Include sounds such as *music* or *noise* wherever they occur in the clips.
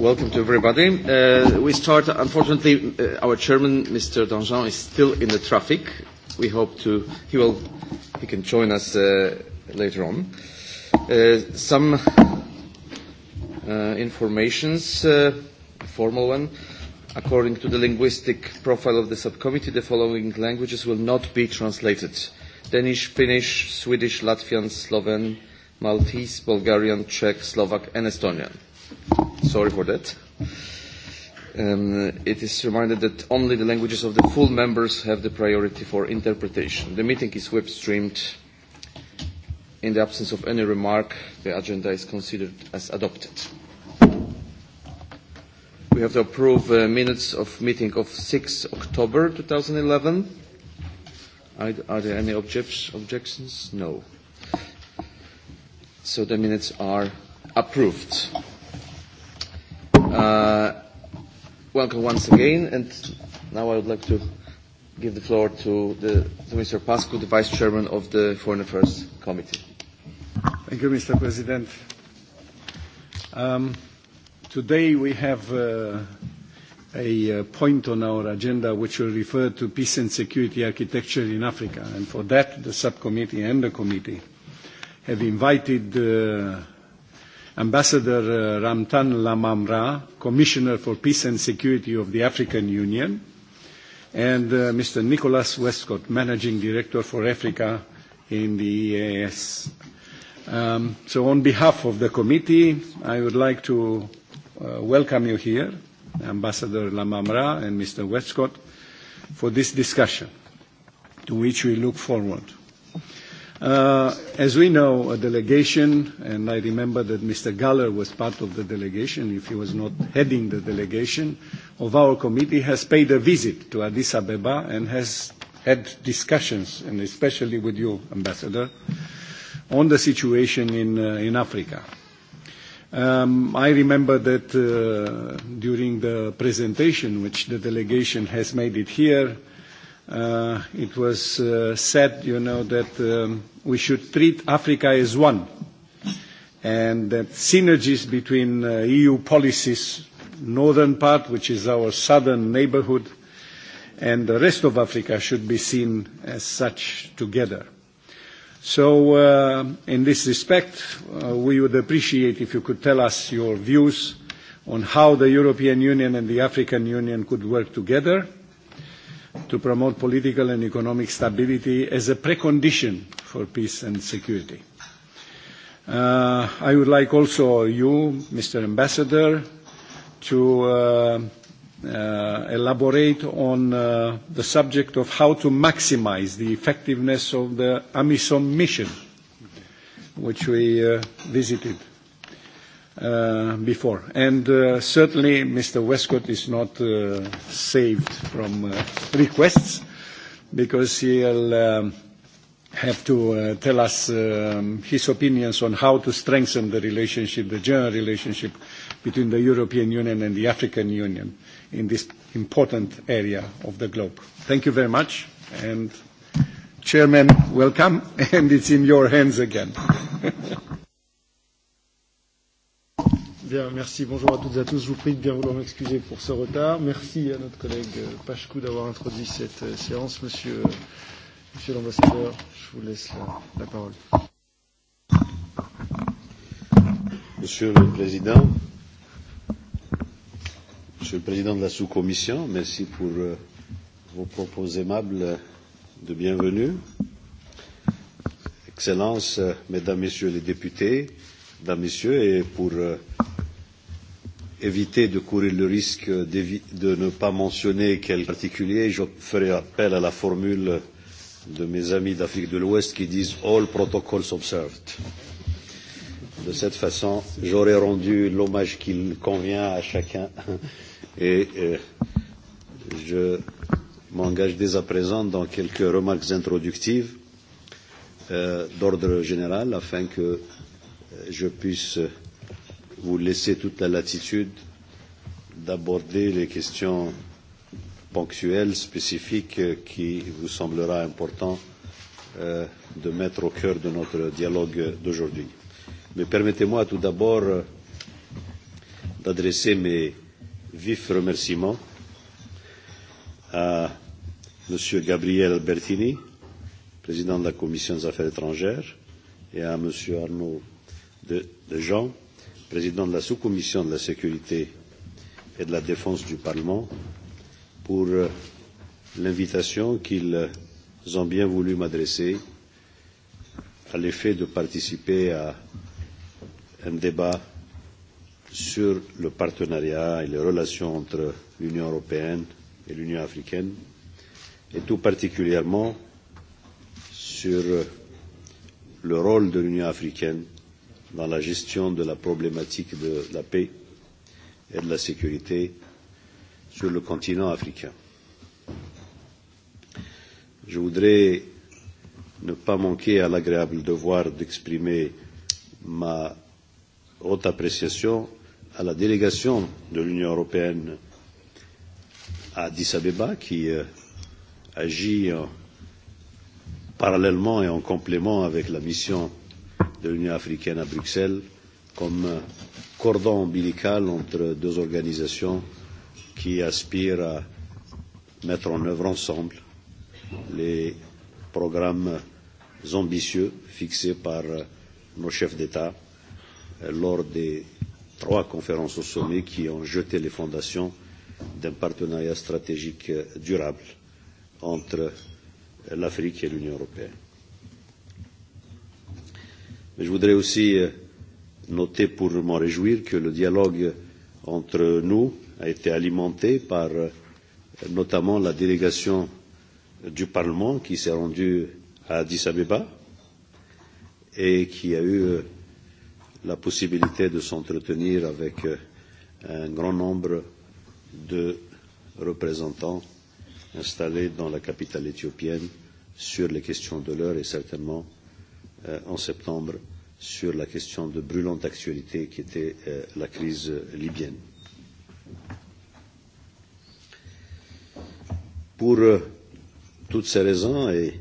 Welcome to everybody. Uh, we start, unfortunately, uh, our chairman, Mr. Donjon, is still in the traffic. We hope to, he will, he can join us uh, later on. Uh, some uh, informations, uh, a formal one. According to the linguistic profile of the subcommittee, the following languages will not be translated. Danish, Finnish, Swedish, Latvian, Sloven, Maltese, Bulgarian, Czech, Slovak, and Estonian sorry for that. Um, it is reminded that only the languages of the full members have the priority for interpretation. The meeting is web streamed. In the absence of any remark, the agenda is considered as adopted. We have to approve uh, minutes of meeting of 6 October 2011. Are, are there any objects, objections? No. So the minutes are approved. Uh, welcome once again, and now I would like to give the floor to, the, to Mr. Pascu, the Vice Chairman of the Foreign Affairs Committee. Thank you, Mr. President. Um, today we have uh, a uh, point on our agenda which will refer to peace and security architecture in Africa, and for that the subcommittee and the committee have invited uh, Ambassador uh, Ramtan Lamamra, Commissioner for Peace and Security of the African Union, and uh, Mr. Nicholas Westcott, Managing Director for Africa in the EAS. Um, so on behalf of the committee, I would like to uh, welcome you here, Ambassador Lamamra and Mr. Westcott, for this discussion to which we look forward. Uh, as we know, a delegation, and I remember that Mr. Galler was part of the delegation, if he was not heading the delegation, of our committee has paid a visit to Addis Ababa and has had discussions, and especially with you, Ambassador, on the situation in, uh, in Africa. Um, I remember that uh, during the presentation which the delegation has made it here, uh, uh, it was uh, said, you know, that um, we should treat Africa as one, and that synergies between uh, EU policies, northern part, which is our southern neighbourhood, and the rest of Africa should be seen as such together. So, uh, in this respect, uh, we would appreciate if you could tell us your views on how the European Union and the African Union could work together to promote political and economic stability as a precondition for peace and security. Uh, I would like also you, Mr. Ambassador, to uh, uh, elaborate on uh, the subject of how to maximize the effectiveness of the AMISOM mission, which we uh, visited uh, before. And uh, certainly, Mr. Westcott is not uh, saved from uh, requests because he'll um, have to uh, tell us um, his opinions on how to strengthen the relationship, the general relationship between the European Union and the African Union in this important area of the globe. Thank you very much. And Chairman, welcome. *laughs* And it's in your hands again. *laughs* Bien, merci. Bonjour à toutes et à tous. Je vous prie de bien vouloir m'excuser pour ce retard. Merci à notre collègue euh, Pachkou d'avoir introduit cette euh, séance. Monsieur, euh, monsieur l'ambassadeur, je vous laisse la, la parole. Monsieur le Président, Monsieur le Président de la sous-commission, merci pour vos propos aimables de bienvenue. Excellences, Mesdames, Messieurs les députés, mesdames, messieurs, et pour euh, éviter de courir le risque de ne pas mentionner quelques particuliers, je ferai appel à la formule de mes amis d'Afrique de l'Ouest qui disent All protocols observed. De cette façon, j'aurai rendu l'hommage qu'il convient à chacun *laughs* et euh, je m'engage dès à présent dans quelques remarques introductives euh, d'ordre général afin que Euh, je puisse euh, vous laisser toute la latitude d'aborder les questions ponctuelles, spécifiques, euh, qui vous semblera important euh, de mettre au cœur de notre dialogue d'aujourd'hui. Mais permettez-moi tout d'abord d'adresser mes vifs remerciements à M. Gabriel Bertini, président de la Commission des affaires étrangères, et à M. Arnaud de, de Jean, président de la sous-commission de la sécurité et de la défense du Parlement, pour euh, l'invitation qu'ils ont bien voulu m'adresser à l'effet de participer à un débat sur le partenariat et les relations entre l'Union européenne et l'Union africaine, et tout particulièrement sur euh, le rôle de l'Union africaine dans la gestion de la problématique de la paix et de la sécurité sur le continent africain. Je voudrais ne pas manquer à l'agréable devoir d'exprimer ma haute appréciation à la délégation de l'Union européenne à Addis Abeba qui euh, agit en, euh, parallèlement et en complément avec la mission de l'Union africaine à Bruxelles comme cordon ombilical entre deux organisations qui aspirent à mettre en œuvre ensemble les programmes ambitieux fixés par nos chefs d'État euh, lors des trois conférences au sommet qui ont jeté les fondations d'un partenariat stratégique durable entre l'Afrique et l'Union européenne. Je voudrais aussi euh, noter pour m'en réjouir que le dialogue entre nous a été alimenté par euh, notamment la délégation du Parlement qui s'est rendue à Addis Abeba et qui a eu euh, la possibilité de s'entretenir avec un grand nombre de représentants installés dans la capitale éthiopienne sur les questions de l'heure et certainement en septembre 2015 sur la question de brûlante actualité qui était euh, la crise euh, libyenne. Pour euh, toutes ces raisons et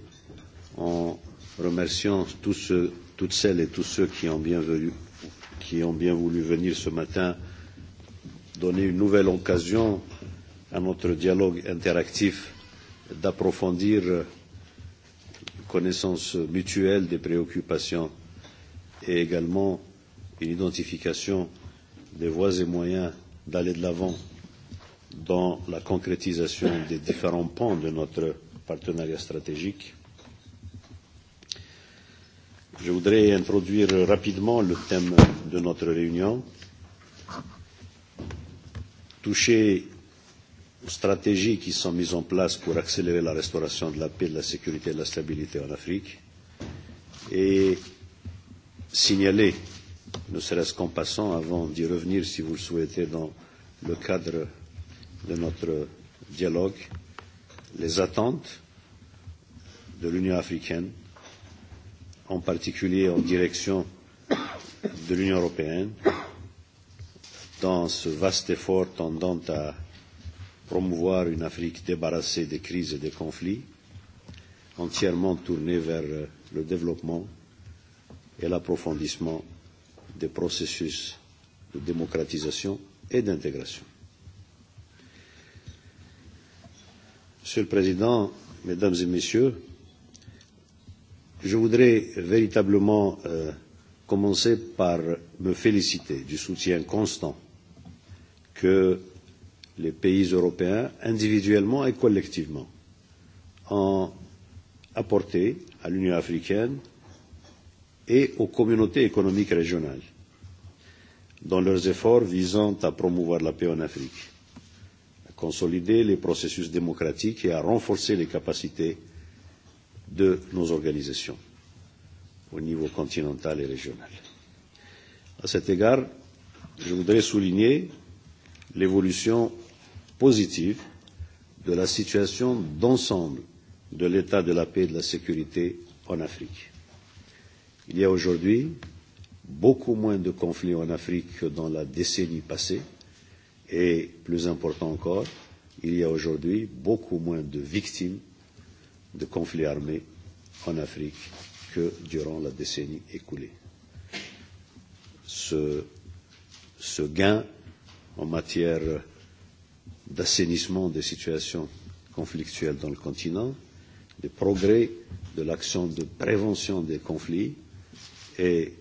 en remerciant tous ceux, toutes celles et tous ceux qui ont, bien venu, qui ont bien voulu venir ce matin donner une nouvelle occasion à notre dialogue interactif d'approfondir euh, connaissance mutuelle des préoccupations et également une identification des voies et moyens d'aller de l'avant dans la concrétisation des différents pans de notre partenariat stratégique. Je voudrais introduire rapidement le thème de notre réunion, toucher aux stratégies qui sont mises en place pour accélérer la restauration de la paix, de la sécurité et de la stabilité en Afrique et signaler, ne serait-ce qu'en passant, avant d'y revenir, si vous le souhaitez, dans le cadre de notre dialogue, les attentes de l'Union africaine, en particulier en direction de l'Union européenne, dans ce vaste effort tendant à promouvoir une Afrique débarrassée des crises et des conflits, entièrement tournée vers le développement et l'approfondissement des processus de démocratisation et d'intégration. Monsieur le Président, Mesdames et Messieurs, je voudrais véritablement euh, commencer par me féliciter du soutien constant que les pays européens, individuellement et collectivement, ont apporté à l'Union africaine et aux communautés économiques régionales dans leurs efforts visant à promouvoir la paix en Afrique, à consolider les processus démocratiques et à renforcer les capacités de nos organisations au niveau continental et régional. À cet égard, je voudrais souligner l'évolution positive de la situation d'ensemble de l'état de la paix et de la sécurité en Afrique. Il y a aujourd'hui beaucoup moins de conflits en Afrique que dans la décennie passée et, plus important encore, il y a aujourd'hui beaucoup moins de victimes de conflits armés en Afrique que durant la décennie écoulée. Ce, ce gain en matière d'assainissement des situations conflictuelles dans le continent, des progrès de l'action de prévention des conflits est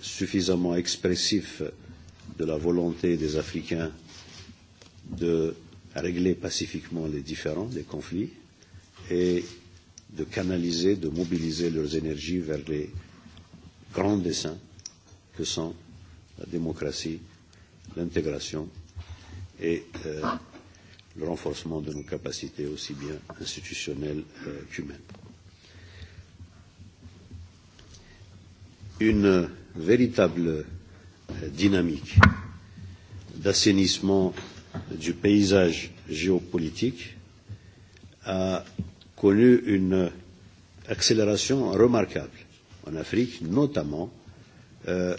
suffisamment expressif de la volonté des Africains de régler pacifiquement les différends, les conflits, et de canaliser, de mobiliser leurs énergies vers les grands desseins que sont la démocratie, l'intégration et euh, le renforcement de nos capacités aussi bien institutionnelles euh, qu'humaines. une véritable euh, dynamique d'assainissement du paysage géopolitique a connu une accélération remarquable en Afrique, notamment euh,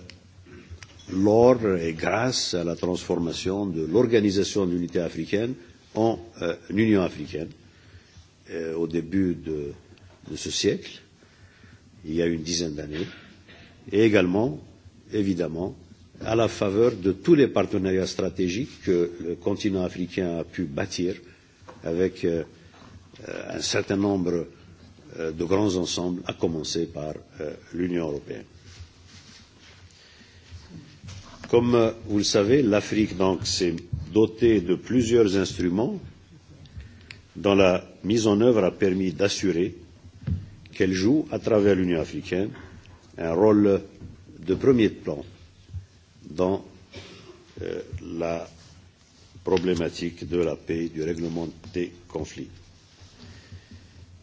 lors et grâce à la transformation de l'organisation de l'unité africaine en euh, Union africaine euh, au début de, de ce siècle, il y a une dizaine d'années, et également, évidemment, à la faveur de tous les partenariats stratégiques que le continent africain a pu bâtir avec euh, euh un certain nombre euh, de grands ensembles, à commencer par euh, l'Union européenne. Comme euh, vous le savez, l'Afrique s'est dotée de plusieurs instruments dont la mise en œuvre a permis d'assurer qu'elle joue à travers l'Union africaine un rôle de premier plan dans euh, la problématique de la paix et du règlement des conflits.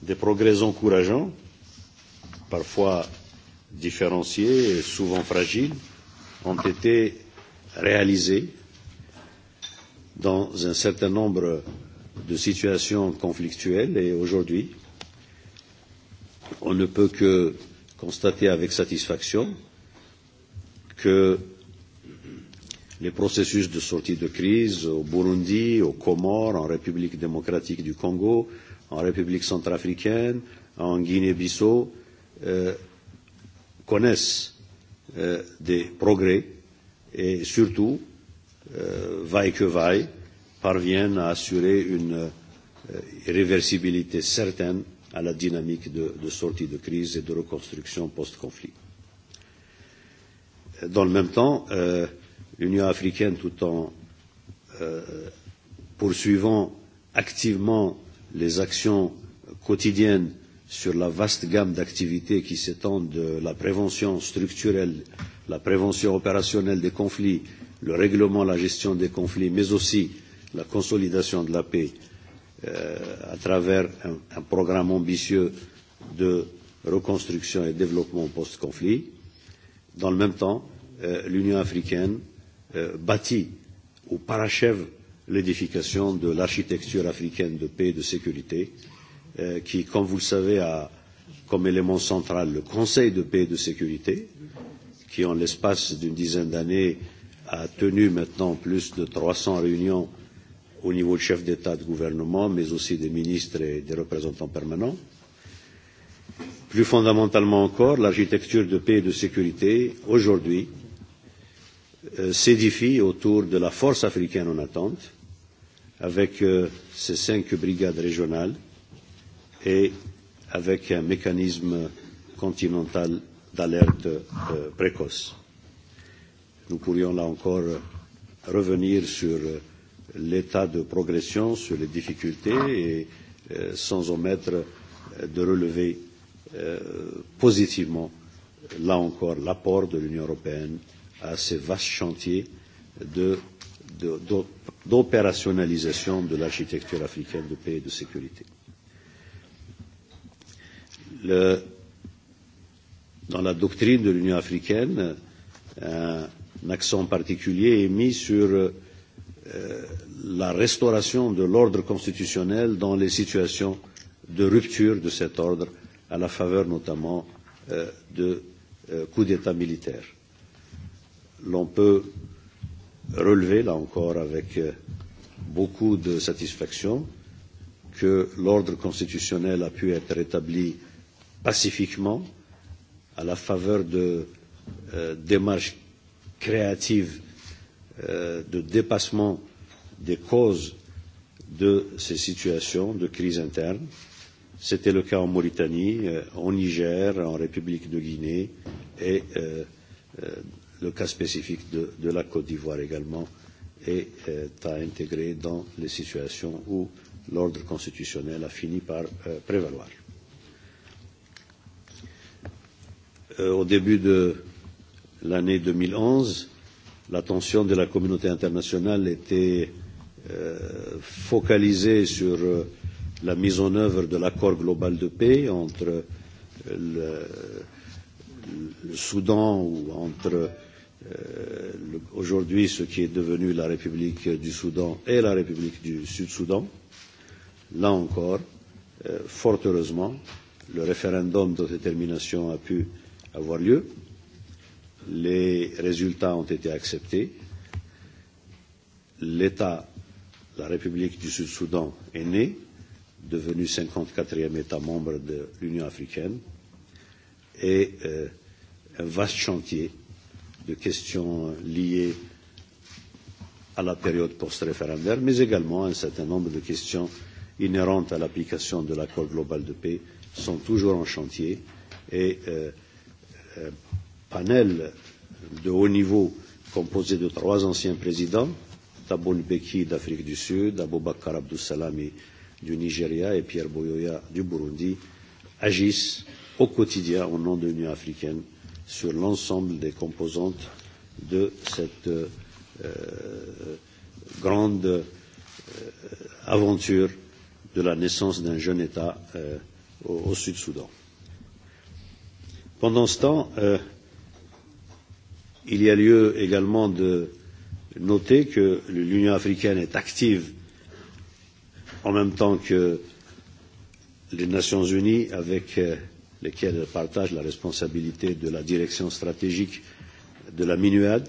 Des progrès encourageants, parfois différenciés et souvent fragiles, ont été réalisés dans un certain nombre de situations conflictuelles et aujourd'hui, on ne peut que euh, constater avec satisfaction que les processus de sortie de crise au Burundi, au Comores, en République démocratique du Congo, en République centrafricaine, en Guinée-Bissau, euh, connaissent euh, des progrès et surtout, euh, vaille que vaille, parviennent à assurer une euh, réversibilité certaine euh, à la dynamique de, de sortie de crise et de reconstruction post-conflit. Dans le même temps, euh, l'Union africaine, tout en euh, poursuivant activement les actions quotidiennes sur la vaste gamme d'activités qui s'étendent de la prévention structurelle, la prévention opérationnelle des conflits, le règlement, la gestion des conflits, mais aussi la consolidation de la paix, euh, à travers un, un programme ambitieux de reconstruction et développement post-conflit. Dans le même temps, euh, l'Union africaine euh, bâtit ou parachève l'édification de l'architecture africaine de paix et de sécurité, euh, qui, comme vous le savez, a comme élément central le Conseil de paix et de sécurité, qui, en l'espace d'une dizaine d'années, a tenu maintenant plus de 300 réunions au niveau de chef d'État de gouvernement, mais aussi des ministres et des représentants permanents. Plus fondamentalement encore, l'architecture de paix et de sécurité, aujourd'hui, euh, s'édifie autour de la force africaine en attente, avec euh, ses cinq brigades régionales et avec un mécanisme continental d'alerte euh, précoce. Nous pourrions là encore revenir sur euh, l'état de progression sur les difficultés et euh, sans omettre euh, de relever euh, positivement, là encore, l'apport de l'Union européenne à ces vastes chantiers d'opérationnalisation de, de, de l'architecture africaine de paix et de sécurité. Le, dans la doctrine de l'Union africaine, un accent particulier est mis sur euh, Euh, la restauration de l'ordre constitutionnel dans les situations de rupture de cet ordre, à la faveur notamment euh, de euh, coups d'État militaires. L'on peut relever, là encore, avec euh, beaucoup de satisfaction, que l'ordre constitutionnel a pu être rétabli pacifiquement, à la faveur de euh, démarches créatives Euh, de dépassement des causes de ces situations de crise interne. C'était le cas en Mauritanie, euh, en Niger, en République de Guinée et euh, euh, le cas spécifique de, de la Côte d'Ivoire également est euh, à intégrer dans les situations où l'ordre constitutionnel a fini par euh, prévaloir. Euh, au début de l'année 2011, la tension de la communauté internationale était euh, focalisée sur euh, la mise en œuvre de l'accord global de paix entre euh, le, le Soudan ou entre euh, aujourd'hui ce qui est devenu la République du Soudan et la République du Sud-Soudan. Là encore, euh, fort heureusement, le référendum d'autodétermination a pu avoir lieu. Euh, Les résultats ont été acceptés. L'État, la République du Sud-Soudan, est né, devenu 54e État membre de l'Union africaine. Et euh, un vaste chantier de questions liées à la période post-référendaire, mais également un certain nombre de questions inhérentes à l'application de l'accord global de paix sont toujours en chantier et euh, euh, panel de haut niveau composé de trois anciens présidents, Tabon Beki d'Afrique du Sud, Aboubakar Abdou Salami du Nigeria et Pierre Boyoya du Burundi, agissent au quotidien au nom de l'Union africaine sur l'ensemble des composantes de cette euh, euh grande euh, aventure de la naissance d'un jeune État euh, au, au Sud-Soudan. Pendant ce temps, euh, Il y a lieu également de noter que l'Union africaine est active en même temps que les Nations unies avec euh, lesquelles elle partage la responsabilité de la direction stratégique de la MINUAD,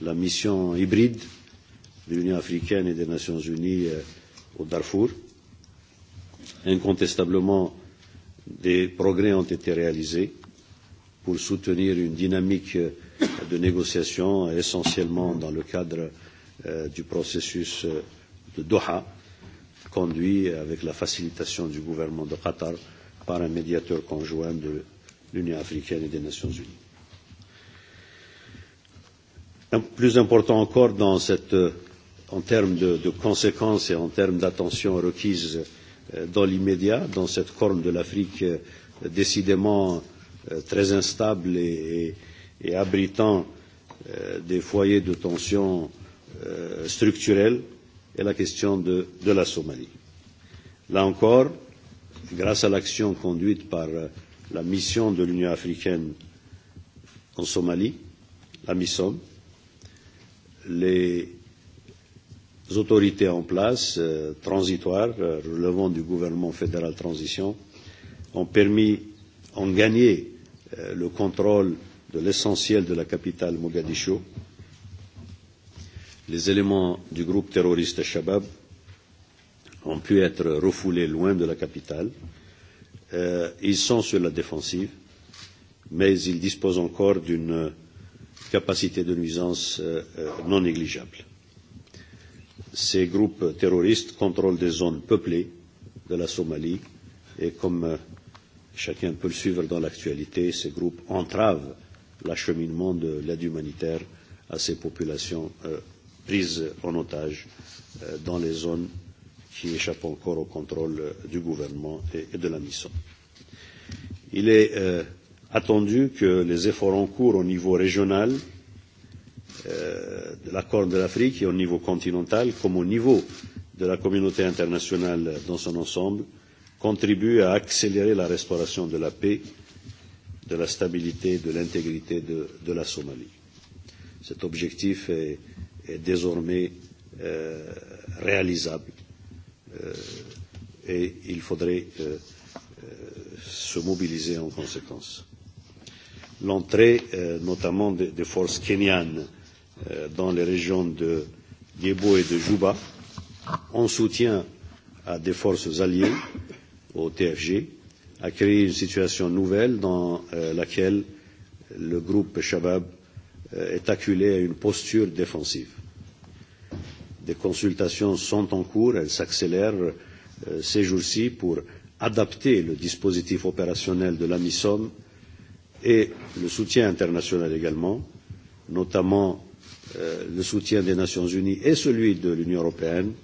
la mission hybride de l'Union africaine et des Nations unies euh, au Darfour. Incontestablement, des progrès ont été réalisés pour soutenir une dynamique euh, de négociation, essentiellement dans le cadre euh, du processus euh, de Doha, conduit avec la facilitation du gouvernement de Qatar par un médiateur conjoint de l'Union africaine et des Nations unies. Plus important encore dans cette, euh, en termes de, de conséquences et en termes d'attention requise dans l'immédiat, dans cette corne de l'Afrique décidément très instable et, et, et abritant euh, des foyers de tension euh, structurelle est la question de, de la Somalie. Là encore, grâce à l'action conduite par euh, la mission de l'Union africaine en Somalie, la MISOM, les autorités en place euh, transitoires euh, relevant du gouvernement fédéral transition ont permis, ont gagné euh, le contrôle euh, de l'essentiel de la capitale Mogadiscio, les éléments du groupe terroriste Shabab ont pu être refoulés loin de la capitale. Euh, ils sont sur la défensive, mais ils disposent encore d'une capacité de nuisance euh, euh non négligeable. Ces groupes terroristes contrôlent des zones peuplées de la Somalie et comme euh, chacun peut le suivre dans l'actualité, ces groupes entravent l'acheminement de l'aide humanitaire à ces populations euh, prises en otage euh, dans les zones qui échappent encore au contrôle euh, du gouvernement et, et de la mission. Il est euh, attendu que les efforts en cours au niveau régional euh, de la Corne de l'Afrique et au niveau continental, comme au niveau de la communauté internationale dans son ensemble, contribuent à accélérer la restauration de la paix de la stabilité, de l'intégrité de, de la Somalie. Cet objectif est, est désormais euh, réalisable euh, et il faudrait euh, euh, se mobiliser en conséquence. L'entrée euh, notamment des de forces kenyanes euh, dans les régions de Diebo et de Juba en soutien à des forces alliées au TFG euh, a créé une situation nouvelle dans euh, laquelle le groupe Shabab euh, est acculé à une posture défensive. Des consultations sont en cours, elles s'accélèrent euh, ces jours-ci pour adapter le dispositif opérationnel de la MISOM et le soutien international également, notamment euh, le soutien des Nations Unies et celui de l'Union européenne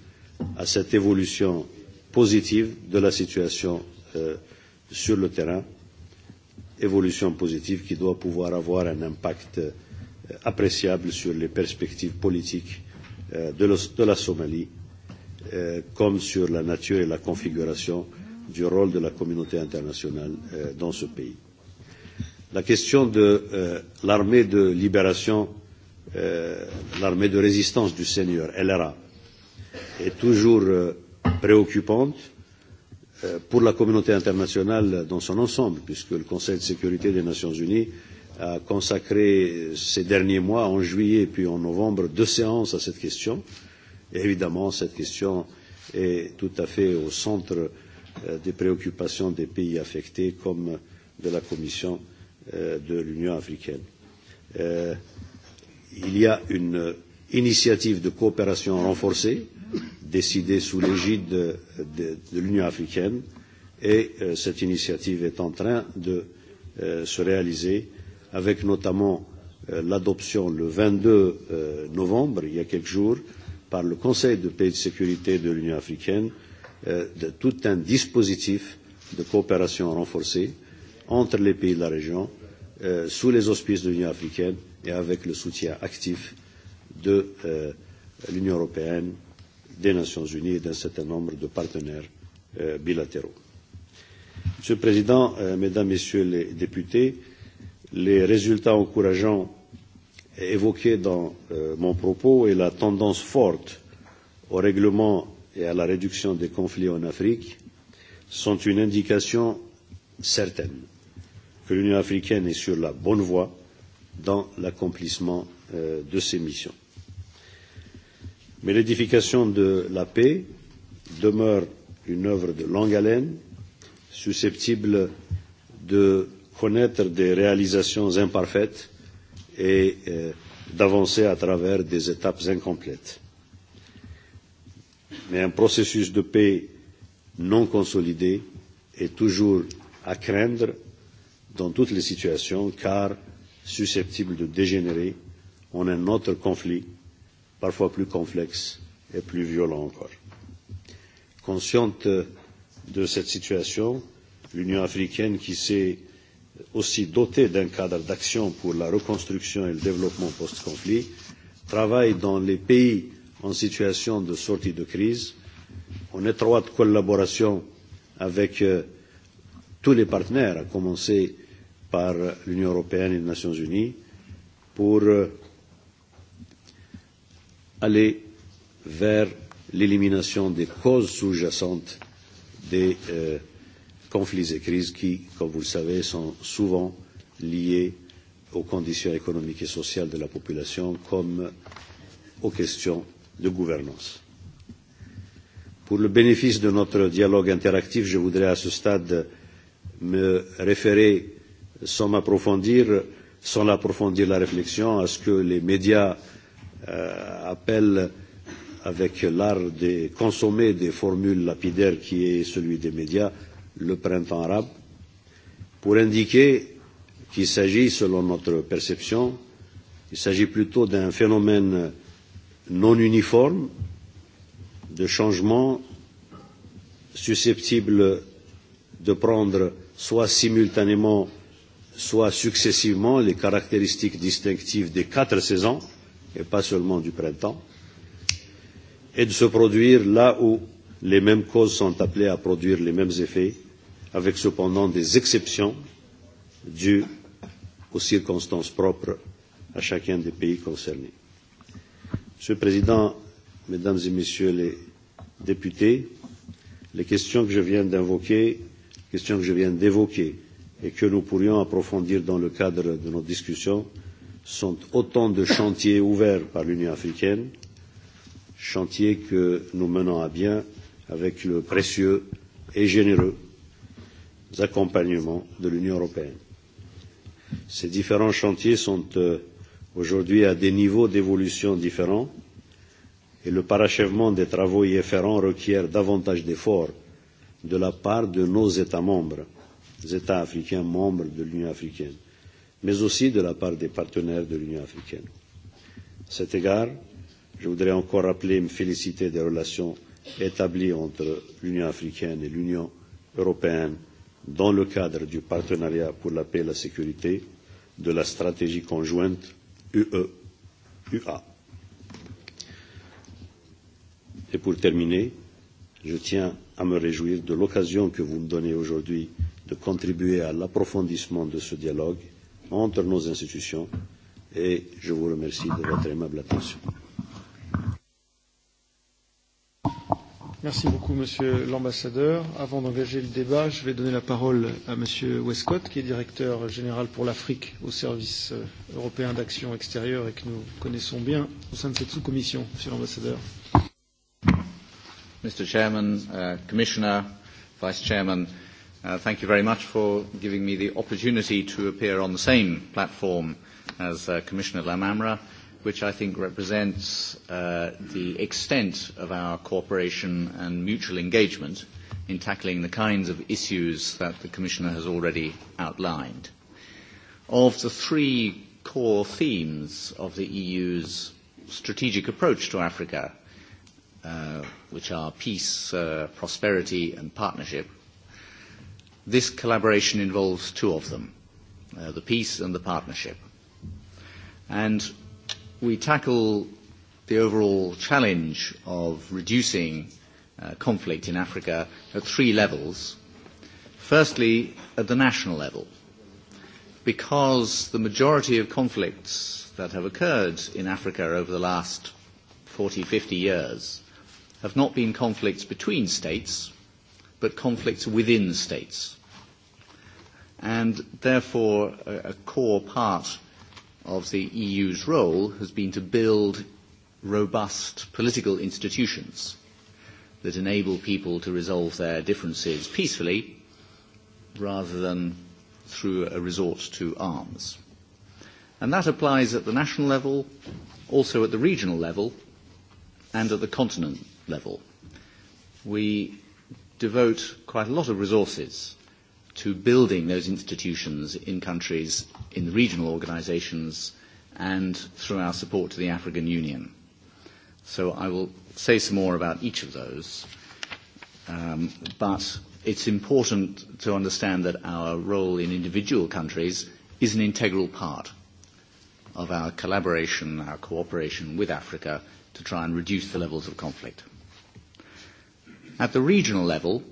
à cette évolution positive de la situation euh, sur le terrain, évolution positive qui doit pouvoir avoir un impact euh, appréciable sur les perspectives politiques euh, de la Somalie, euh, comme sur la nature et la configuration du rôle de la communauté internationale dans ce pays. La question de l'armée de libération, l'armée de résistance du Seigneur, LRA, est toujours préoccupante. Euh, pour la communauté internationale dans son ensemble, puisque le Conseil de sécurité des Nations Unies a consacré ces derniers mois, en juillet et puis en novembre, deux séances à cette question. Et évidemment, cette question est tout à fait au centre euh, des préoccupations des pays affectés, comme de la Commission euh, de l'Union africaine. Il y a une initiative de coopération renforcée décidé sous l'égide de, de, de l'Union africaine et euh, cette initiative est en train de euh, se réaliser avec notamment euh, l'adoption le 22 euh, novembre, il y a quelques jours, par le Conseil de paix et de sécurité de l'Union africaine euh, de tout un dispositif de coopération renforcée entre les pays de la région euh, sous les auspices de l'Union africaine et avec le soutien actif de euh, l'Union européenne des Nations Unies et d'un certain nombre de partenaires euh, bilatéraux. Monsieur le Président, euh, Mesdames, Messieurs les députés, les résultats encourageants évoqués dans euh, mon propos et la tendance forte au règlement et à la réduction des conflits en Afrique sont une indication certaine que l'Union africaine est sur la bonne voie dans l'accomplissement euh, de ses missions. Mais l'édification de la paix demeure une œuvre de longue haleine, susceptible de connaître des réalisations imparfaites et euh, d'avancer à travers des étapes incomplètes. Mais un processus de paix non consolidé est toujours à craindre dans toutes les situations, car susceptible de dégénérer en un autre conflit parfois plus complexe et plus violent encore. Consciente de cette situation, l'Union africaine, qui s'est aussi dotée d'un cadre d'action pour la reconstruction et le développement post-conflit, travaille dans les pays en situation de sortie de crise, en étroite collaboration avec euh, tous les partenaires, à commencer par l'Union européenne et les Nations unies, pour euh, aller vers l'élimination des causes sous-jacentes des euh, conflits et crises qui, comme vous le savez, sont souvent liés aux conditions économiques et sociales de la population comme aux questions de gouvernance. Pour le bénéfice de notre dialogue interactif, je voudrais à ce stade me référer sans m'approfondir, sans approfondir la réflexion à ce que les médias euh, appelle avec l'art de consommer des formules lapidaires qui est celui des médias, le printemps arabe, pour indiquer qu'il s'agit, selon notre perception, il s'agit plutôt d'un phénomène non uniforme de changement susceptible de prendre soit simultanément, soit successivement les caractéristiques distinctives des quatre saisons, et pas seulement du printemps, et de se produire là où les mêmes causes sont appelées à produire les mêmes effets, avec cependant des exceptions dues aux circonstances propres à chacun des pays concernés. Monsieur le Président, Mesdames et Messieurs les députés, les questions que je viens d'invoquer, questions que je viens d'évoquer et que nous pourrions approfondir dans le cadre de nos discussions sont autant de chantiers ouverts par l'Union africaine, chantiers que nous menons à bien avec le précieux et généreux accompagnement de l'Union européenne. Ces différents chantiers sont euh, aujourd'hui à des niveaux d'évolution différents et le parachèvement des travaux y efférents requiert davantage d'efforts de la part de nos États membres, les États africains membres de l'Union africaine mais aussi de la part des partenaires de l'Union africaine. À cet égard, je voudrais encore rappeler et me féliciter des relations établies entre l'Union africaine et l'Union européenne dans le cadre du partenariat pour la paix et la sécurité de la stratégie conjointe UE UA. Et pour terminer, je tiens à me réjouir de l'occasion que vous me donnez aujourd'hui de contribuer à l'approfondissement de ce dialogue entre nos institutions et je vous remercie de votre aimable attention. Merci beaucoup, Monsieur l'Ambassadeur. Avant d'engager le débat, je vais donner la parole à Monsieur Westcott, qui est directeur général pour l'Afrique au service euh, européen d'action extérieure et que nous connaissons bien au sein de cette sous-commission, Monsieur l'Ambassadeur. Mr. Chairman, uh, Commissioner, Vice Chairman, uh, Uh, thank you very much for giving me the opportunity to appear on the same platform as uh, Commissioner Lamamra, which I think represents uh, the extent of our cooperation and mutual engagement in tackling the kinds of issues that the Commissioner has already outlined. Of the three core themes of the EU's strategic approach to Africa, uh, which are peace, uh, prosperity, and partnership, this collaboration involves two of them, uh, the peace and the partnership. And we tackle the overall challenge of reducing uh, conflict in Africa at three levels. Firstly, at the national level, because the majority of conflicts that have occurred in Africa over the last 40, 50 years have not been conflicts between states, but conflicts within states. And therefore, a, a core part of the EU's role has been to build robust political institutions that enable people to resolve their differences peacefully rather than through a resort to arms. And that applies at the national level, also at the regional level, and at the continent level. We devote quite a lot of resources to building those institutions in countries, in the regional organizations, and through our support to the African Union. So I will say some more about each of those. Um, but it's important to understand that our role in individual countries is an integral part of our collaboration, our cooperation with Africa to try and reduce the levels of conflict. At the regional level,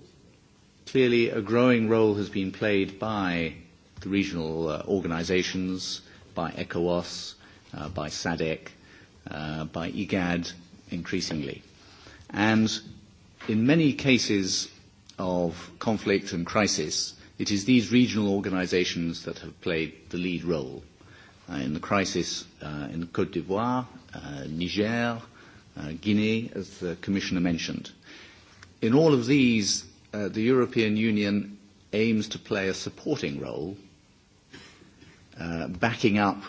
clearly a growing role has been played by the regional uh, organizations, by ECOWAS, uh, by SADC, uh, by IGAD, increasingly. And in many cases of conflict and crisis, it is these regional organizations that have played the lead role. Uh, in the crisis uh, in Côte d'Ivoire, uh, Niger, uh, Guinea, as the Commissioner mentioned. In all of these, uh, the European Union aims to play a supporting role, uh, backing up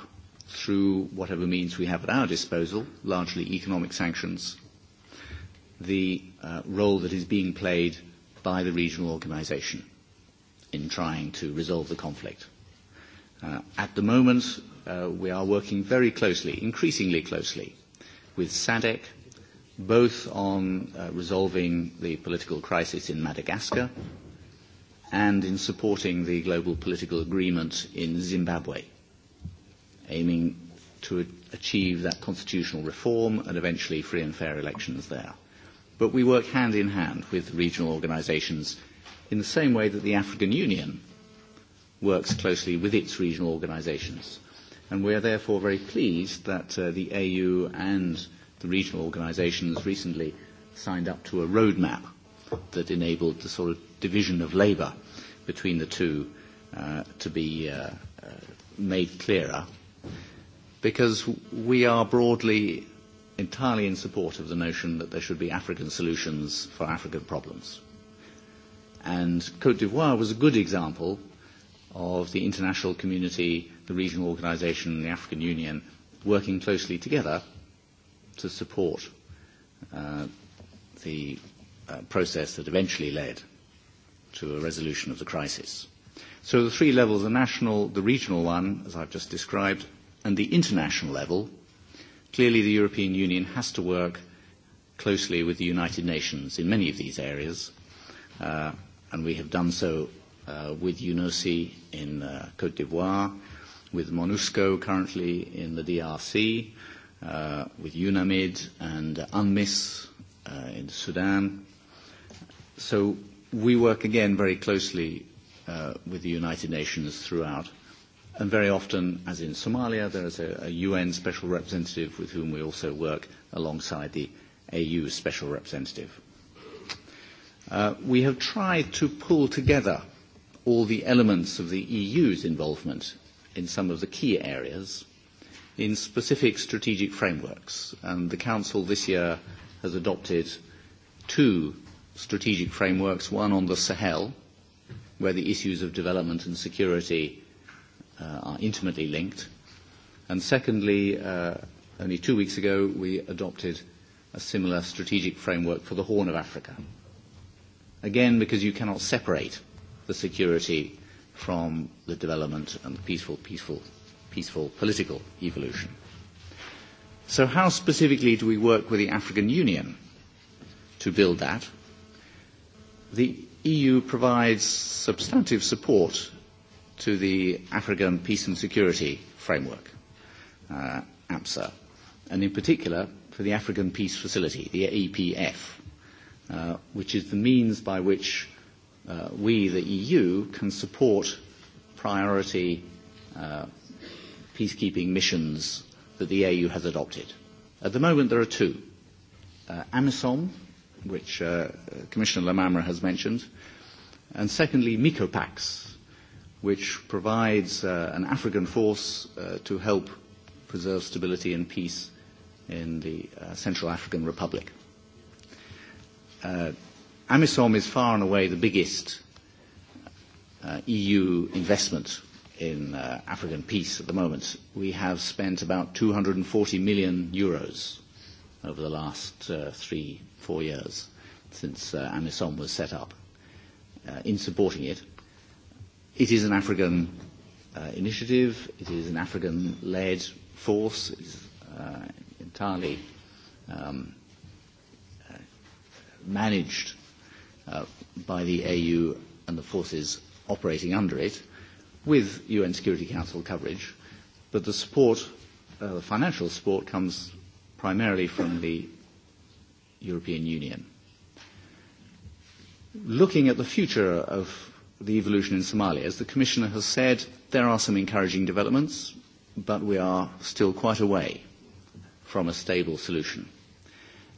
through whatever means we have at our disposal, largely economic sanctions, the uh, role that is being played by the regional organization in trying to resolve the conflict. Uh, at the moment, uh, we are working very closely, increasingly closely, with SADC, both on uh, resolving the political crisis in Madagascar and in supporting the global political agreement in Zimbabwe, aiming to achieve that constitutional reform and eventually free and fair elections there. But we work hand in hand with regional organizations in the same way that the African Union works closely with its regional organizations. And we are therefore very pleased that uh, the AU and uh, the regional organisations recently signed up to a roadmap that enabled the sort of division of labour between the two uh, to be uh, uh, made clearer. Because we are broadly entirely in support of the notion that there should be African solutions for African problems. And Cote d'Ivoire was a good example of the international community, the regional organization, the African Union working closely together to support uh, the uh, process that eventually led to a resolution of the crisis. So the three levels, the national, the regional one, as I've just described, and the international level, clearly the European Union has to work closely with the United Nations in many of these areas, uh, and we have done so uh, with UNOSI in uh, Cote d'Ivoire, with MONUSCO currently in the DRC, uh, uh, with UNAMID and UNMIS uh, in Sudan. So we work again very closely uh, with the United Nations throughout. And very often, as in Somalia, there is a, a UN special representative with whom we also work alongside the AU special representative. Uh, we have tried to pull together all the elements of the EU's involvement in some of the key areas. Uh, in specific strategic frameworks. And the Council this year has adopted two strategic frameworks, one on the Sahel, where the issues of development and security uh, are intimately linked. And secondly, uh, only two weeks ago, we adopted a similar strategic framework for the Horn of Africa. Again, because you cannot separate the security from the development and the peaceful, peaceful peaceful political evolution. So how specifically do we work with the African Union to build that? The EU provides substantive support to the African Peace and Security Framework, uh, APSA, and in particular for the African Peace Facility, the APF, e uh, which is the means by which uh, we, the EU, can support priority uh, peacekeeping missions that the AU has adopted. At the moment, there are two. Uh, AMISOM, which uh, Commissioner Lamamra has mentioned, and secondly, MICOPAX, which provides uh, an African force uh, to help preserve stability and peace in the uh, Central African Republic. Uh, AMISOM is far and away the biggest uh, EU investment in uh, African peace at the moment, we have spent about 240 million euros over the last uh, three, four years since uh, AMISOM was set up uh, in supporting it. It is an African uh, initiative. It is an African-led force. It is uh, entirely um, uh, managed uh, by the AU and the forces operating under it with UN Security Council coverage, but the support, uh, the financial support, comes primarily from the European Union. Looking at the future of the evolution in Somalia, as the Commissioner has said, there are some encouraging developments, but we are still quite away from a stable solution.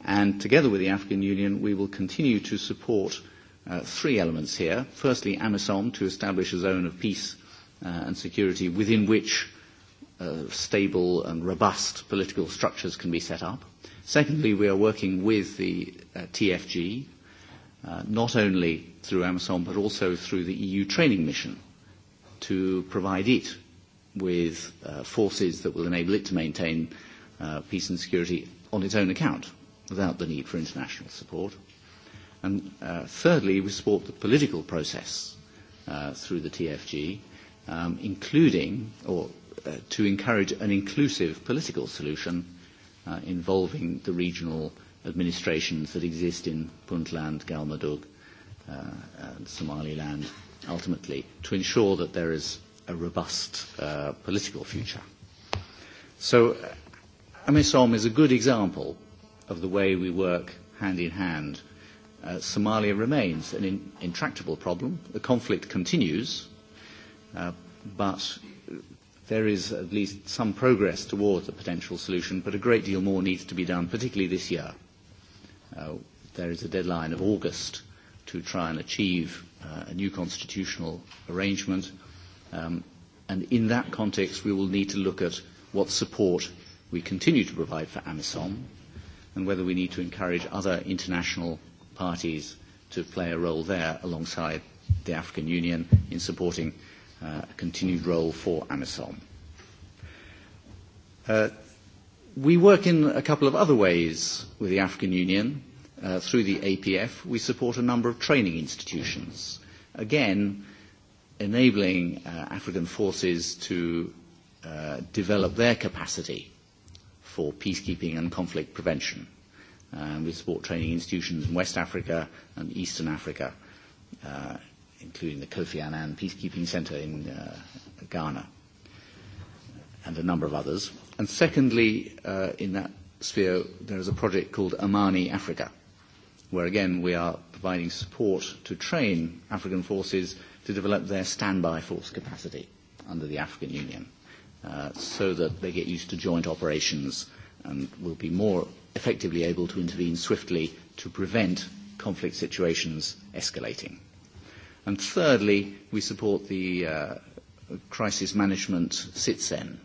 And together with the African Union, we will continue to support uh, three elements here. Firstly, AMISOM to establish a zone of peace uh, and security within which uh, stable and robust political structures can be set up. Secondly, we are working with the uh, TFG, uh, not only through Amazon, but also through the EU training mission to provide it with uh, forces that will enable it to maintain uh, peace and security on its own account without the need for international support. And uh, thirdly, we support the political process uh, through the TFG uh, um, including or uh, to encourage an inclusive political solution uh, involving the regional administrations that exist in Puntland, Galmudug, uh, and Somaliland, ultimately, to ensure that there is a robust uh, political future. So uh, MSOM is a good example of the way we work hand in hand. Uh, Somalia remains an in- intractable problem. The conflict continues. Uh, but there is at least some progress towards a potential solution, but a great deal more needs to be done, particularly this year. Uh, there is a deadline of August to try and achieve uh, a new constitutional arrangement. Um, and in that context, we will need to look at what support we continue to provide for AMISOM and whether we need to encourage other international parties to play a role there alongside the African Union in supporting Uh, a continued role for Amazon. Uh, we work in a couple of other ways with the African Union. Uh, through the APF, we support a number of training institutions, again, enabling African forces to develop their capacity for peacekeeping and conflict prevention. We support training institutions in West Africa and Eastern Africa, including the Kofi Annan Peacekeeping Center in uh, Ghana and a number of others. And secondly, uh, in that sphere, there is a project called Amani Africa, where again we are providing support to train African forces to develop their standby force capacity under the African Union uh, so that they get used to joint operations and will be more effectively able to intervene swiftly to prevent conflict situations escalating. And thirdly, we support the uh, crisis management SITSEN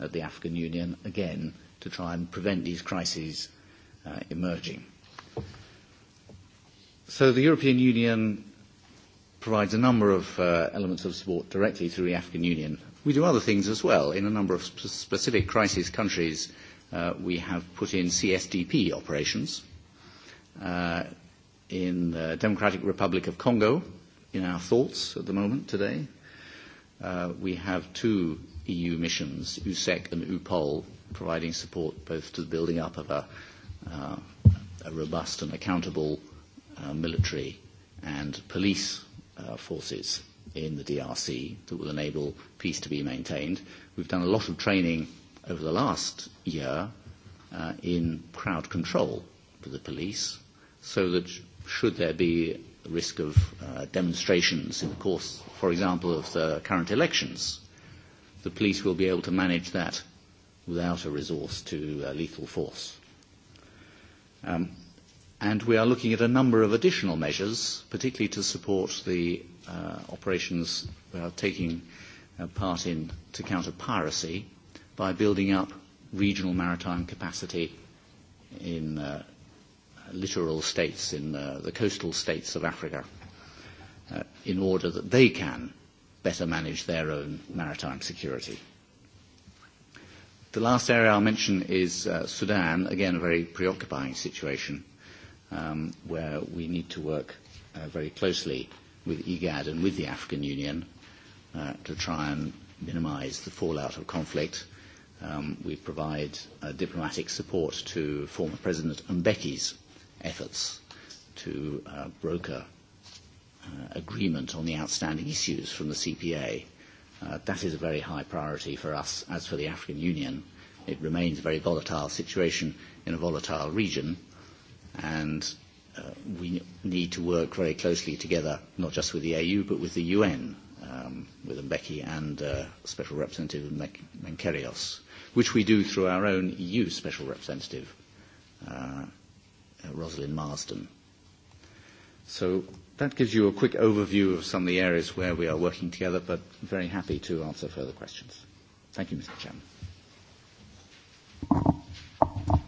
at the African Union, again, to try and prevent these crises uh, emerging. So the European Union provides a number of uh, elements of support directly through the African Union. We do other things as well. In a number of sp- specific crisis countries, uh, we have put in CSDP operations. Uh, in the Democratic Republic of Congo, in our thoughts at the moment today. Uh, we have two EU missions, USEC and UPOL, providing support both to the building up of a, uh, a robust and accountable uh, military and police uh, forces in the DRC that will enable peace to be maintained. We've done a lot of training over the last year uh, in crowd control for the police so that should there be the risk of uh, demonstrations in the course, for example, of the current elections, the police will be able to manage that without a resource to uh, lethal force. Um, and we are looking at a number of additional measures, particularly to support the uh, operations we are taking uh, part in to counter piracy by building up regional maritime capacity in uh, littoral states in uh, the coastal states of Africa uh, in order that they can better manage their own maritime security. The last area I'll mention is uh, Sudan, again, a very preoccupying situation um, where we need to work uh, very closely with IGAD and with the African Union uh, to try and minimize the fallout of conflict. Um, we provide uh, diplomatic support to former President Mbeki's efforts to uh, broker uh, agreement on the outstanding issues from the CPA. Uh, that is a very high priority for us. As for the African Union, it remains a very volatile situation in a volatile region, and uh, we need to work very closely together, not just with the AU, but with the UN, um, with Mbeki and uh, Special Representative Menkerios, which we do through our own EU Special Representative. Uh, Rosalind Marsden. So that gives you a quick overview of some of the areas where we are working together, but very happy to answer further questions. Thank you, Mr. Chairman.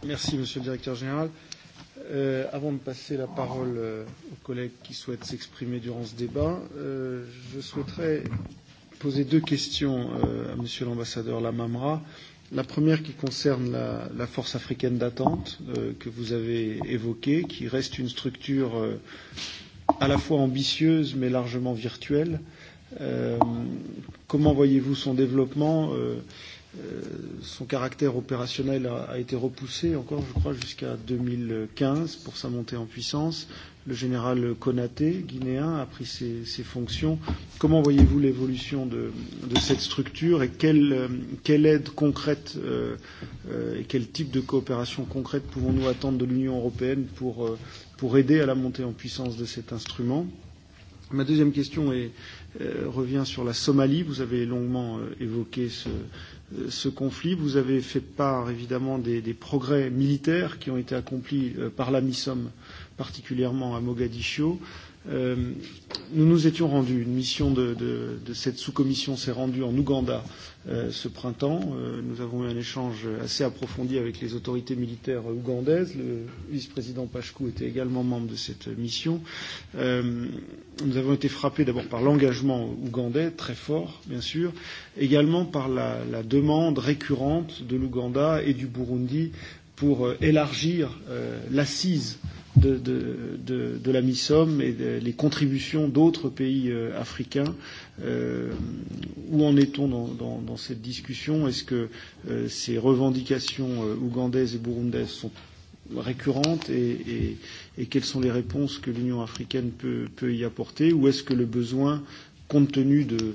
Merci, Monsieur le Directeur Général. Euh, avant de passer la parole euh, aux collègues qui souhaitent s'exprimer durant ce débat, euh, je souhaiterais poser deux questions euh, à Monsieur l'Ambassadeur Lamamra. Euh, La première qui concerne la, la force africaine d'attente euh, que vous avez évoquée, qui reste une structure euh, à la fois ambitieuse mais largement virtuelle. Euh, comment voyez-vous son développement euh, euh, Son caractère opérationnel a, a été repoussé encore, je crois, jusqu'à 2015 pour sa montée en puissance le général Konaté, guinéen, a pris ses, ses fonctions. Comment voyez-vous l'évolution de, de cette structure et quelle, euh, quelle aide concrète euh, euh, et quel type de coopération concrète pouvons-nous attendre de l'Union européenne pour, euh, pour aider à la montée en puissance de cet instrument Ma deuxième question est, euh, revient sur la Somalie. Vous avez longuement euh, évoqué ce, euh, ce conflit. Vous avez fait part évidemment des, des progrès militaires qui ont été accomplis euh, par la MISOM euh, particulièrement à Mogadiscio. Euh, nous nous étions rendus, une mission de, de, de cette sous-commission s'est rendue en Ouganda euh, ce printemps. Euh, nous avons eu un échange assez approfondi avec les autorités militaires ougandaises. Le vice-président Pachkou était également membre de cette mission. Euh, nous avons été frappés d'abord par l'engagement ougandais, très fort, bien sûr, également par la, la demande récurrente de l'Ouganda et du Burundi pour euh, élargir euh, l'assise euh, de, de, de, de la MISOM et de, les contributions d'autres pays euh, africains. Euh, où en est-on dans, dans, dans cette discussion Est-ce que euh, ces revendications euh, ougandaises et burundaises sont récurrentes et, et, et quelles sont les réponses que l'Union africaine peut, peut y apporter Ou est-ce que le besoin, compte tenu de, euh,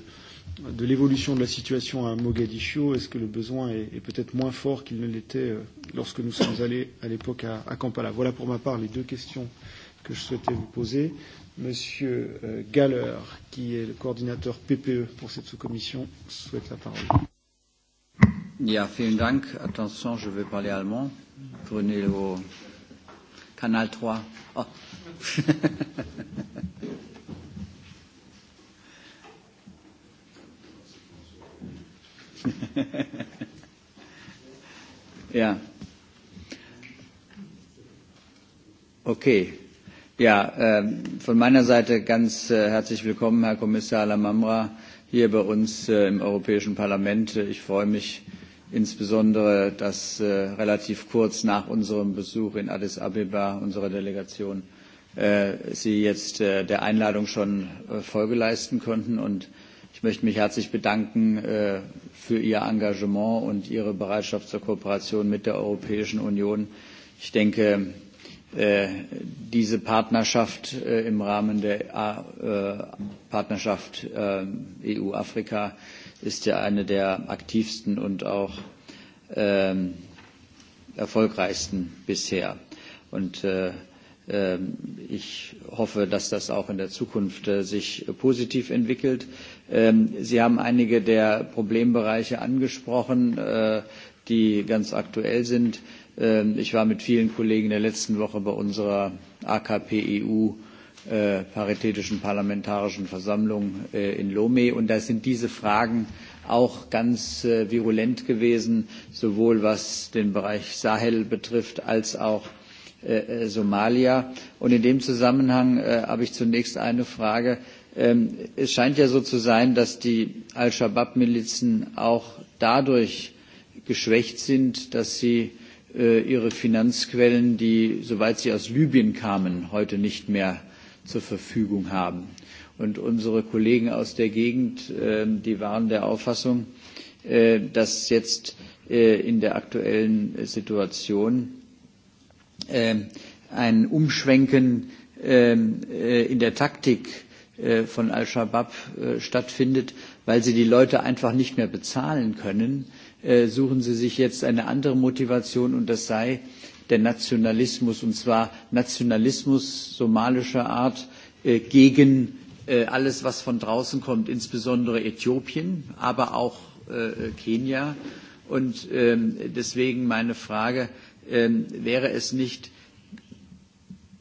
de l'évolution de la situation à Mogadiscio Est-ce que le besoin est, est peut-être moins fort qu'il ne l'était euh, lorsque nous sommes allés à l'époque à, à Kampala Voilà pour ma part les deux questions que je souhaitais vous poser. Monsieur euh, Galler, qui est le coordinateur PPE pour cette sous-commission, souhaite la parole. Ja, vielen Dank. Attention, je vais parler allemand. Prenez le canal 3. Oh. *laughs* *laughs* ja. Okay. Ja, ähm, von meiner Seite ganz äh, herzlich willkommen, Herr Kommissar Lamamra, hier bei uns äh, im Europäischen Parlament. Ich freue mich insbesondere, dass äh, relativ kurz nach unserem Besuch in Addis Abeba, unserer Delegation, Sie jetzt der Einladung schon Folge leisten konnten und Ich möchte mich herzlich bedanken äh, für Ihr Engagement und Ihre Bereitschaft zur Kooperation mit der Europäischen Union. Ich denke, äh, diese Partnerschaft äh, im Rahmen der Partnerschaft EU-Afrika ist ja eine der aktivsten und auch ähm, erfolgreichsten bisher. Und ähm, ich hoffe, dass das auch in der Zukunft sich positiv entwickelt. Ähm, Sie haben einige der Problembereiche angesprochen, äh, die ganz aktuell sind. Ähm, ich war mit vielen Kollegen der letzten Woche bei unserer AKP-EU äh, Paritätischen Parlamentarischen Versammlung äh, in Lomé und da sind diese Fragen auch ganz äh, virulent gewesen, sowohl was den Bereich Sahel betrifft als auch äh, äh Somalia. Und in dem Zusammenhang äh, habe ich zunächst eine Frage. Ähm, es scheint ja so zu sein, dass die Al-Shabaab-Milizen auch dadurch geschwächt sind, dass sie äh, ihre Finanzquellen, die soweit sie aus Libyen kamen, heute nicht mehr zur Verfügung haben. Und unsere Kollegen aus der Gegend, ähm, die waren der Auffassung, äh, dass jetzt äh, in der aktuellen Situation ähm, ein Umschwenken in der Taktik Äh, von Al Shabaab äh, stattfindet, weil sie die Leute einfach nicht mehr bezahlen können, äh, suchen sie sich jetzt eine andere Motivation, und das sei der Nationalismus, und zwar Nationalismus somalischer Art gegen alles, was von draußen kommt, insbesondere Äthiopien, aber auch Kenia. Und ähm, deswegen meine Frage ähm, wäre es nicht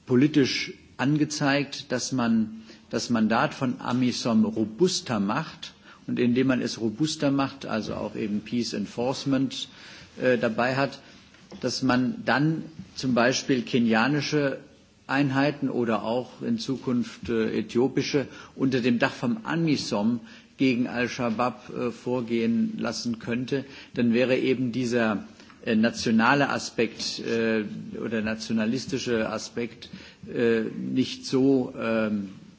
politisch angezeigt, dass man äh, das Mandat von Amisom robuster macht und indem man es robuster macht, also auch eben Peace Enforcement äh, dabei hat, dass man dann zum Beispiel kenianische Einheiten oder auch in Zukunft äh, äthiopische unter dem Dach vom Amisom gegen Al-Shabaab äh, vorgehen lassen könnte, dann wäre eben dieser äh, nationale Aspekt äh, oder nationalistische Aspekt äh, nicht so äh,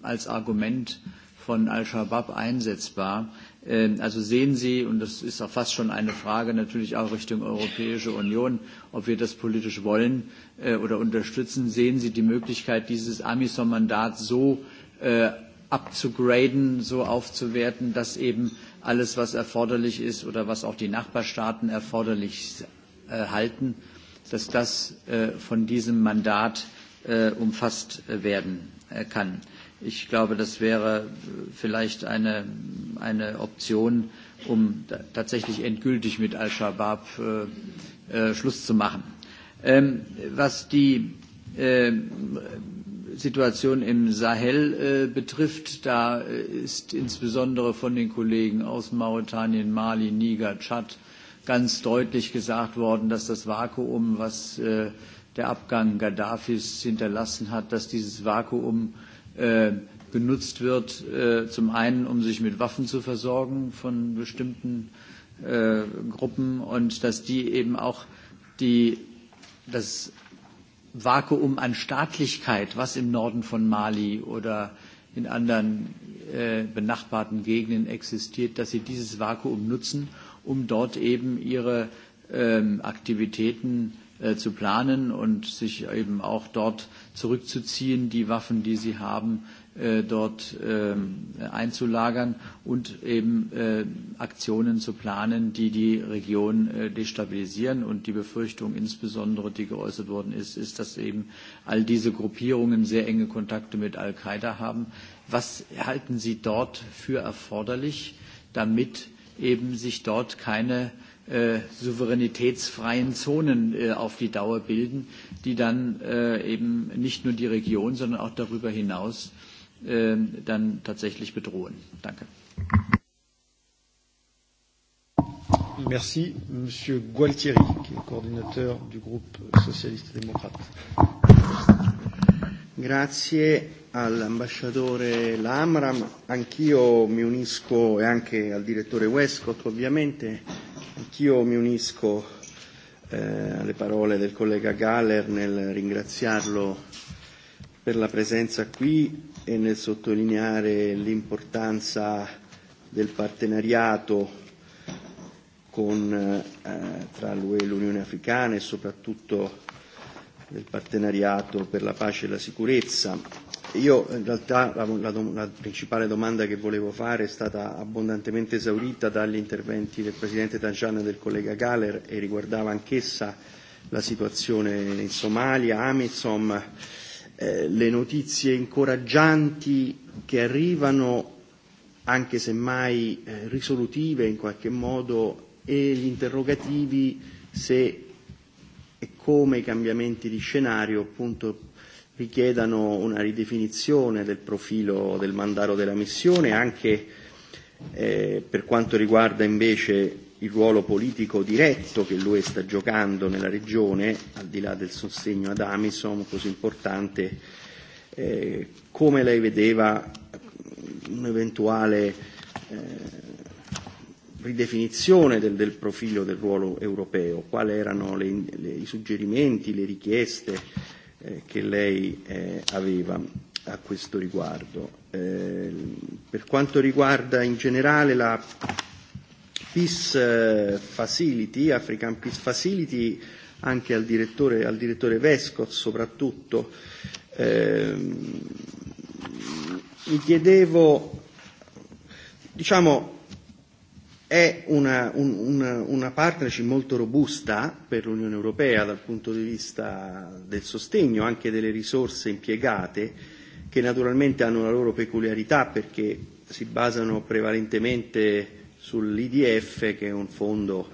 als Argument von Al-Shabaab einsetzbar? Ähm, also sehen Sie, und das ist auch fast schon eine Frage natürlich auch Richtung Europäische Union, ob wir das politisch wollen äh, oder unterstützen, sehen Sie die Möglichkeit, dieses Amisom-Mandat so äh, abzugraden, so aufzuwerten, dass eben alles, was erforderlich ist oder was auch die Nachbarstaaten erforderlich äh, halten, dass das von diesem Mandat umfasst werden kann. Ich glaube, das wäre vielleicht eine, eine Option, um tatsächlich endgültig mit Al-Shabaab äh, äh, Schluss zu machen. Ähm, was die äh, Situation im Sahel äh, betrifft, da äh, ist insbesondere von den Kollegen aus Mauretanien, Mali, Niger, Tschad ganz deutlich gesagt worden, dass das Vakuum, was äh, der Abgang Gaddafis hinterlassen hat, dass dieses Vakuum äh, benutzt äh, wird, äh, zum einen, um sich mit Waffen zu versorgen von bestimmten äh, Gruppen und dass die eben auch die, das Vakuum an Staatlichkeit, was im Norden von Mali oder in anderen äh, benachbarten Gegenden existiert, dass sie dieses Vakuum nutzen, um dort eben ihre ähm, Aktivitäten äh, Äh, zu planen und sich eben auch dort zurückzuziehen, die Waffen, die sie haben, äh, dort äh, einzulagern und eben äh, Aktionen zu planen, die die Region äh, destabilisieren. Und die Befürchtung insbesondere, die geäußert worden ist, ist, dass eben all diese Gruppierungen sehr enge Kontakte mit Al-Qaida haben. Was halten Sie dort für erforderlich, damit eben sich dort keine äh, Äh, souveränitätsfreien Zonen äh, auf die Dauer bilden, die dann äh, eben nicht nur die Region, sondern auch darüber hinaus dann tatsächlich bedrohen. Danke. Merci, Monsieur Gualtieri, qui est coordinateur du groupe socialiste démocrate. Grazie all'ambasciatore Lamram, anch'io mi unisco e anche al direttore Westcott ovviamente, anch'io mi unisco eh, alle parole del collega Galler nel ringraziarlo per la presenza qui e nel sottolineare l'importanza del partenariato con, eh, tra l'UE e l'Unione Africana e soprattutto del partenariato per la pace e la sicurezza. Io in realtà la, la, la principale domanda che volevo fare è stata abbondantemente esaurita dagli interventi del Presidente Tajan e del collega Galler e riguardava anch'essa la situazione in Somalia, Amisom, eh, le notizie incoraggianti che arrivano, anche se mai eh, risolutive in qualche modo, e gli interrogativi se e come i cambiamenti di scenario appunto richiedano una ridefinizione del profilo del mandato della missione anche eh, per quanto riguarda invece il ruolo politico diretto che lui e sta giocando nella regione, al di là del sostegno ad Amisom così importante, eh, come lei vedeva un eventuale eh, ridefinizione del, del profilo del ruolo europeo, quali erano le, le, i suggerimenti, le richieste eh, che lei eh, aveva a questo riguardo. Eh, per quanto riguarda in generale la Peace eh, Facility, African Peace Facility, anche al direttore, al direttore Vesco soprattutto, eh, mi chiedevo, diciamo, è una, un, una, una partnership molto robusta per l'Unione Europea dal punto di vista del sostegno, anche delle risorse impiegate, che naturalmente hanno la loro peculiarità perché si basano prevalentemente sull'IDF, che è un fondo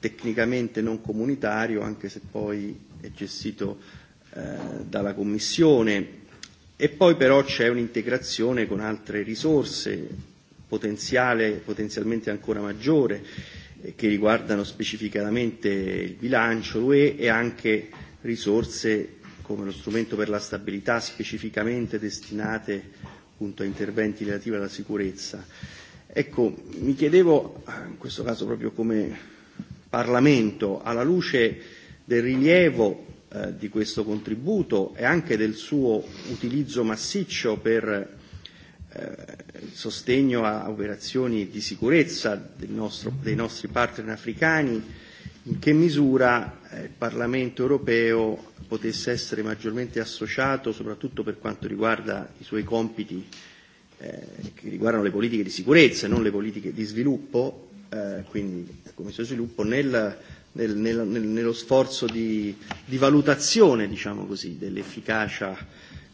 tecnicamente non comunitario, anche se poi è gestito eh, dalla Commissione. E poi però c'è un'integrazione con altre risorse, potenziale potenzialmente ancora maggiore eh, che riguardano specificatamente il bilancio, l'UE e anche risorse come lo strumento per la stabilità specificamente destinate appunto, a interventi relativi alla sicurezza. Ecco, mi chiedevo, in questo caso proprio come Parlamento, alla luce del rilievo eh, di questo contributo e anche del suo utilizzo massiccio per eh, Eh, sostegno a operazioni di sicurezza del nostro, dei nostri partner africani, in che misura eh, il Parlamento europeo potesse essere maggiormente associato, soprattutto per quanto riguarda i suoi compiti eh, che riguardano le politiche di sicurezza e non le politiche di sviluppo, eh, quindi come suo sviluppo, nel, nel, nel, nel, nello sforzo di, di valutazione diciamo così, dell'efficacia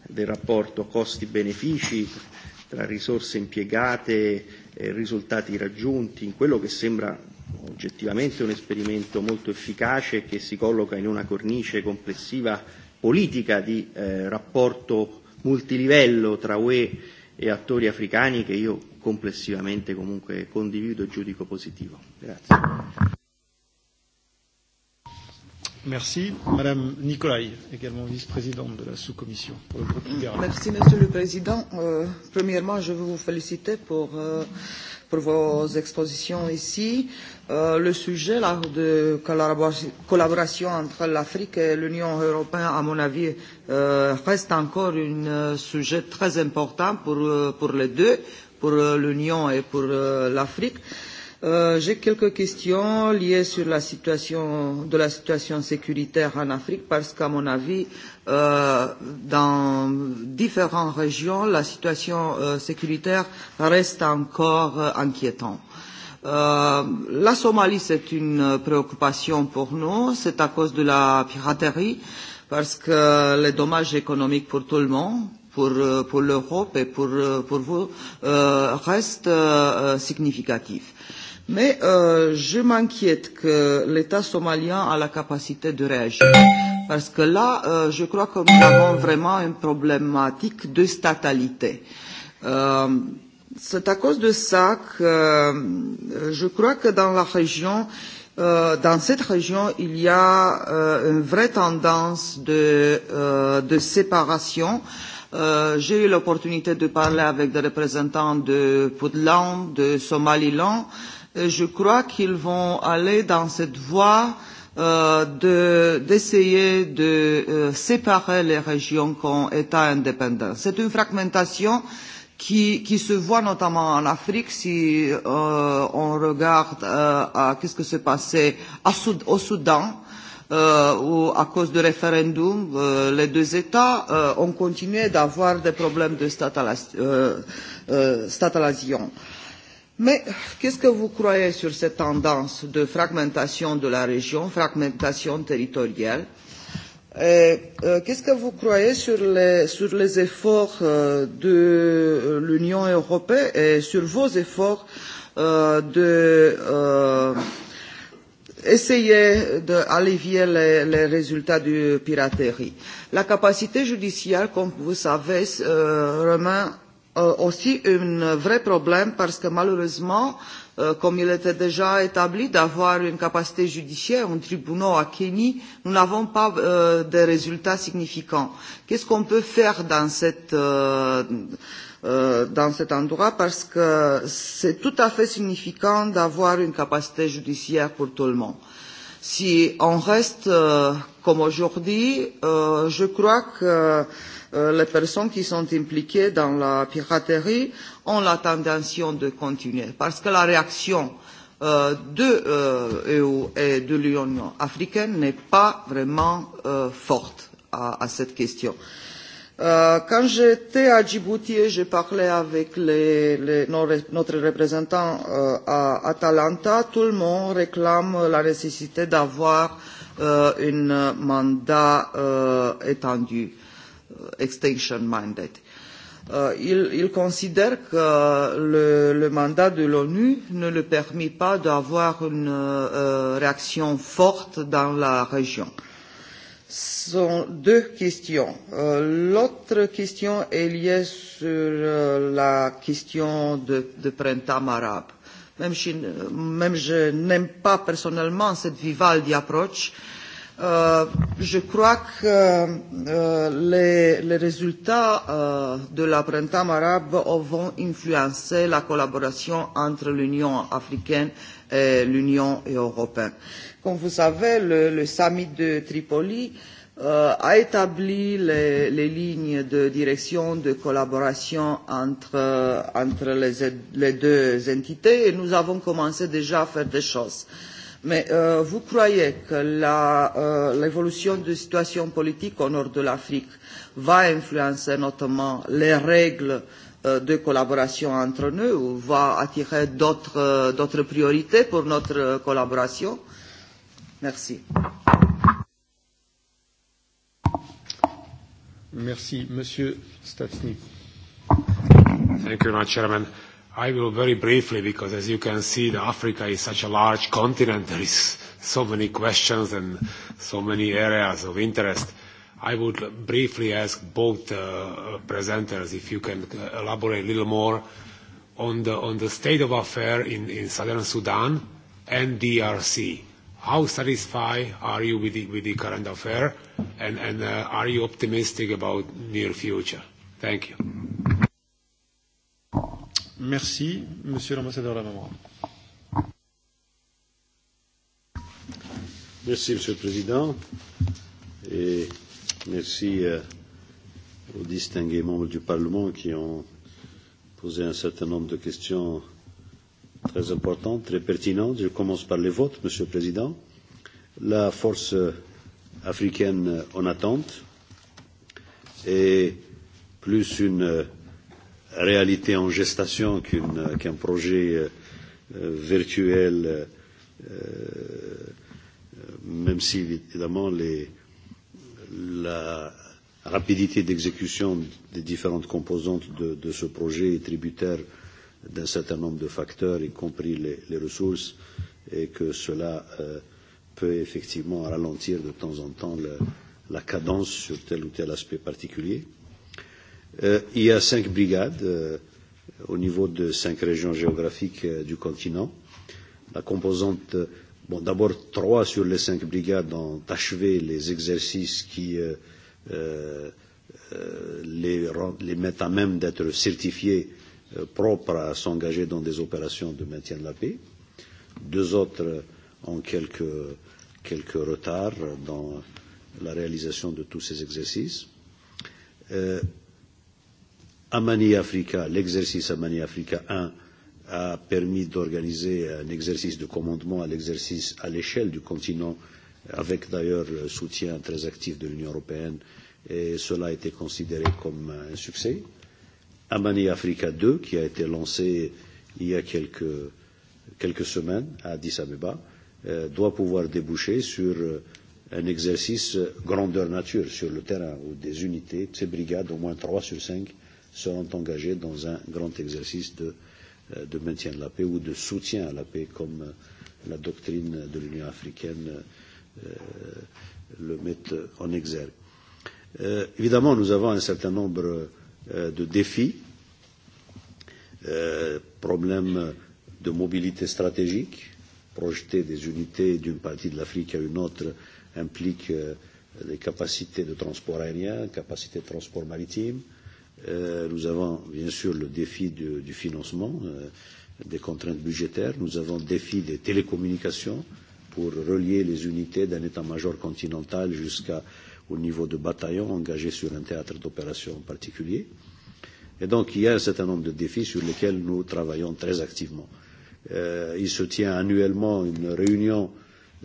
del rapporto costi-benefici. Eh, tra risorse impiegate e risultati raggiunti in quello che sembra oggettivamente un esperimento molto efficace che si colloca in una cornice complessiva politica di eh, rapporto multilivello tra UE e attori africani che io complessivamente comunque condivido e giudico positivo. Grazie. Merci. Madame Nicolai, également vice-présidente de la sous-commission pour le groupe libéral. Merci, Monsieur le Président. Euh, premièrement, je veux vous féliciter pour, euh, pour vos expositions ici. Euh, le sujet là, de collaboration entre l'Afrique et l'Union européenne, à mon avis, euh, reste encore un euh, sujet très important pour, euh, pour les deux, pour euh, l'Union et pour euh, l'Afrique. Euh, Euh, j'ai quelques questions liées sur la situation de la situation sécuritaire en Afrique parce qu'à mon avis euh, dans différentes régions la situation euh, sécuritaire reste encore euh, inquiétante. Euh, la Somalie c'est une préoccupation pour nous, c'est à cause de la piraterie parce que les dommages économiques pour tout le monde pour, euh, pour l'Europe et pour, euh, pour vous euh, restent euh, significatifs. Mais euh, je m'inquiète que l'État somalien a la capacité de réagir. Parce que là, euh, je crois que nous avons vraiment une problématique de statalité. Euh, C'est à cause de ça que euh, je crois que dans la région, euh, dans cette région, il y a euh, une vraie tendance de, euh, de séparation. Euh, J'ai eu l'opportunité de parler avec des représentants de Poudlan, de Somaliland. Euh, je crois qu'ils vont aller dans cette voie euh, d'essayer de, de euh, séparer les régions comme État indépendant. C'est une fragmentation qui, qui se voit notamment en Afrique si euh, on regarde euh, à qu ce que s'est passé à Soud au Soudan. Euh, où à cause du référendum, euh, les deux États euh, ont continué d'avoir des problèmes de statalisation. Euh, euh, Mais qu'est ce que vous croyez sur cette tendance de fragmentation de la région, fragmentation territoriale? Euh, qu'est ce que vous croyez sur les, sur les efforts euh, de euh, l'Union européenne et sur vos efforts euh, de euh, essayer d'alléger les, les résultats du piraterie? La capacité judiciaire, comme vous savez, euh, remet euh, aussi un vrai problème parce que malheureusement, euh, comme il était déjà établi d'avoir une capacité judiciaire, un tribunal à Kenny, nous n'avons pas euh, de résultats significants. Qu'est-ce qu'on peut faire dans cette euh, euh, dans cet endroit parce que c'est tout à fait significant d'avoir une capacité judiciaire pour tout le monde. Si on reste euh, comme aujourd'hui, euh, je crois que euh, Euh, les personnes qui sont impliquées dans la piraterie ont la tendance de continuer parce que la réaction euh, de l'EU e et de l'Union africaine n'est pas vraiment euh, forte à, à cette question. Euh, quand j'étais à Djibouti, j'ai parlé avec les, les, notre représentant euh, à Atalanta. Tout le monde réclame la nécessité d'avoir euh, un mandat euh, étendu. Euh, extinction-minded. Euh, il, il considère que le, le mandat de l'ONU ne le permet pas d'avoir une euh, réaction forte dans la région. Ce sont deux questions. Euh, L'autre question est liée sur euh, la question de, de printemps arabe. Même si même je n'aime pas personnellement cette Vivaldi approche, euh, Euh, je crois que euh, les, les résultats euh, de la printemps arabe vont influencer la collaboration entre l'Union africaine et l'Union européenne. Comme vous savez, le, le summit de Tripoli euh, a établi les, les lignes de direction de collaboration entre, entre les, les deux entités et nous avons commencé déjà à faire des choses. Euh, Mais euh, vous croyez que euh, l'évolution euh, de situation politique au nord de l'Afrique va influencer notamment les règles euh, de collaboration entre nous ou va attirer d'autres euh, priorités pour notre euh, collaboration Merci. Merci. Monsieur Stafni. Thank you very much, Chairman. I will very briefly, because as you can see, the Africa is such a large continent. There is so many questions and so many areas of interest. I would briefly ask both uh, presenters if you can elaborate a little more on the, on the state of affairs in, in southern Sudan and DRC. How satisfied are you with the, with the current affair, and, and uh, are you optimistic about near future? Thank you. Mm-hmm. Merci, Monsieur l'ambassadeur Lamamra. Merci, Monsieur le Président, et merci euh, aux distingués membres du Parlement qui ont posé un certain nombre de questions très importantes, très pertinentes. Je commence par les votes, Monsieur le Président. La force africaine en attente est plus une euh, réalité en gestation qu'un qu projet euh, virtuel, euh, euh, même si évidemment les, la rapidité d'exécution des différentes composantes de, de ce projet est tributaire d'un certain nombre de facteurs, y compris les, les ressources, et que cela euh, peut effectivement ralentir de temps en temps le, la cadence sur tel ou tel aspect particulier. Euh, Euh, il y a cinq brigades euh, au niveau de cinq régions géographiques euh, du continent. La composante, euh, bon, d'abord trois sur les cinq brigades ont achevé les exercices qui euh, euh, euh les, les mettent à même d'être certifiés euh, propres à s'engager dans des opérations de maintien de la paix. Deux autres ont quelques, quelques retards dans la réalisation de tous ces exercices. Euh, à Mani Africa, l'exercice à Mani Africa 1 a permis d'organiser un exercice de commandement à l'exercice à l'échelle du continent, avec d'ailleurs le soutien très actif de l'Union européenne, et cela a été considéré comme un succès. À Mani Africa 2, qui a été lancé il y a quelques, quelques semaines à Addis Abeba, euh, doit pouvoir déboucher sur euh, un exercice grandeur nature sur le terrain, où des unités, ces brigades, au moins trois sur cinq, euh, seront engagés dans un grand exercice de, euh, de maintien de la paix ou de soutien à la paix, comme euh, la doctrine de l'Union africaine euh, le met en exergue. Euh, évidemment, nous avons un certain nombre euh, de défis, euh, problèmes de mobilité stratégique. Projeter des unités d'une partie de l'Afrique à une autre implique euh, des capacités de transport aérien, capacités de transport maritime, euh, Euh, nous avons bien sûr le défi du, du financement, euh, des contraintes budgétaires, nous avons le défi des télécommunications pour relier les unités d'un état-major continental jusqu'au niveau de bataillon engagé sur un théâtre d'opération en particulier. Et donc il y a un certain nombre de défis sur lesquels nous travaillons très activement. Euh, il se tient annuellement une réunion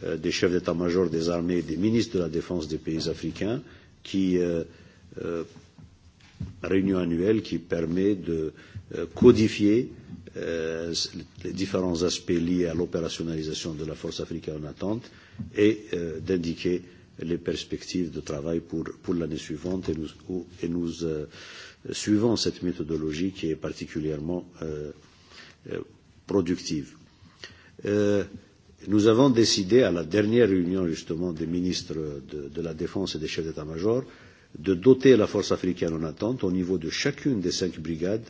euh, des chefs d'état-major des armées et des ministres de la défense des pays africains qui. Euh, euh, réunion annuelle qui permet de euh, codifier euh, les différents aspects liés à l'opérationnalisation de la force africaine en attente et euh, d'indiquer les perspectives de travail pour, pour l'année suivante et nous, et nous suivons cette méthodologie qui est particulièrement productive. Nous avons décidé à la dernière réunion justement des ministres de, de la Défense et des chefs d'état-major euh, de doter la force africaine en attente, au niveau de chacune des cinq brigades,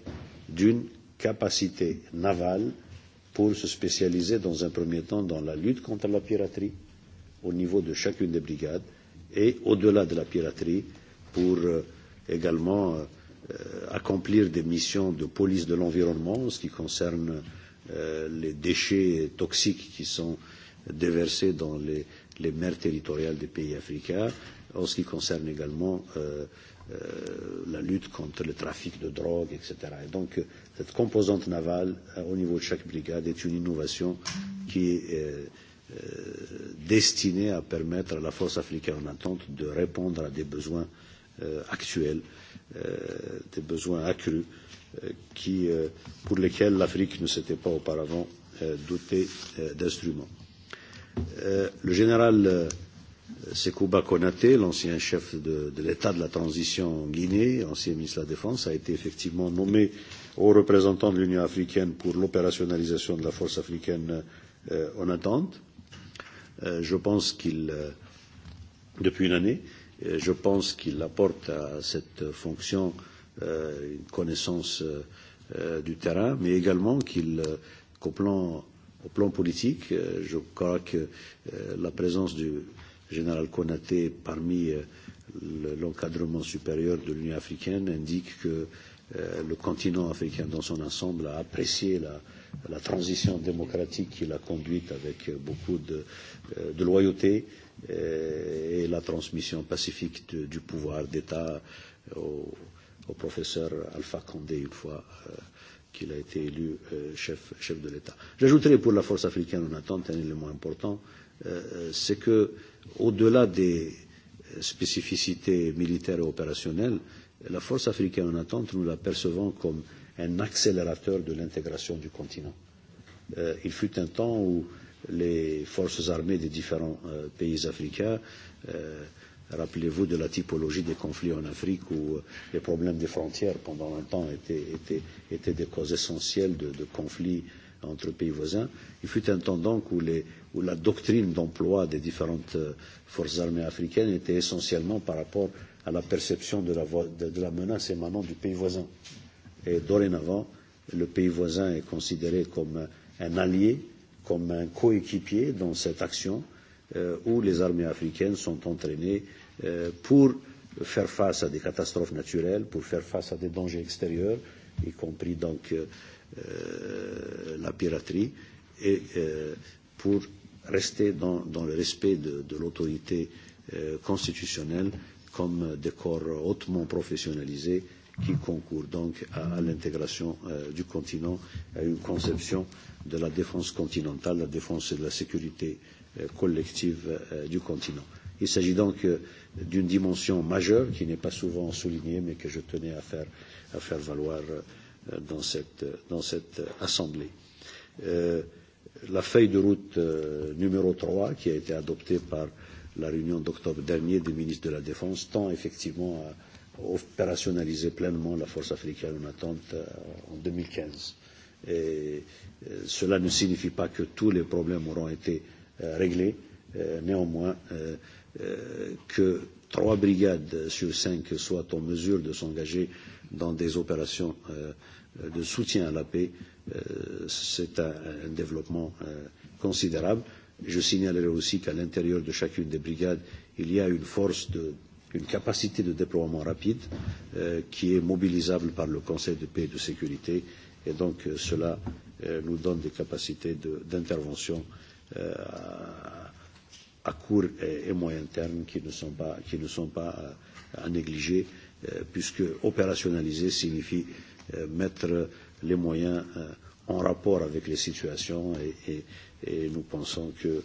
d'une capacité navale pour se spécialiser dans un premier temps dans la lutte contre la piraterie au niveau de chacune des brigades et au-delà de la piraterie pour euh, également euh, accomplir des missions de police de l'environnement en ce qui concerne euh, les déchets toxiques qui sont déversés dans les, les mers territoriales des pays africains en ce qui concerne également euh, euh, la lutte contre le trafic de drogue, etc. Et donc, cette composante navale, euh, au niveau de chaque brigade, est une innovation qui est euh, euh, destinée à permettre à la force africaine en attente de répondre à des besoins euh, actuels, euh, des besoins accrus, euh, qui, euh, pour lesquels l'Afrique ne s'était pas auparavant euh, dotée euh, d'instruments. Euh, le général euh, C'est Kouba Konaté, l'ancien chef de, de l'État de la transition en Guinée, ancien ministre de la Défense, a été effectivement nommé au représentant de l'Union africaine pour l'opérationnalisation de la force africaine euh, en attente. Euh, je pense qu'il, euh, depuis une année, euh, je pense qu'il apporte à cette fonction euh, une connaissance euh, euh du terrain, mais également qu'il, euh, qu'au plan, au plan politique, euh, je crois que euh, la présence du général Konaté parmi euh, l'encadrement supérieur de l'Union africaine indique que euh, le continent africain dans son ensemble a apprécié la, la transition démocratique qui l'a conduite avec euh, beaucoup de, de loyauté et la transmission pacifique de, du pouvoir d'État au, au professeur Alpha Condé une fois qu'il a été élu chef, chef de l'État. J'ajouterai pour la force africaine en attente un élément important, c'est que euh, au-delà des euh, spécificités militaires et opérationnelles, la force africaine en attente, nous la percevons comme un accélérateur de l'intégration du continent. Euh, il fut un temps où les forces armées des différents euh, pays africains, euh, rappelez-vous de la typologie des conflits en Afrique où euh, les problèmes des frontières pendant un temps étaient, étaient, étaient des causes essentielles de, de conflits euh, entre pays voisins. Il fut un temps donc où, les, où la doctrine d'emploi des différentes euh, forces armées africaines était essentiellement par rapport à la perception de la, de, de la menace émanant du pays voisin. Et dorénavant, le pays voisin est considéré comme un allié, comme un coéquipier dans cette action euh, où les armées africaines sont entraînées euh, pour faire face à des catastrophes naturelles, pour faire face à des dangers extérieurs, y compris donc. Euh, Euh, la piraterie et euh, pour rester dans, dans le respect de, de l'autorité euh, constitutionnelle comme des corps hautement professionnalisés qui concourent donc à, à l'intégration euh, du continent, à une conception de la défense continentale, la défense de la sécurité euh, collective euh, du continent. Il s'agit donc euh, d'une dimension majeure qui n'est pas souvent soulignée mais que je tenais à faire, à faire valoir. Euh, Euh, dans cette, dans cette Assemblée. Euh, la feuille de route euh, numéro 3, qui a été adoptée par la réunion d'octobre dernier des ministres de la Défense, tend effectivement à opérationnaliser pleinement la force africaine en attente euh, en 2015. Et euh, cela ne signifie pas que tous les problèmes auront été euh, réglés. Euh, néanmoins, euh, euh, que trois brigades sur cinq soient en mesure de s'engager dans des opérations euh, Euh, de soutien à la paix, euh, c'est un, un développement euh, considérable. Je signalerai aussi qu'à l'intérieur de chacune des brigades, il y a une force, de, une capacité de déploiement rapide euh, qui est mobilisable par le Conseil de paix et de sécurité. Et donc euh, cela euh, nous donne des capacités de, d'intervention euh, à, à court et, et moyen terme qui ne sont pas, qui ne sont pas à, euh, à négliger, euh, puisque opérationnaliser signifie euh, Euh, mettre les moyens euh, en rapport avec les situations et, et, et nous pensons que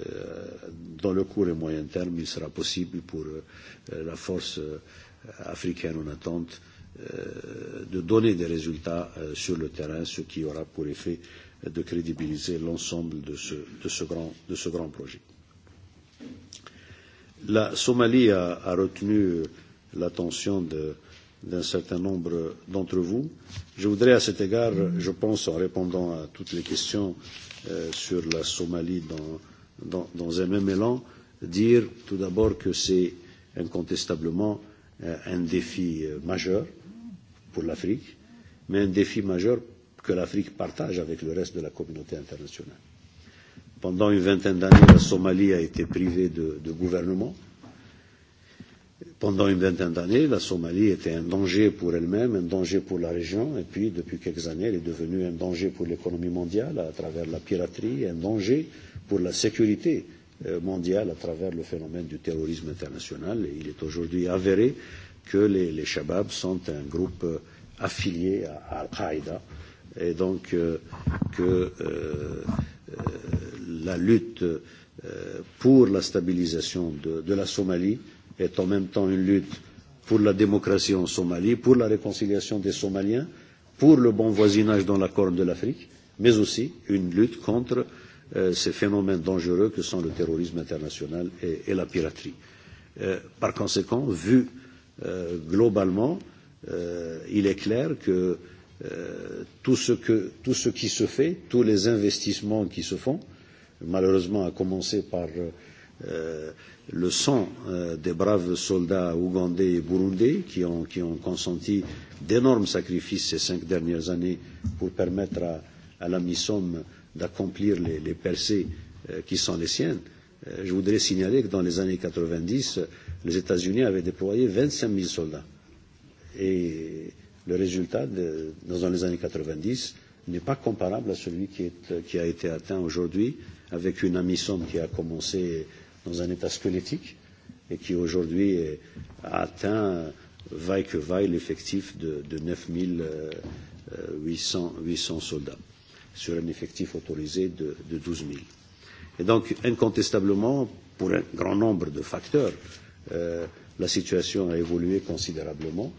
euh, dans le court et moyen terme, il sera possible pour euh, la force euh, africaine en attente euh, de donner des résultats euh, sur le terrain, ce qui aura pour effet de crédibiliser l'ensemble de ce, de, ce de ce grand projet. La Somalie a, a retenu euh, l'attention de euh, d'un certain nombre d'entre vous. Je voudrais à cet égard, je pense, en répondant à toutes les questions euh, sur la Somalie dans, dans, dans un même élan, dire tout d'abord que c'est incontestablement euh, un défi euh, majeur pour l'Afrique, mais un défi majeur que l'Afrique partage avec le reste de la communauté internationale. Pendant une vingtaine d'années, la Somalie a été privée de, de gouvernement. Euh, pendant une vingtaine d'années, la Somalie était un danger pour elle-même, un danger pour la région, et puis depuis quelques années, elle est devenue un danger pour l'économie mondiale à travers la piraterie, un danger pour la sécurité euh, mondiale à travers le phénomène du terrorisme international. Et il est aujourd'hui avéré que les, les Shabab sont un groupe euh, affilié à Al-Qaïda, et donc euh, que euh, euh, la lutte euh, pour la stabilisation de, de la Somalie euh, est en même temps une lutte pour la démocratie en Somalie, pour la réconciliation des Somaliens, pour le bon voisinage dans la Corne de l'Afrique, mais aussi une lutte contre euh, ces phénomènes dangereux que sont le terrorisme international et, et la piraterie. Euh, par conséquent, vu euh, globalement, euh, il est clair que euh, tout, ce que, tout ce qui se fait, tous les investissements qui se font, malheureusement, à commencer par euh, le sang euh, des braves soldats ougandais et burundais qui ont, qui ont consenti d'énormes sacrifices ces cinq dernières années pour permettre à, à la MISOM d'accomplir les, les percées euh, qui sont les siennes. Euh, je voudrais signaler que dans les années 90, les États-Unis avaient déployé 25 000 soldats. Et le résultat de, dans les années 90 n'est pas comparable à celui qui, est, qui a été atteint aujourd'hui avec une amisson qui a commencé dans un état squelettique et qui aujourd'hui a atteint vaille que vaille l'effectif de, de 9800 800 euh, euh, soldats sur un effectif autorisé de, de 12 000. Et donc, incontestablement, pour un grand nombre de facteurs, euh, la situation a évolué considérablement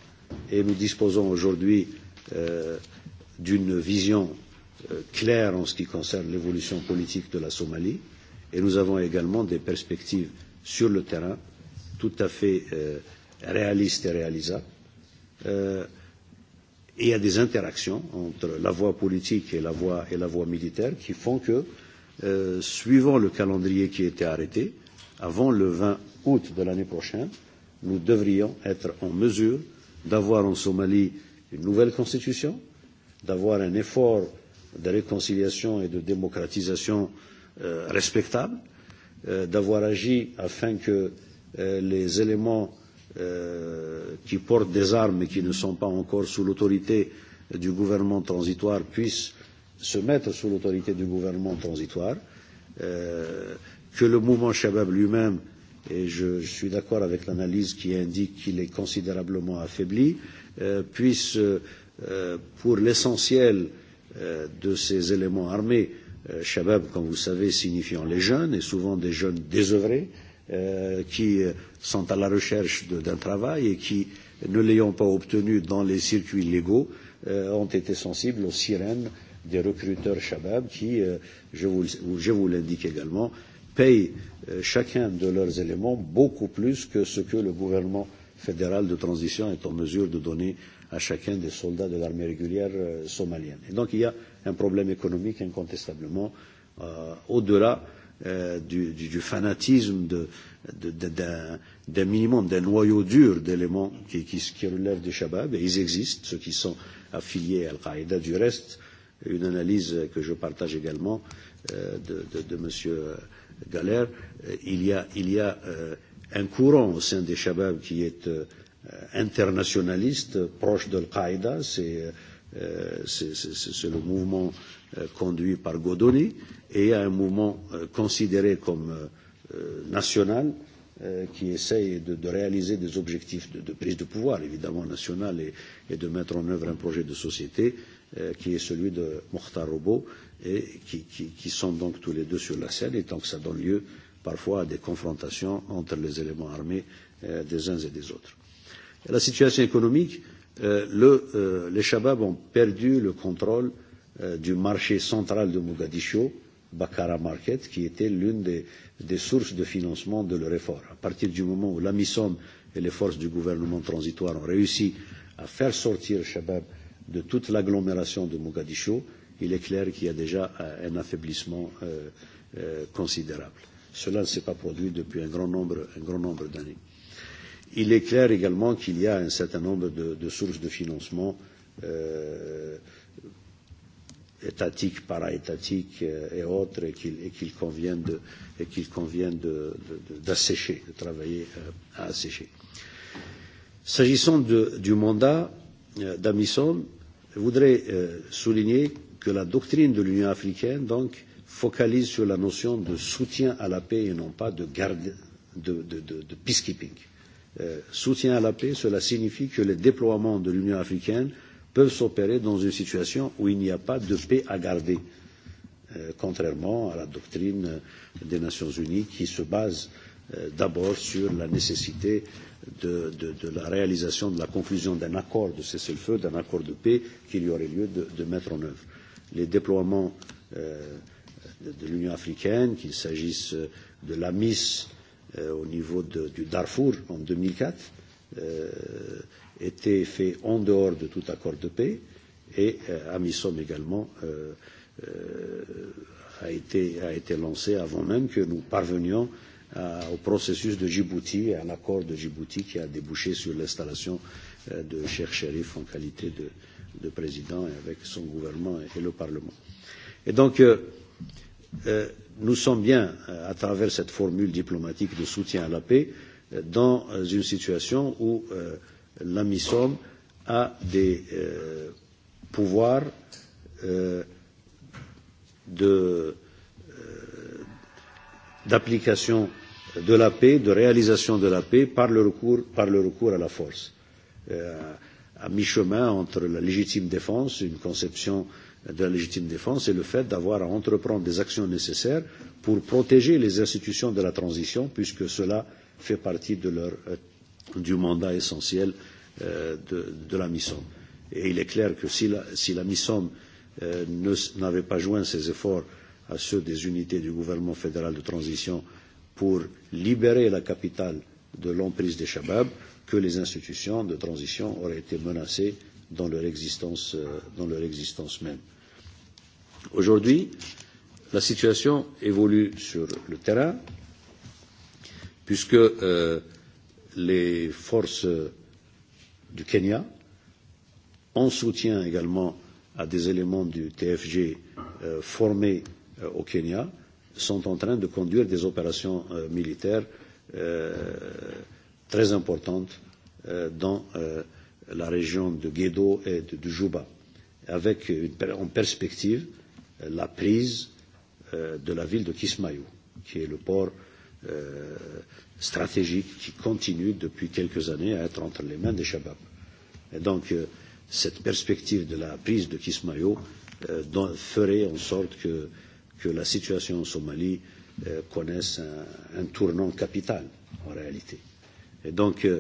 et nous disposons aujourd'hui euh, d'une vision euh, claire en ce qui concerne l'évolution politique de la Somalie. Euh, et nous avons également des perspectives sur le terrain tout à fait euh, réalistes et réalisables. Euh, et il y a des interactions entre la voie politique et la voie, et la voie militaire qui font que, euh, suivant le calendrier qui était arrêté, avant le 20 août de l'année prochaine, nous devrions être en mesure d'avoir en Somalie une nouvelle constitution, d'avoir un effort de réconciliation et de démocratisation euh, euh, respectable, euh, d'avoir agi afin que euh, les éléments euh, qui portent des armes et qui ne sont pas encore sous l'autorité du gouvernement transitoire puissent se mettre sous l'autorité du gouvernement transitoire, euh, que le mouvement Shabab lui-même et je, je suis d'accord avec l'analyse qui indique qu'il est considérablement affaibli, euh, puisse, euh, pour l'essentiel euh, de ces éléments armés, euh, Euh, shabab, comme vous savez, signifiant les jeunes, et souvent des jeunes désœuvrés, euh, qui euh, sont à la recherche d'un travail et qui, ne l'ayant pas obtenu dans les circuits légaux, euh, ont été sensibles aux sirènes des recruteurs Shabab qui, euh, je vous, je vous l'indique également, payent euh, chacun de leurs éléments beaucoup plus que ce que le gouvernement fédéral de transition est en mesure de donner à chacun des soldats de l'armée régulière euh, somalienne. Et donc il y a un problème économique incontestablement euh, au-delà euh, du, du, du fanatisme de, de, de, d'un, d'un minimum, d'un noyau dur d'éléments qui, qui, qui relèvent des Shabab. Et ils existent, ceux qui sont affiliés à Al-Qaïda. Du reste, une analyse que je partage également euh, de, de, de M. Galère, euh, il y a, il y a euh, un courant au sein des Shabab qui est euh, internationaliste, proche d'Al-Qaïda. C'est, euh, Euh, c'est le mouvement euh, conduit par Godoni, et il y a un mouvement euh, considéré comme national qui essaye de, de réaliser des objectifs de, de prise de pouvoir, évidemment national, et, et de mettre en œuvre un projet de société qui est celui de Mokhtar Robo, et qui, qui, qui sont donc tous les deux sur la scène, et tant que ça donne lieu parfois à des confrontations entre les éléments armés des uns et des autres. La situation économique euh, euh, le, euh, les Shabab ont perdu le contrôle euh, du marché central de Mogadiscio, Bakara Market, qui était l'une des, des sources de financement de leur effort. À partir du moment où la Missom et les forces du gouvernement transitoire ont réussi à faire sortir Shabab de toute l'agglomération de Mogadiscio, il est clair qu'il y a déjà euh, un affaiblissement euh, euh, considérable. Cela ne s'est pas produit depuis un grand nombre, nombre d'années. Il est clair également qu'il y a un certain nombre de, de sources de financement euh, étatiques, para-étatiques euh, et autres, et qu'il qu convient, de, et qu convient de, de, de, d'assécher, de travailler euh, à assécher. S'agissant de, du mandat euh, d'Amisson, je voudrais euh, souligner que la doctrine de l'Union africaine, donc, focalise sur la notion de soutien à la paix et non pas de garde, de, de, de, de peacekeeping. Euh, Euh, soutien à la paix, cela signifie que les déploiements de l'Union africaine peuvent s'opérer dans une situation où il n'y a pas de paix à garder, euh, contrairement à la doctrine des Nations unies qui se base euh, d'abord sur la nécessité de, de, de la réalisation de la conclusion d'un accord de cessez-le-feu, d'un accord de paix qu'il y aurait lieu de, de mettre en œuvre. Les déploiements euh, de, de l'Union africaine, qu'il s'agisse de la mise euh, euh, au niveau de, du Darfour en 2004, euh, était fait en dehors de tout accord de paix et euh, Amisom également euh, euh, a, été, a été lancé avant même que nous parvenions à, au processus de Djibouti, à un accord de Djibouti qui a débouché sur l'installation euh, de Cher Sherif en qualité de, de président et avec son gouvernement et, et le Parlement. Et donc, euh, euh, nous sommes bien, euh, à travers cette formule diplomatique de soutien à la paix, euh, dans euh, une situation où euh, l'AMISOM a des euh, pouvoirs euh, d'application de, euh, de la paix, de réalisation de la paix par le recours, par le recours à la force, euh, à mi-chemin entre la légitime défense, une conception euh, de la légitime défense est le fait d'avoir à entreprendre des actions nécessaires pour protéger les institutions de la transition, puisque cela fait partie de leur, euh, du mandat essentiel euh, de, de la mission. Et il est clair que si la, si la mission euh, n'avait pas joint ses efforts à ceux des unités du gouvernement fédéral de transition pour libérer la capitale de l'emprise des Shabab, que les institutions de transition auraient été menacées dans leur existence, euh, dans leur existence même. Aujourd'hui, la situation évolue sur le terrain, puisque euh, les forces du Kenya, en soutien également à des éléments du TFG euh, formés euh, au Kenya, sont en train de conduire des opérations euh, militaires euh, très importantes euh, dans euh, la région de Guédo et de Djouba, avec une, en perspective euh, la prise euh, de la ville de Kismayou, qui est le port euh, stratégique qui continue depuis quelques années à être entre les mains des Shabab. Et donc, euh, cette perspective de la prise de Kismayou euh, ferait en sorte que, que la situation en Somalie euh, connaisse un, un tournant capital, en réalité. Et donc, euh,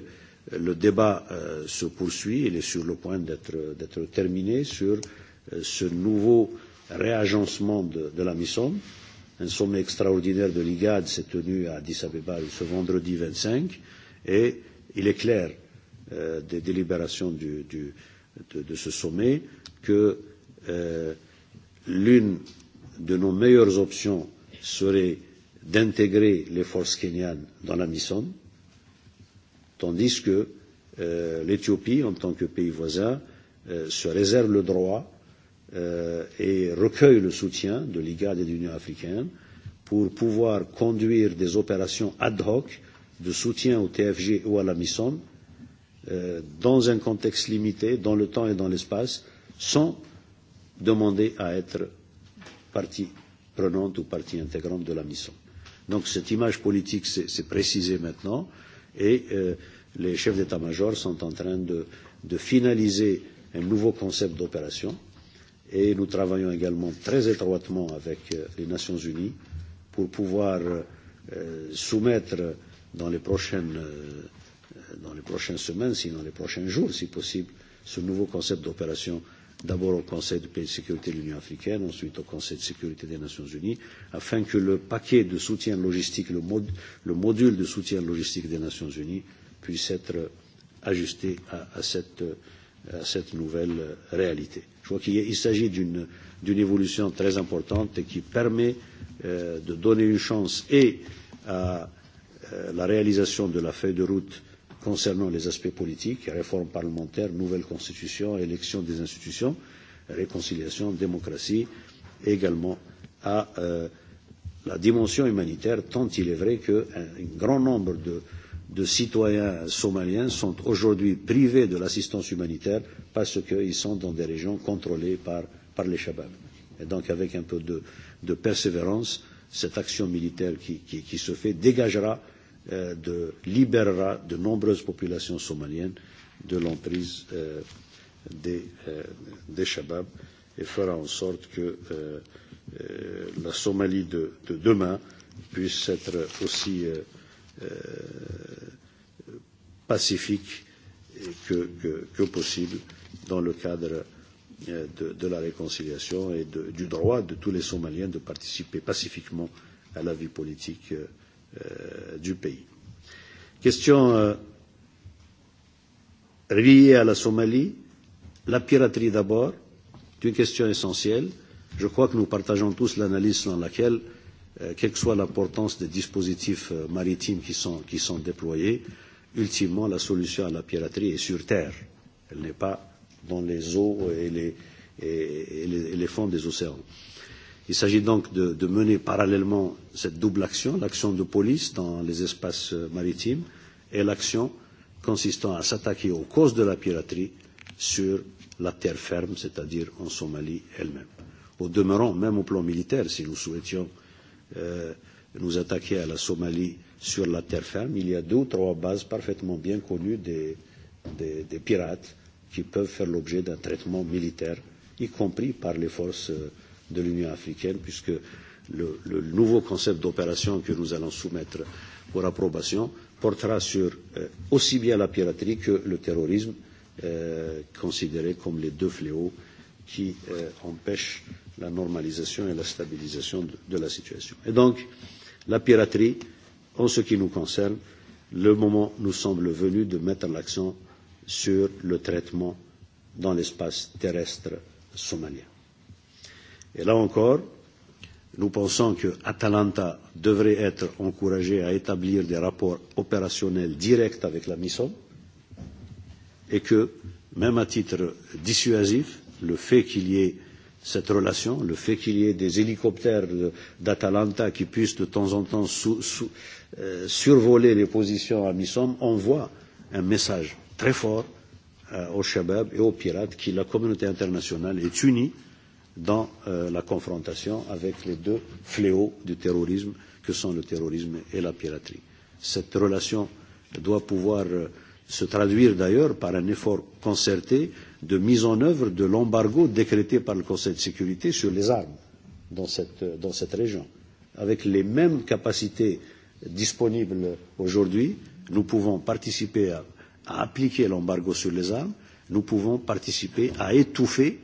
le débat euh, se poursuit, il est sur le point d'être terminé sur euh, ce nouveau réagencement de, de la mission. Un sommet extraordinaire de l'IGAD s'est tenu à Addis Abeba ce vendredi 25 et il est clair euh, des délibérations du, du, de, de ce sommet que euh, l'une de nos meilleures options serait d'intégrer les forces kenyanes dans la mission. Euh, tandis que euh, l'Éthiopie, en tant que pays voisin, euh, se réserve le droit euh, et recueille le soutien de l'IGAD et de l'Union africaine pour pouvoir conduire des opérations ad hoc de soutien au TFG ou à la MISOM euh, dans un contexte limité, dans le temps et dans l'espace, sans demander à être partie prenante ou partie intégrante de la MISOM. Donc cette image politique s'est précisée maintenant et euh, les chefs d'état-major sont en train de, de finaliser un nouveau concept d'opération et nous travaillons également très étroitement avec euh, les Nations Unies pour pouvoir euh, soumettre dans les, prochaines, euh, dans les prochaines semaines, sinon dans les prochains jours, si possible, ce nouveau concept d'opération d'abord au Conseil de paix et de sécurité de l'Union africaine, ensuite au Conseil de sécurité des Nations unies, afin que le paquet de soutien logistique, le, mod, le module de soutien logistique des Nations unies puisse être ajusté à, à, cette, à cette nouvelle réalité. Je crois qu'il s'agit d'une évolution très importante qui permet euh, de donner une chance et à euh, la réalisation de la feuille de route concernant les aspects politiques, réforme parlementaire, nouvelle constitution, élection des institutions, réconciliation, démocratie, également à euh, la dimension humanitaire, tant il est vrai qu'un un grand nombre de euh, de citoyens somaliens sont aujourd'hui privés de l'assistance humanitaire parce qu'ils sont dans des régions contrôlées par, par les Shabab. Et donc, avec un peu de, de persévérance, cette action militaire qui, qui, qui se fait dégagera, euh, de, libérera de nombreuses populations somaliennes de l'emprise euh, des, euh, des Shabab et fera en sorte que euh, euh, la Somalie de, de demain puisse être aussi. Euh, Euh, pacifique que, que, que possible dans le cadre euh, de, de la réconciliation et de, du droit de tous les Somaliens de participer pacifiquement à la vie politique euh, euh du pays. Question euh, liée à la Somalie, la piraterie d'abord, c'est une question essentielle. Je crois que nous partageons tous l'analyse dans laquelle euh, Euh, quelle que soit l'importance des dispositifs euh, maritimes qui sont, qui sont déployés, ultimement, la solution à la piraterie est sur terre. Elle n'est pas dans les eaux et les, et, et les, et les fonds des océans. Il s'agit donc de, de mener parallèlement cette double action, l'action de police dans les espaces euh, maritimes et l'action consistant à s'attaquer aux causes de la piraterie sur la terre ferme, c'est-à-dire en Somalie elle-même. Au demeurant, même au plan militaire, si nous souhaitions Euh, nous attaquer à la Somalie sur la terre ferme, il y a deux ou trois bases parfaitement bien connues des, des, des pirates qui peuvent faire l'objet d'un traitement militaire, y compris par les forces euh, de l'Union africaine, puisque le, le nouveau concept d'opération que nous allons soumettre pour approbation portera sur euh, aussi bien la piraterie que le terrorisme, euh, considérés comme les deux fléaux qui euh, empêchent euh, la normalisation et la stabilisation de, de la situation. Et donc, la piraterie, en ce qui nous concerne, le moment nous semble venu de mettre l'accent sur le traitement dans l'espace terrestre somalien. Et là encore, nous pensons que Atalanta devrait être encouragée à établir des rapports opérationnels directs avec la mission et que, même à titre dissuasif, le fait qu'il y ait cette relation, le fait qu'il y ait des hélicoptères d'Atalanta qui puissent de temps en temps sous, sous, euh, survoler les positions à Missom, envoie un message très fort euh, au Shabab et aux pirates que la communauté internationale est unie dans euh, la confrontation avec les deux fléaux du terrorisme que sont le terrorisme et la piraterie. Cette relation doit pouvoir euh, se traduire d'ailleurs par un effort concerté euh, de mise en œuvre de l'embargo décrété par le Conseil de sécurité sur les armes dans cette, dans cette région. Avec les mêmes capacités disponibles aujourd'hui, nous pouvons participer à, à appliquer l'embargo sur les armes, nous pouvons participer à étouffer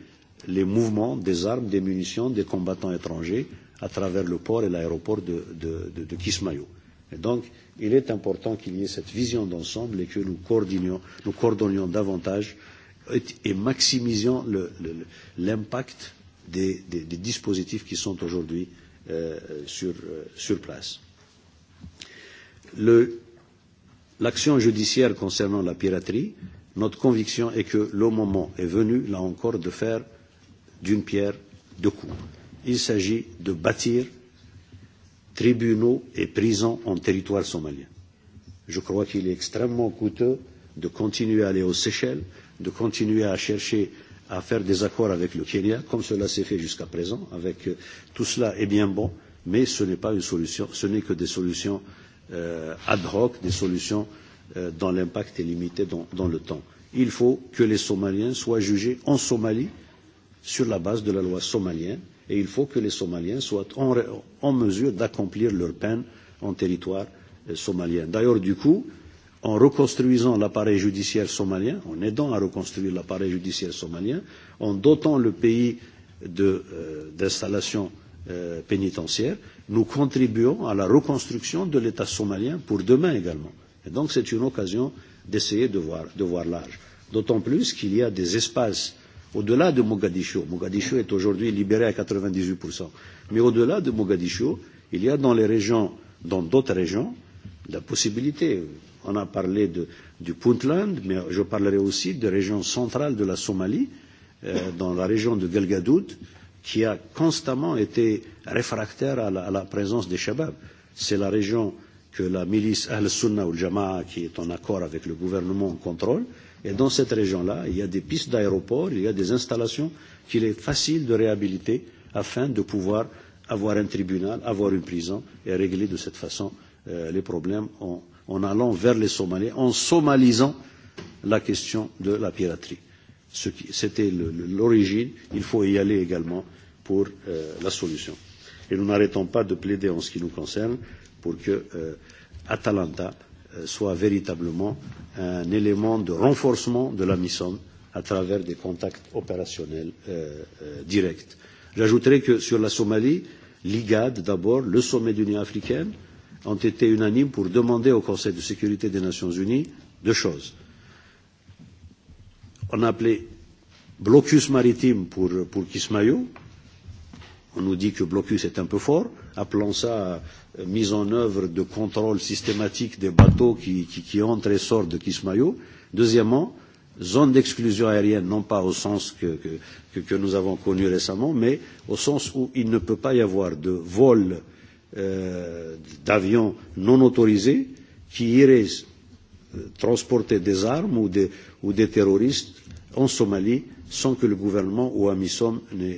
les mouvements des armes, des munitions, des combattants étrangers à travers le port et l'aéroport de, de, de, de Kismayo. Et donc, il est important qu'il y ait cette vision d'ensemble et que nous, coordinions, nous coordonnions davantage euh, et maximisant l'impact des, des, des dispositifs qui sont aujourd'hui euh, sur, euh, sur place. L'action judiciaire concernant la piraterie, notre conviction est que le moment est venu, là encore, de faire d'une pierre deux coups. Il s'agit de bâtir tribunaux et prisons en territoire somalien. Je crois qu'il est extrêmement coûteux de continuer à aller aux Seychelles de continuer à chercher à faire des accords avec le Kenya, comme cela s'est fait jusqu'à présent. Avec, euh, tout cela est bien bon, mais ce n'est pas une solution, ce n'est que des solutions euh, ad hoc, des solutions euh, dont l'impact est limité dans, dans le temps. Il faut que les Somaliens soient jugés en Somalie sur la base de la loi somalienne et il faut que les Somaliens soient en, en mesure d'accomplir leur peine en territoire euh, somalien. D'ailleurs, du coup, euh, en reconstruisant l'appareil judiciaire somalien, en aidant à reconstruire l'appareil judiciaire somalien, en dotant le pays euh, d'installations euh, pénitentiaires, nous contribuons à la reconstruction de l'État somalien pour demain également. Et donc c'est une occasion d'essayer de voir, de voir l'âge. D'autant plus qu'il y a des espaces au-delà de Mogadiscio. Mogadiscio est aujourd'hui libéré à 98%. Mais au-delà de Mogadiscio, il y a dans les régions, dans d'autres régions, la possibilité, On a parlé de, du Puntland, mais je parlerai aussi de régions centrales de la Somalie, euh, dans la région de Gelgadoud, qui a constamment été réfractaire à la, à la présence des Shabab. C'est la région que la milice Al-Sunna ou Jama'a, qui est en accord avec le gouvernement, contrôle. Et dans cette région-là, il y a des pistes d'aéroports, il y a des installations qu'il est facile de réhabiliter afin de pouvoir avoir un tribunal, avoir une prison et régler de cette façon euh, les problèmes. En, euh, en allant vers les Somaliens, en somalisant la question de la piraterie. C'était l'origine, il faut y aller également pour euh, la solution. Et nous n'arrêtons pas de plaider en ce qui nous concerne pour que euh, Atalanta euh, soit véritablement un élément de renforcement de la mission à travers des contacts opérationnels euh, euh, directs. J'ajouterai que sur la Somalie, l'IGAD d'abord, le sommet de l'Union africaine, euh, ont été unanimes pour demander au Conseil de sécurité des Nations Unies deux choses. On a appelé blocus maritime pour, pour Kismayo. On nous dit que blocus est un peu fort. Appelons ça euh, mise en œuvre de contrôle systématique des bateaux qui, qui, qui entrent et sortent de Kismayo. Deuxièmement, zone d'exclusion aérienne, non pas au sens que, que, que nous avons connu récemment, mais au sens où il ne peut pas y avoir de vols Euh, d'avions non autorisés qui iraient euh, transporter des armes ou des, ou des terroristes en Somalie sans que le gouvernement ou Amisom ne, euh,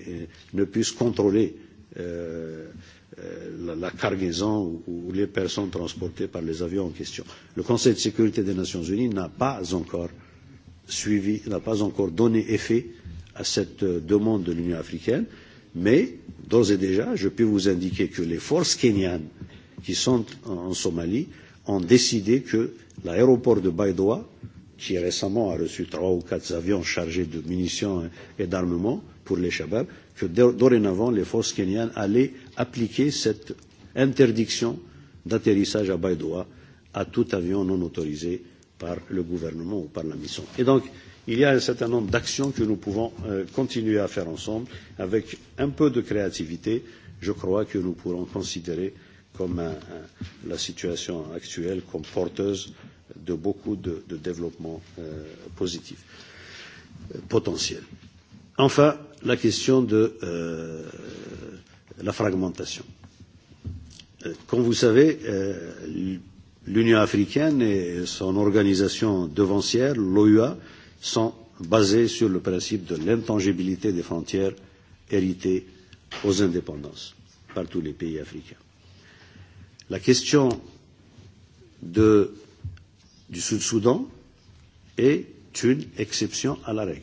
ne puisse contrôler euh, la, la cargaison ou, ou les personnes transportées par les avions en question. Le Conseil de sécurité des Nations Unies n'a pas encore suivi, n'a pas encore donné effet à cette demande de l'Union africaine. Mais, d'ores et déjà, je peux vous indiquer que les forces kenyanes qui sont en Somalie ont décidé que l'aéroport de Baïdoa, qui récemment a reçu trois ou quatre avions chargés de munitions et d'armement pour les Shabab, que dorénavant les forces kenyanes allaient appliquer cette interdiction d'atterrissage à Baïdoa à tout avion non autorisé par le gouvernement ou par la mission. Et donc, euh, il y a un certain nombre d'actions que nous pouvons euh, continuer à faire ensemble. Avec un peu de créativité, je crois que nous pourrons considérer comme un, un, la situation actuelle comme porteuse de beaucoup de, de développement euh, positif euh, potentiel. Enfin, la question de euh, la fragmentation. Euh, comme vous savez, euh, l'Union africaine et son organisation devancière, l'OUA, euh, sont basées sur le principe de l'intangibilité des frontières héritées aux indépendances par tous les pays africains. La question de, du Sud-Soudan est une exception à la règle.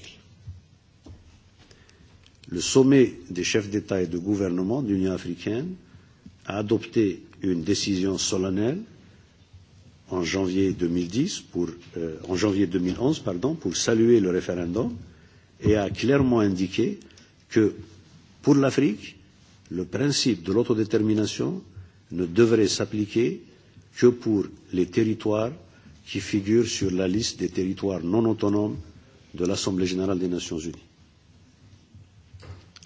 Le sommet des chefs d'État et de gouvernement de l'Union africaine a adopté une décision solennelle en janvier 2010 pour, euh, en janvier 2011 pardon, pour saluer le référendum et a clairement indiqué que pour l'Afrique, le principe de l'autodétermination ne devrait s'appliquer que pour les territoires qui figurent sur la liste des territoires non autonomes de l'Assemblée générale des Nations unies.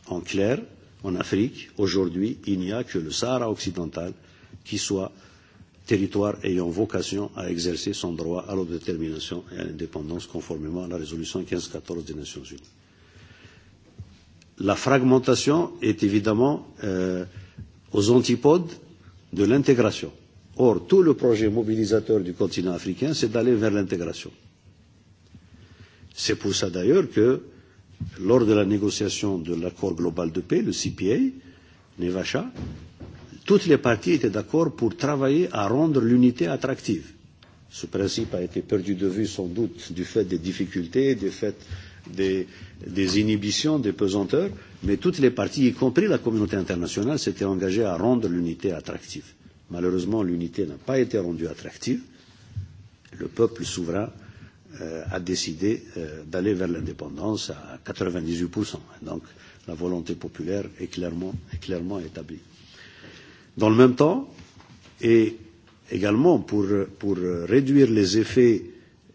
En clair, en Afrique, aujourd'hui, il n'y a que le Sahara occidental qui soit territoire ayant vocation à exercer son droit à l'autodétermination et à l'indépendance conformément à la résolution 1514 des Nations Unies. La fragmentation est évidemment euh, aux antipodes de l'intégration. Or, tout le projet mobilisateur du continent africain, c'est d'aller vers l'intégration. C'est pour ça d'ailleurs que, lors de la négociation de l'accord global de paix, le CPA, Nevacha, toutes les parties étaient d'accord pour travailler à rendre l'unité attractive. Ce principe a été perdu de vue sans doute du fait des difficultés, du fait des, des inhibitions, des pesanteurs, mais toutes les parties, y compris la communauté internationale, s'étaient engagées à rendre l'unité attractive. Malheureusement, l'unité n'a pas été rendue attractive. Le peuple souverain euh, a décidé euh, d'aller vers l'indépendance à 98%. Donc la volonté populaire est clairement, est clairement établie. Dans le même temps, et également pour, pour réduire les effets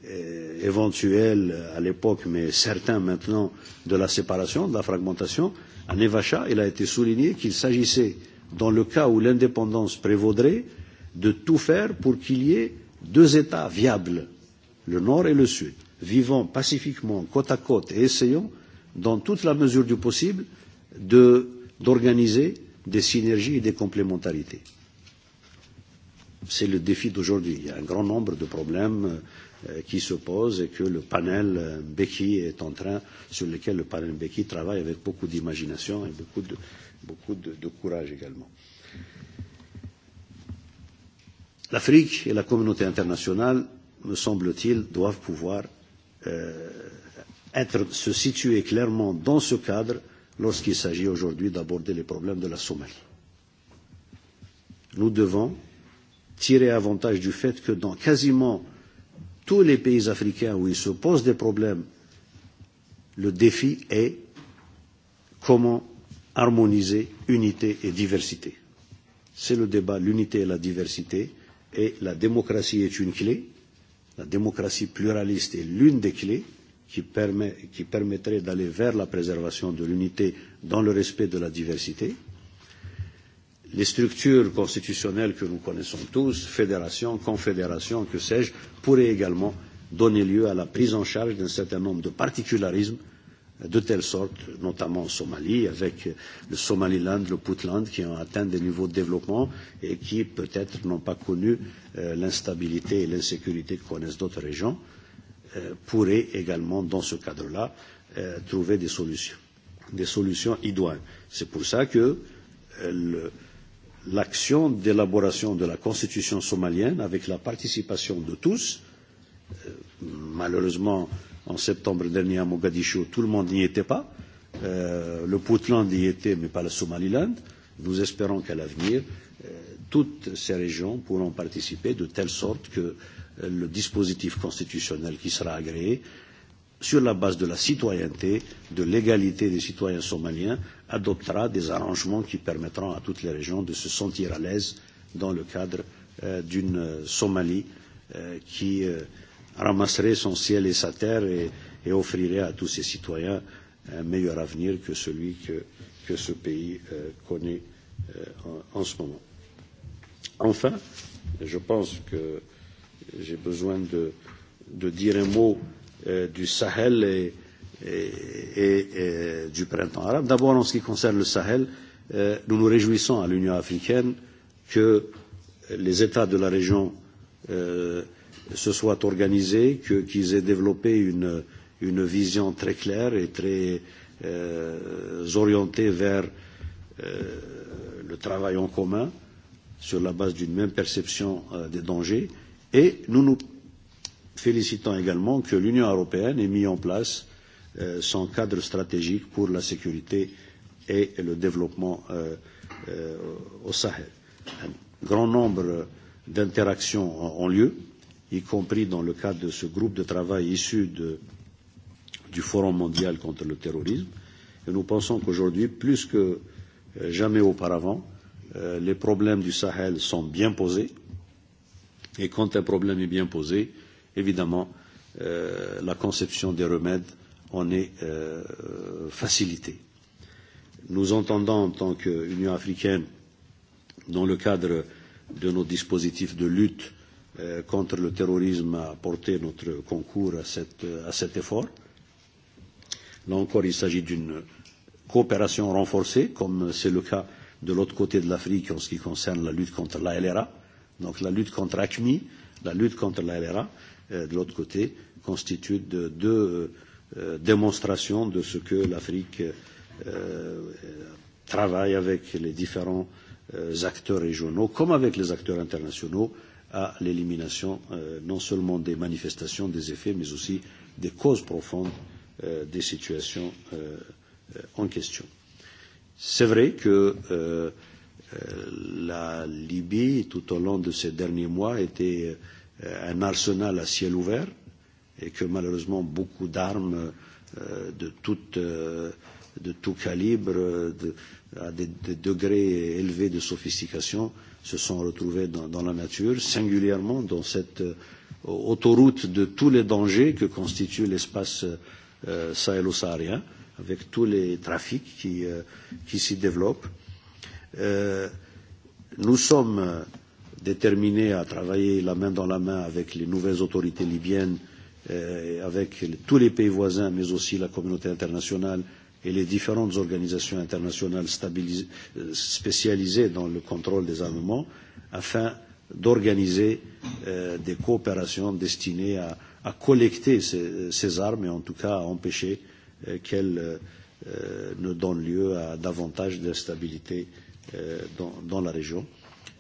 euh, éventuels à l'époque, mais certains maintenant, de la séparation, de la fragmentation, à Nevacha, il a été souligné qu'il s'agissait, dans le cas où l'indépendance prévaudrait, de tout faire pour qu'il y ait deux États viables, le Nord et le Sud, vivant pacifiquement côte à côte et essayant, dans toute la mesure du possible, d'organiser des synergies et des complémentarités. C'est le défi d'aujourd'hui. Il y a un grand nombre de problèmes euh, qui se posent et que le panel euh, Becky est en train, sur lesquels le panel Becky travaille avec beaucoup d'imagination et beaucoup, de, beaucoup de, de courage également. L'Afrique et la communauté internationale, me semble-t-il, doivent pouvoir euh, être, se situer clairement dans ce cadre euh, lorsqu'il s'agit aujourd'hui d'aborder les problèmes de la Somalie. Nous devons tirer avantage du fait que dans quasiment tous les pays africains où il se pose des problèmes, le défi est comment harmoniser unité et diversité. C'est le débat, l'unité et la diversité, et la démocratie est une clé, la démocratie pluraliste est l'une des clés, qui, permet, qui permettrait d'aller vers la préservation de l'unité dans le respect de la diversité. Les structures constitutionnelles que nous connaissons tous, fédération, confédération, que sais-je, pourraient également donner lieu à la prise en charge d'un certain nombre de particularismes de telle sorte, notamment en Somalie, avec le Somaliland, le Puntland, qui ont atteint des niveaux de développement et qui, peut-être, n'ont pas connu euh, l'instabilité et l'insécurité que connaissent d'autres régions. Euh, Euh, pourrait également, dans ce cadre-là, euh, trouver des solutions, des solutions idoines. C'est pour ça que euh, l'action d'élaboration de la constitution somalienne, avec la participation de tous, euh, malheureusement, en septembre dernier à Mogadiscio, tout le monde n'y était pas, euh, le Puntland y était, mais pas la Somaliland, nous espérons qu'à l'avenir, euh, toutes ces régions pourront participer de telle sorte que euh, le dispositif constitutionnel qui sera agréé sur la base de la citoyenneté, de l'égalité des citoyens somaliens, adoptera des arrangements qui permettront à toutes les régions de se sentir à l'aise dans le cadre euh, d'une euh, Somalie euh, qui euh, ramasserait son ciel et sa terre et, et offrirait à tous ses citoyens un meilleur avenir que celui que, que ce pays euh, connaît euh, en, en ce moment. Enfin, je pense que euh, j'ai besoin de, de dire un mot euh, du Sahel et, et, et euh, du printemps arabe. D'abord, en ce qui concerne le Sahel, euh, nous nous réjouissons à l'Union africaine que les États de la région euh, se soient organisés, qu'ils qu aient développé une, une vision très claire et très euh, orientée vers euh, le travail en commun sur la base d'une même perception euh, des dangers. Euh, Et nous nous félicitons également que l'Union européenne ait mis en place euh, son cadre stratégique pour la sécurité et le développement euh, euh, au Sahel. Un grand nombre d'interactions ont lieu, y compris dans le cadre de ce groupe de travail issu de, du Forum mondial contre le terrorisme. Et nous pensons qu'aujourd'hui, plus que euh, jamais auparavant, euh, les problèmes du Sahel sont bien posés. Et quand un problème est bien posé, évidemment, euh, la conception des remèdes en est euh, facilitée. Nous entendons en tant qu'Union africaine, dans le cadre de nos dispositifs de lutte euh, contre le terrorisme, apporter notre concours à, cette, à cet effort. Là encore, il s'agit d'une coopération renforcée, comme c'est le cas de l'autre côté de l'Afrique en ce qui concerne la lutte contre la LRA. Euh, Donc la lutte contre ACMI, la lutte contre la LRA, euh, de l'autre côté, constitue deux de, euh, démonstrations de ce que l'Afrique euh, travaille avec les différents euh, acteurs régionaux, comme avec les acteurs internationaux, à l'élimination euh, non seulement des manifestations, des effets, mais aussi des causes profondes euh, des situations euh, euh en question. C'est vrai que euh, Euh, la Libye, tout au long de ces derniers mois, était euh, un arsenal à ciel ouvert et que malheureusement beaucoup d'armes euh, de, de tout calibre, de, à des, des degrés élevés de sophistication, se sont retrouvées dans, dans la nature, singulièrement dans cette autoroute de tous les dangers que constitue l'espace euh, sahélo-saharien, avec tous les trafics qui, euh, qui s'y développent. Euh, nous sommes euh, déterminés à travailler la main dans la main avec les nouvelles autorités libyennes, euh, avec tous les pays voisins, mais aussi la communauté internationale et les différentes organisations internationales euh, spécialisées dans le contrôle des armements, afin d'organiser euh, des coopérations destinées à, à collecter ces, ces armes et en tout cas à empêcher euh, qu'elles euh, ne donnent lieu à davantage d'instabilité euh, euh, dans, dans la région.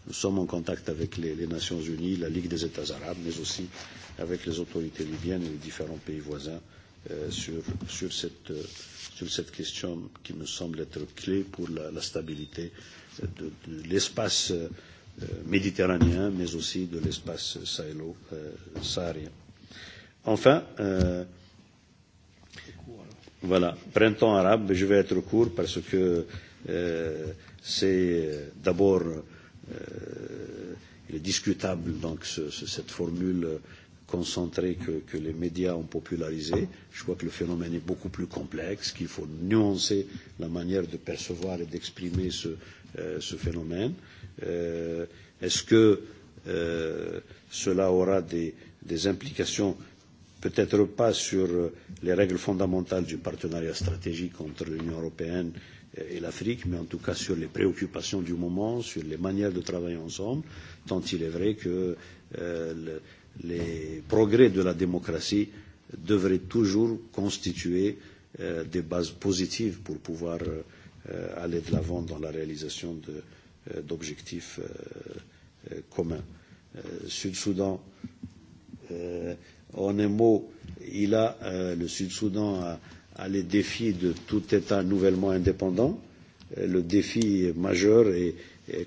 Nous sommes en contact avec les, les Nations Unies, la Ligue des États arabes, mais aussi avec les autorités libyennes et les différents pays voisins euh, sur, sur, cette, euh, sur cette question qui me semble être clé pour la, la stabilité de, de l'espace euh, euh méditerranéen, mais aussi de l'espace sahélo-saharien. Euh, enfin, euh, voilà, printemps arabe, je vais être court parce que. Euh, c'est euh, d'abord euh, il est discutable donc ce, ce, cette formule euh, concentrée que, que les médias ont popularisée. Je crois que le phénomène est beaucoup plus complexe, qu'il faut nuancer la manière de percevoir et d'exprimer ce, euh, ce phénomène. Euh, est-ce que euh, cela aura des, des implications peut-être pas sur euh, les règles fondamentales du partenariat stratégique entre l'Union européenne euh, et l'Afrique, mais en tout cas sur les préoccupations du moment, sur les manières de travailler ensemble, tant il est vrai que euh, le, les progrès de la démocratie devraient toujours constituer euh, des bases positives pour pouvoir euh, aller de l'avant dans la réalisation euh, d'objectifs euh, euh, communs. Euh, Sud-Soudan, euh, en un mot, il a, euh, le Sud-Soudan a. Euh, à les défis de tout État nouvellement indépendant. Euh, le défi majeur est,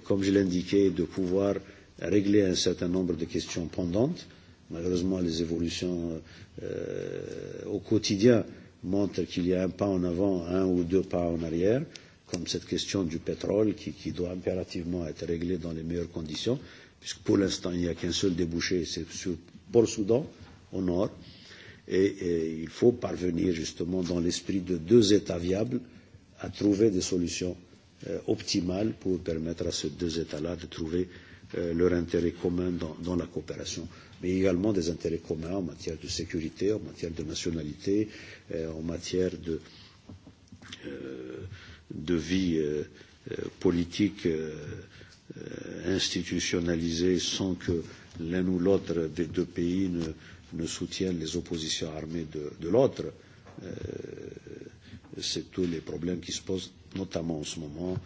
comme je l'indiquais, de pouvoir régler un certain nombre de questions pendantes. Malheureusement, les évolutions euh, au quotidien montrent qu'il y a un pas en avant, un ou deux pas en arrière, comme cette question du pétrole qui, qui doit impérativement être réglée dans les meilleures conditions, puisque pour l'instant, il n'y a qu'un seul débouché, c'est sur Port-Soudan, au nord. Euh, et, et il faut parvenir justement dans l'esprit de deux États viables à trouver des solutions euh, optimales pour permettre à ces deux États-là de trouver euh, leur intérêt commun dans, dans la coopération, mais également des intérêts communs en matière de sécurité, en matière de nationalité, euh, en matière de, euh, de vie euh, euh politique euh, euh, institutionnalisée sans que l'un ou l'autre des deux pays ne, euh, ne soutiennent les oppositions armées de, de l'autre. Euh, c'est tous les problèmes qui se posent, notamment en ce moment,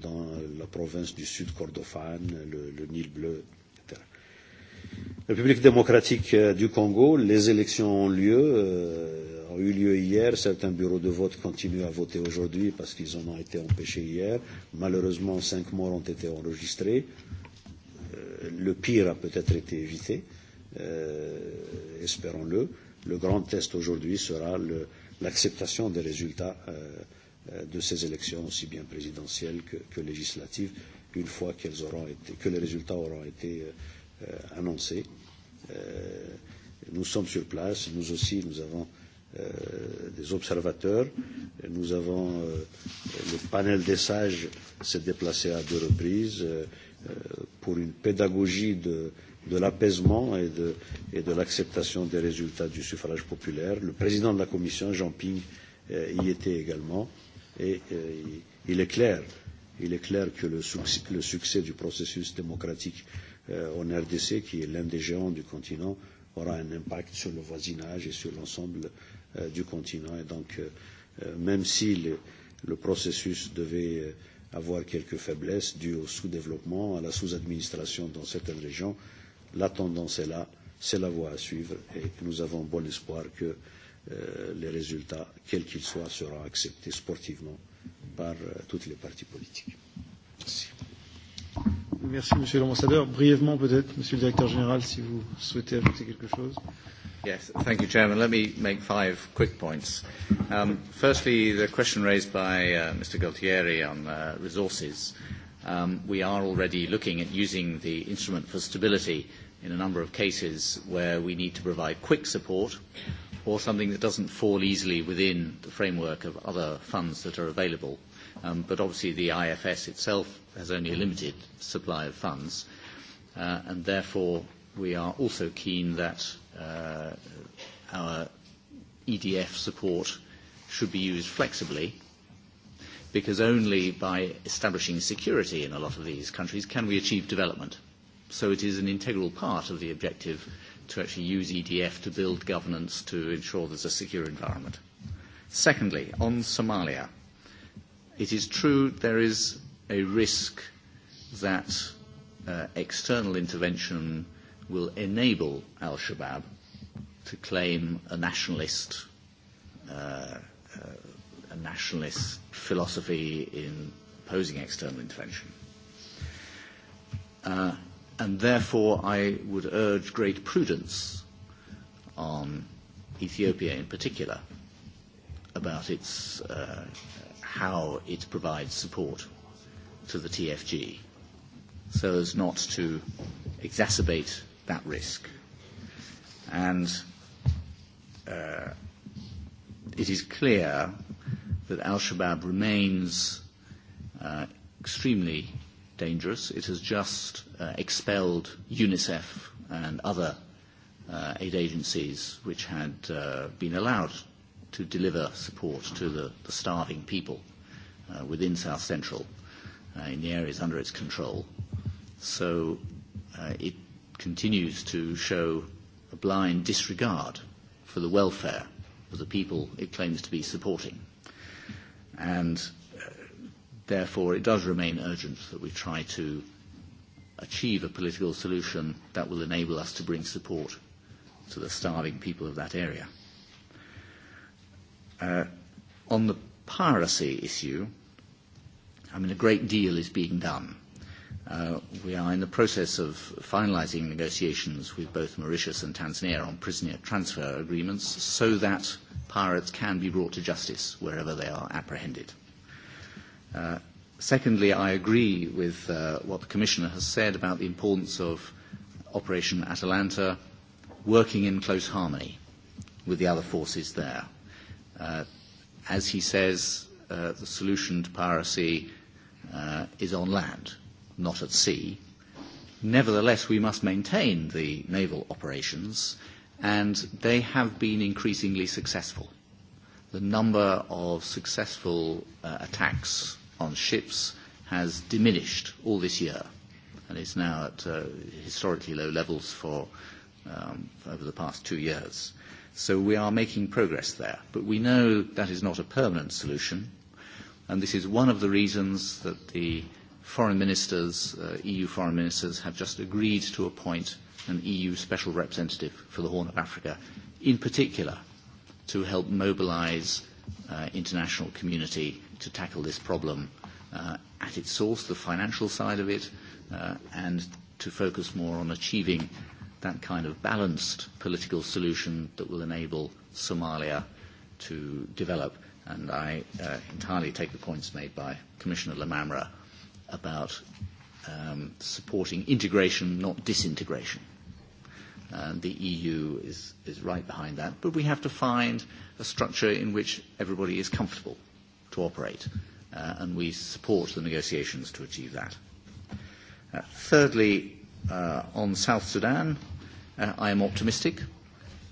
dans la province du sud Cordofan, le, le Nil bleu, etc. République démocratique euh, du Congo, les élections ont lieu, euh, ont eu lieu hier. Certains bureaux de vote continuent à voter aujourd'hui parce qu'ils en ont été empêchés hier. Malheureusement, cinq morts ont été enregistrés. Euh, le pire a peut-être été évité. Euh, euh, espérons-le, le grand test aujourd'hui sera l'acceptation des résultats euh, euh, de ces élections, aussi bien présidentielles que, que législatives, une fois qu auront été, que les résultats auront été euh, annoncés. Euh, nous sommes sur place, nous aussi, nous avons euh, des observateurs, nous avons euh, le panel des sages s'est déplacé à deux reprises euh, pour une pédagogie de euh, de l'apaisement et de, et de l'acceptation des résultats du suffrage populaire. Le président de la Commission, Jean Ping, euh, y était également. Et euh, il, est clair, il est clair que le succès, le succès du processus démocratique euh, en RDC, qui est l'un des géants du continent, aura un impact sur le voisinage et sur l'ensemble euh, du continent. Et donc, euh, euh même si le, le processus devait euh, avoir quelques faiblesses dues au sous-développement, à la sous-administration dans certaines régions, la tendance est là, c'est la voie à suivre et nous avons bon espoir que euh, les résultats, quels qu'ils soient, seront acceptés sportivement par euh, toutes les parties politiques. Merci. Merci, Monsieur l'Ambassadeur. Brièvement, peut-être, Monsieur le Directeur Général, si vous souhaitez ajouter quelque chose. Yes, thank you, Chairman. Let me make five quick points. Um, firstly, the question raised by uh, Mr. Galtieri on uh, resources. Um, we are already looking at using the instrument for stability in a number of cases where we need to provide quick support or something that doesn't fall easily within the framework of other funds that are available. Um, obviously, the IFS itself has only a limited supply of funds. Uh, therefore, we are also keen that uh, our EDF support should be used flexibly because only by establishing security in a lot of these countries can we achieve development. So it is an integral part of the objective to actually use EDF to build governance to ensure there's a secure environment. Secondly, on Somalia, it is true there is a risk that uh, external intervention will enable al-Shabaab to claim a nationalist uh, uh, a nationalist philosophy in opposing external intervention. Uh, and therefore, I would urge great prudence on Ethiopia in particular about its, uh, how it provides support to the TFG so as not to exacerbate that risk. And uh, it is clear that al-Shabaab remains uh, extremely dangerous. It has just uh, expelled UNICEF and other uh, aid agencies which had uh, been allowed to deliver support to the, the starving people uh, within South Central uh, in the areas under its control. So uh, it continues to show a blind disregard for the welfare of the people it claims to be supporting and uh, therefore it does remain urgent that we try to achieve a political solution that will enable us to bring support to the starving people of that area. Uh, on the piracy issue, I mean, a great deal is being done. Uh, we are in the process of finalizing negotiations with both Mauritius and Tanzania on prisoner transfer agreements so that pirates can be brought to justice wherever they are apprehended. Uh, secondly, I agree with uh, what the commissioner has said about the importance of Operation Atalanta working in close harmony with the other forces there. As he says, the solution to piracy is on land, not at sea. Nevertheless, we must maintain the naval operations, and they have been increasingly successful. The number of successful uh, attacks on ships has diminished all this year, and it's now at uh, historically low levels for, um, for over the past two years. So we are making progress there, but we know that is not a permanent solution, and this is one of the reasons that the foreign ministers, uh, EU foreign ministers, have just agreed to appoint an EU special representative for the Horn of Africa, in particular to help mobilize uh, international community to tackle this problem uh, at its source, the financial side of it, uh, and to focus more on achieving that kind of balanced political solution that will enable Somalia to develop. And I uh, entirely take the points made by Commissioner Lamamra about um, supporting integration, not disintegration. And uh, the EU is, is right behind that. But we have to find a structure in which everybody is comfortable to operate. Uh, and we support the negotiations to achieve that. Uh, thirdly, uh, on South Sudan, uh, I am optimistic.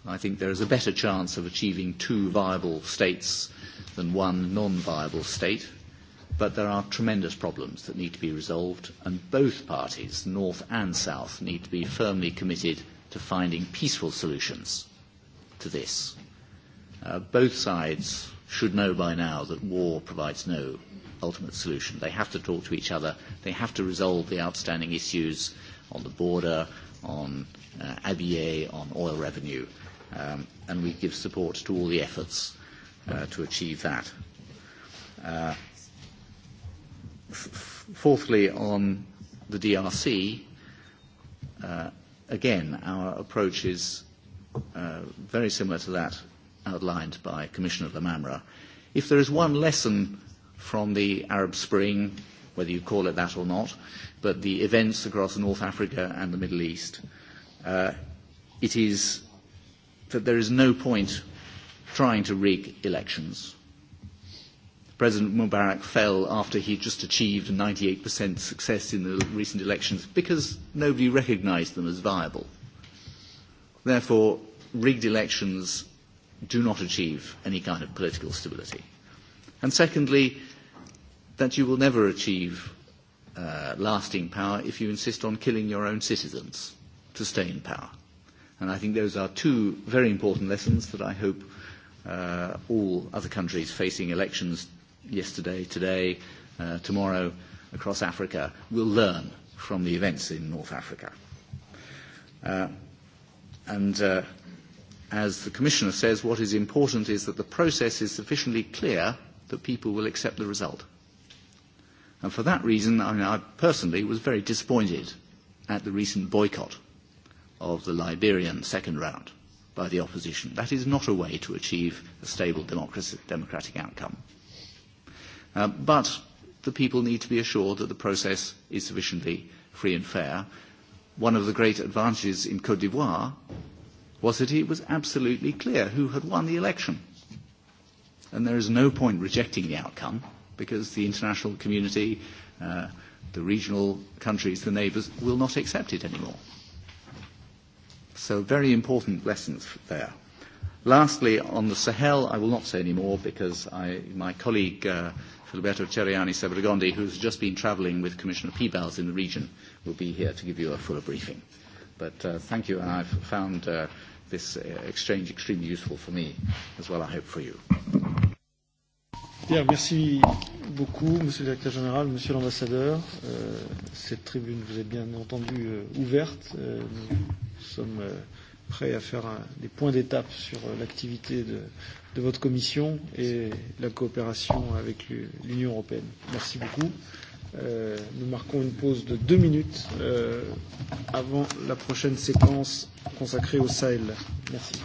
I think there is a better chance of achieving two viable states than one non-viable state but there are tremendous problems that need to be resolved, and both parties, North and South, need to be firmly committed to finding peaceful solutions to this. Uh, both sides should know by now that war provides no ultimate solution. They have to talk to each other. They have to resolve the outstanding issues on the border, on uh, Abyei, on oil revenue. Um, and we give support to all the efforts uh, to achieve that. Uh, Fourthly, on the DRC, uh, again, our approach is uh, very similar to that outlined by Commissioner Lamamra. If there is one lesson from the Arab Spring, whether you call it that or not, but the events across North Africa and the Middle East, uh, it is that there is no point trying to rig elections. President Mubarak fell after he just achieved 98% success in the recent elections because nobody recognized them as viable. Therefore, rigged elections do not achieve any kind of political stability. And secondly, that you will never achieve uh, lasting power if you insist on killing your own citizens to stay in power. And I think those are two very important lessons that I hope uh, all other countries facing elections yesterday, today, uh, tomorrow, across Africa, will learn from the events in North Africa. Uh, and uh, as the Commissioner says, what is important is that the process is sufficiently clear that people will accept the result. And for that reason, I, mean, I personally was very disappointed at the recent boycott of the Liberian second round by the opposition. That is not a way to achieve a stable democracy, democratic outcome. Uh, but the people need to be assured that the process is sufficiently free and fair. One of the great advantages in Cote d'Ivoire was that it was absolutely clear who had won the election. And there is no point rejecting the outcome because the international community, uh, the regional countries, the neighbours will not accept it anymore. So very important lessons there. Lastly, on the Sahel, I will not say any more because I, my colleague uh, Filiberto Ceriani Sabrigondi, who's just been traveling with Commissioner Peebles in the region, will be here to give you a fuller briefing. But uh, thank you, and I've found uh, this uh, exchange extremely useful for me, as well, I hope, for you. Bien, merci beaucoup, Monsieur le Directeur Général, Monsieur l'Ambassadeur. Euh, cette tribune vous est bien entendu euh, ouverte. Euh, nous sommes euh, prêt à faire des points d'étape sur euh, l'activité de, de votre commission et la coopération avec l'Union européenne. Merci beaucoup. Euh, nous marquons une pause de deux minutes euh, avant la prochaine séquence consacrée au Sahel. Merci.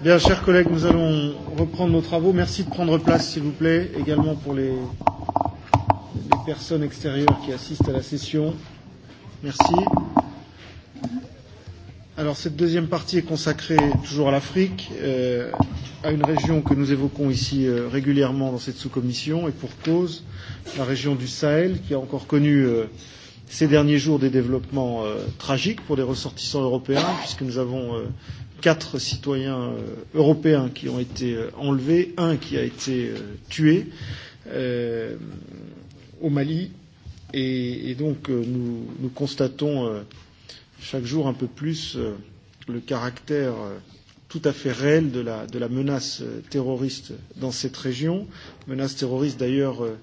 Bien, chers collègues, nous allons reprendre nos travaux. Merci de prendre place, s'il vous plaît, également pour les, les personnes extérieures qui assistent à la session. Merci. Alors, cette deuxième partie est consacrée toujours à l'Afrique, euh, à une région que nous évoquons ici euh, régulièrement dans cette sous-commission, et pour cause, la région du Sahel, qui a encore connu euh, ces derniers jours des développements euh, tragiques pour des ressortissants européens, puisque nous avons. Euh, quatre citoyens euh, européens qui ont été euh, enlevés, un qui a été euh, tué euh, au Mali. Et, et donc euh, nous, nous constatons euh, chaque jour un peu plus euh, le caractère euh, tout à fait réel de la, de la menace euh, terroriste dans cette région, menace terroriste d'ailleurs euh,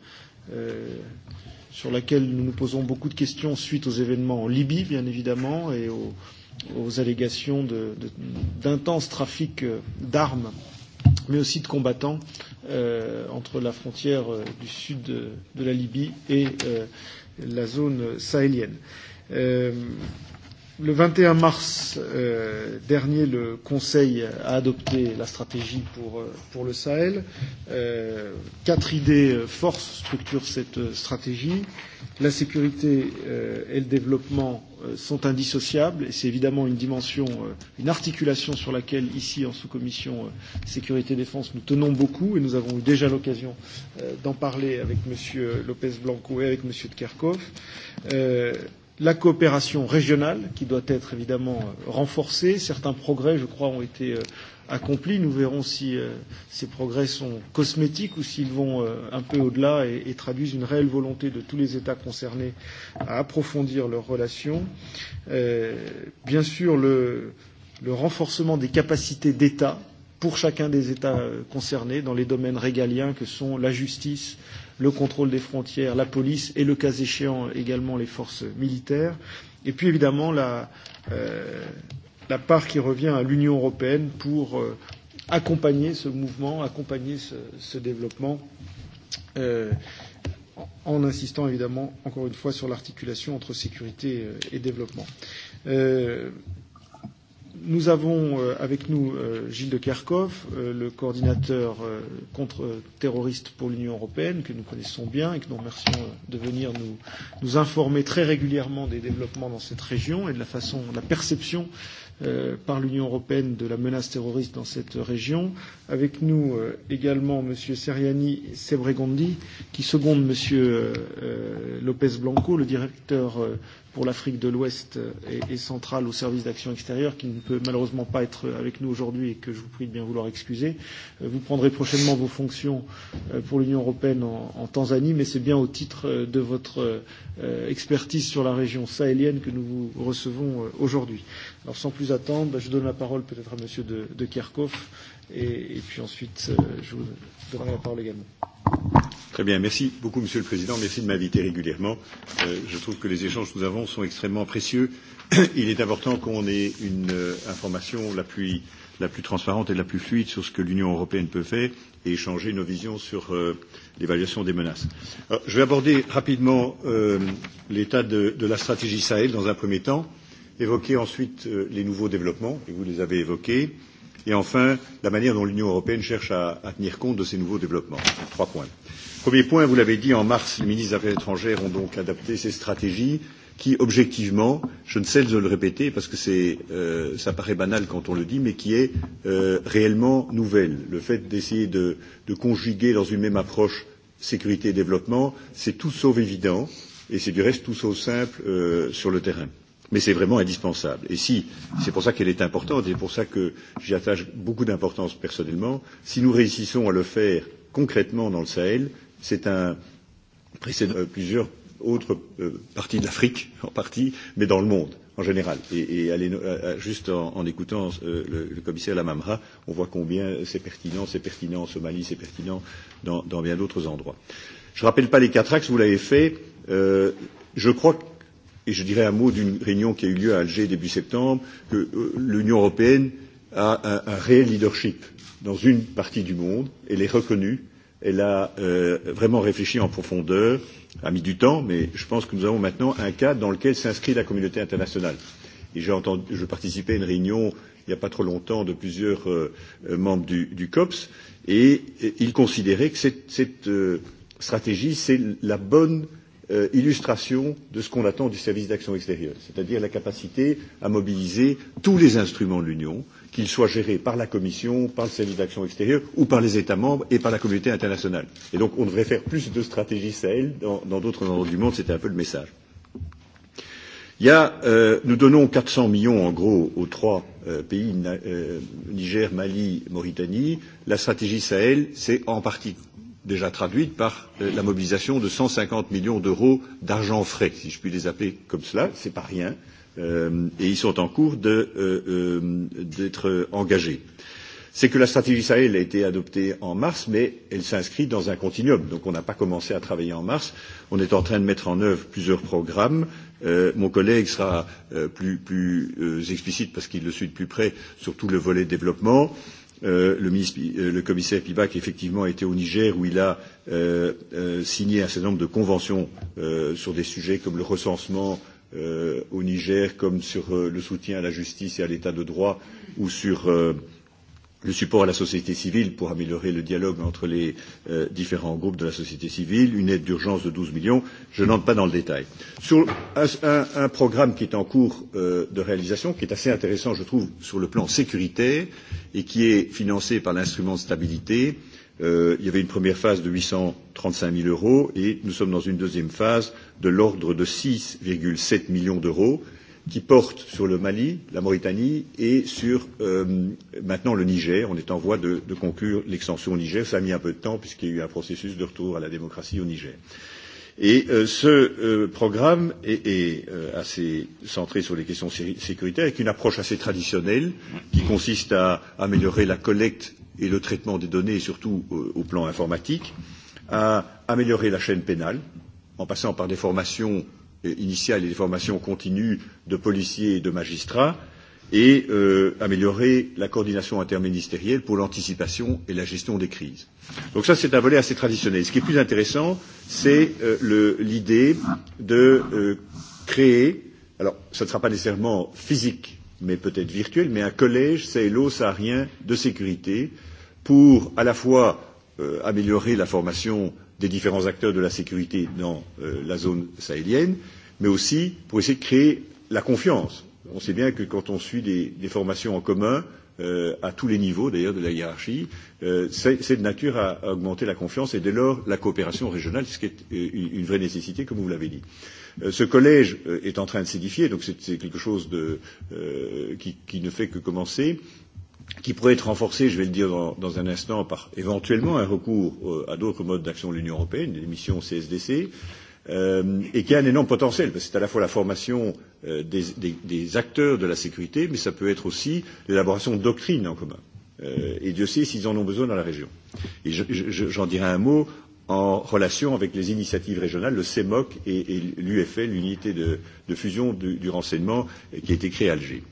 euh, sur laquelle nous nous posons beaucoup de questions suite aux événements en Libye, bien évidemment, et aux aux allégations d'intenses trafics euh, d'armes, mais aussi de combattants euh, entre la frontière euh, du sud de, de la Libye et euh, la zone sahélienne. Euh, Le 21 mars euh, dernier, le Conseil a adopté la stratégie pour, euh, pour le Sahel. Euh, quatre idées euh, force structurent cette euh, stratégie. La sécurité euh, et le développement euh, sont indissociables et c'est évidemment une dimension, euh, une articulation sur laquelle, ici, en sous commission euh, sécurité et défense, nous tenons beaucoup et nous avons eu déjà l'occasion euh, d'en parler avec M. Lopez Blanco et avec M. de Kerkhoff. Euh, la coopération régionale qui doit être évidemment euh, renforcée. Certains progrès, je crois, ont été euh, accomplis. Nous verrons si euh, ces progrès sont cosmétiques ou s'ils vont un peu au-delà et traduisent une réelle volonté de tous les États concernés à approfondir leurs relations. Bien sûr, le, le renforcement des capacités d'État pour chacun des États concernés dans les domaines régaliens que sont la justice, le contrôle des frontières, la police et le cas échéant également les forces militaires. Et puis évidemment la, euh, la part qui revient à l'Union européenne pour euh, accompagner ce mouvement, accompagner ce, ce développement, euh, en insistant évidemment encore une fois sur l'articulation entre sécurité euh, et développement. Euh, Nous avons euh, avec nous euh, Gilles de Kerkhoff, euh, le coordinateur contre-terroriste pour l'Union européenne, que nous connaissons bien et que nous remercions de venir nous, nous informer très régulièrement des développements dans cette région et de la façon, de la perception par l'Union européenne de la menace terroriste dans cette région. Avec nous également M. Seriani Sebregondi, qui seconde M. Lopez Blanco, le directeur pour l'Afrique de l'Ouest euh, et, et centrale au service d'action extérieure, qui ne peut malheureusement pas être avec nous aujourd'hui et que je vous prie de bien vouloir excuser. Euh, vous prendrez prochainement vos fonctions euh, pour l'Union européenne en, en Tanzanie, mais c'est bien au titre de votre expertise sur la région sahélienne que nous vous recevons aujourd'hui. Alors sans plus attendre, je donne la parole peut-être à Monsieur de, de Kerkhoff et, et puis ensuite je vous donnerai la parole également. Merci. Très bien, merci beaucoup Monsieur le Président, merci de m'inviter régulièrement. Euh, je trouve que les échanges que nous avons sont extrêmement précieux. *coughs* Il est important qu'on ait une euh, information la plus, la plus transparente et la plus fluide sur ce que l'Union européenne peut faire et échanger nos visions sur euh, l'évaluation des menaces. Alors, je vais aborder rapidement euh, l'état de, de la stratégie Sahel dans un premier temps, évoquer ensuite euh, les nouveaux développements, et vous les avez évoqués, euh, et enfin la manière dont l'Union européenne cherche à, à tenir compte de ces nouveaux développements. Trois points. Premier point, vous l'avez dit, en mars, les ministres des Affaires étrangères ont donc adapté ces stratégies qui, objectivement, je ne cesse de le répéter parce que euh, ça paraît banal quand on le dit, mais qui est euh, réellement nouvelle. Le fait d'essayer de, de conjuguer dans une même approche sécurité et développement, c'est tout sauf évident et c'est du reste tout sauf simple euh, sur le terrain mais c'est vraiment indispensable. Et si, c'est pour ça qu'elle est importante, c'est pour ça que j'y attache beaucoup d'importance personnellement, si nous réussissons à le faire concrètement dans le Sahel, c'est un précédent euh, plusieurs autres euh, parties de l'Afrique, *laughs* en partie, mais dans le monde, en général. Et, et allez, euh, euh, juste en, en écoutant euh, le, le commissaire Lamamra, on voit combien c'est pertinent, c'est pertinent en Somalie, c'est pertinent dans, dans bien d'autres endroits. Je ne rappelle pas les quatre axes, vous l'avez fait. Euh, je crois que et je dirais un mot d'une réunion qui a eu lieu à Alger début septembre, que euh, l'Union européenne a un, un réel leadership dans une partie du monde, elle est reconnue, elle a euh, vraiment réfléchi en profondeur, a mis du temps, mais je pense que nous avons maintenant un cadre dans lequel s'inscrit la communauté internationale. Et entendu, je participais à une réunion il n'y a pas trop longtemps de plusieurs euh, euh, membres du, du COPS, et, et ils considéraient que cette, cette euh, stratégie, c'est la bonne euh, euh, illustration de ce qu'on attend du service d'action extérieure, c'est-à-dire la capacité à mobiliser tous les instruments de l'Union, qu'ils soient gérés par la Commission, par le service d'action extérieure ou par les États membres et par la communauté internationale. Et donc on devrait faire plus de stratégies Sahel dans d'autres endroits du monde, c'était un peu le message. Il y a, euh, nous donnons 400 millions en gros aux trois euh, pays, euh, Niger, Mali, Mauritanie. La stratégie Sahel, c'est en partie déjà traduite par euh, la mobilisation de 150 millions d'euros d'argent frais, si je puis les appeler comme cela, ce n'est pas rien, euh, et ils sont en cours d'être euh, euh, engagés. C'est que la stratégie Sahel a été adoptée en mars, mais elle s'inscrit dans un continuum. Donc on n'a pas commencé à travailler en mars. On est en train de mettre en œuvre plusieurs programmes. Euh, mon collègue sera euh, plus, plus euh, explicite parce qu'il le suit de plus près sur tout le volet développement. Euh, Euh, le, ministre, euh, le commissaire Pibac effectivement était au Niger où il a euh, euh, signé un certain nombre de conventions euh, sur des sujets comme le recensement euh, au Niger, comme sur euh, le soutien à la justice et à l'état de droit ou sur euh, le support à la société civile pour améliorer le dialogue entre les euh, différents groupes de la société civile, une aide d'urgence de 12 millions, je n'entre pas dans le détail. Sur un, un, un programme qui est en cours euh, de réalisation, qui est assez intéressant, je trouve, sur le plan sécuritaire et qui est financé par l'instrument de stabilité, euh, il y avait une première phase de 835 000 euros et nous sommes dans une deuxième phase de l'ordre de 6,7 millions d'euros qui porte sur le Mali, la Mauritanie et sur euh, maintenant le Niger. On est en voie de, de conclure l'extension au Niger. Ça a mis un peu de temps puisqu'il y a eu un processus de retour à la démocratie au Niger. Et euh, ce euh, programme est, est euh, assez centré sur les questions sécuritaires avec une approche assez traditionnelle qui consiste à améliorer la collecte et le traitement des données, surtout euh, au plan informatique, à améliorer la chaîne pénale en passant par des formations Euh, initiale et des formations continues de policiers et de magistrats, et euh, améliorer la coordination interministérielle pour l'anticipation et la gestion des crises. Donc ça, c'est un volet assez traditionnel. Ce qui est plus intéressant, c'est euh, l'idée de euh, créer, alors ça ne sera pas nécessairement physique, mais peut-être virtuel, mais un collège sahélo-saharien de sécurité pour à la fois euh, améliorer la formation des différents acteurs de la sécurité dans euh, la zone sahélienne, euh, mais aussi pour essayer de créer la confiance. On sait bien que quand on suit des, des formations en commun, euh, à tous les niveaux d'ailleurs de la hiérarchie, euh, c'est de nature à, à augmenter la confiance et dès lors la coopération régionale, ce qui est euh, une, une vraie nécessité, comme vous l'avez dit. Euh, ce collège euh, est en train de s'édifier, donc c'est quelque chose de, euh, qui, qui ne fait que commencer, qui pourrait être renforcé, je vais le dire dans, dans un instant, par éventuellement un recours euh, à d'autres modes d'action de l'Union européenne, des missions CSDC. Euh, euh, et qui a un énorme potentiel, parce que c'est à la fois la formation euh, des, des, des acteurs de la sécurité, mais ça peut être aussi l'élaboration de doctrines en commun. Euh, et Dieu sait s'ils en ont besoin dans la région. Et je, je, j'en dirai un mot en relation avec les initiatives régionales, le CEMOC et, et l'UFL, l'unité de, de fusion du, du renseignement euh, qui a été créée à Alger.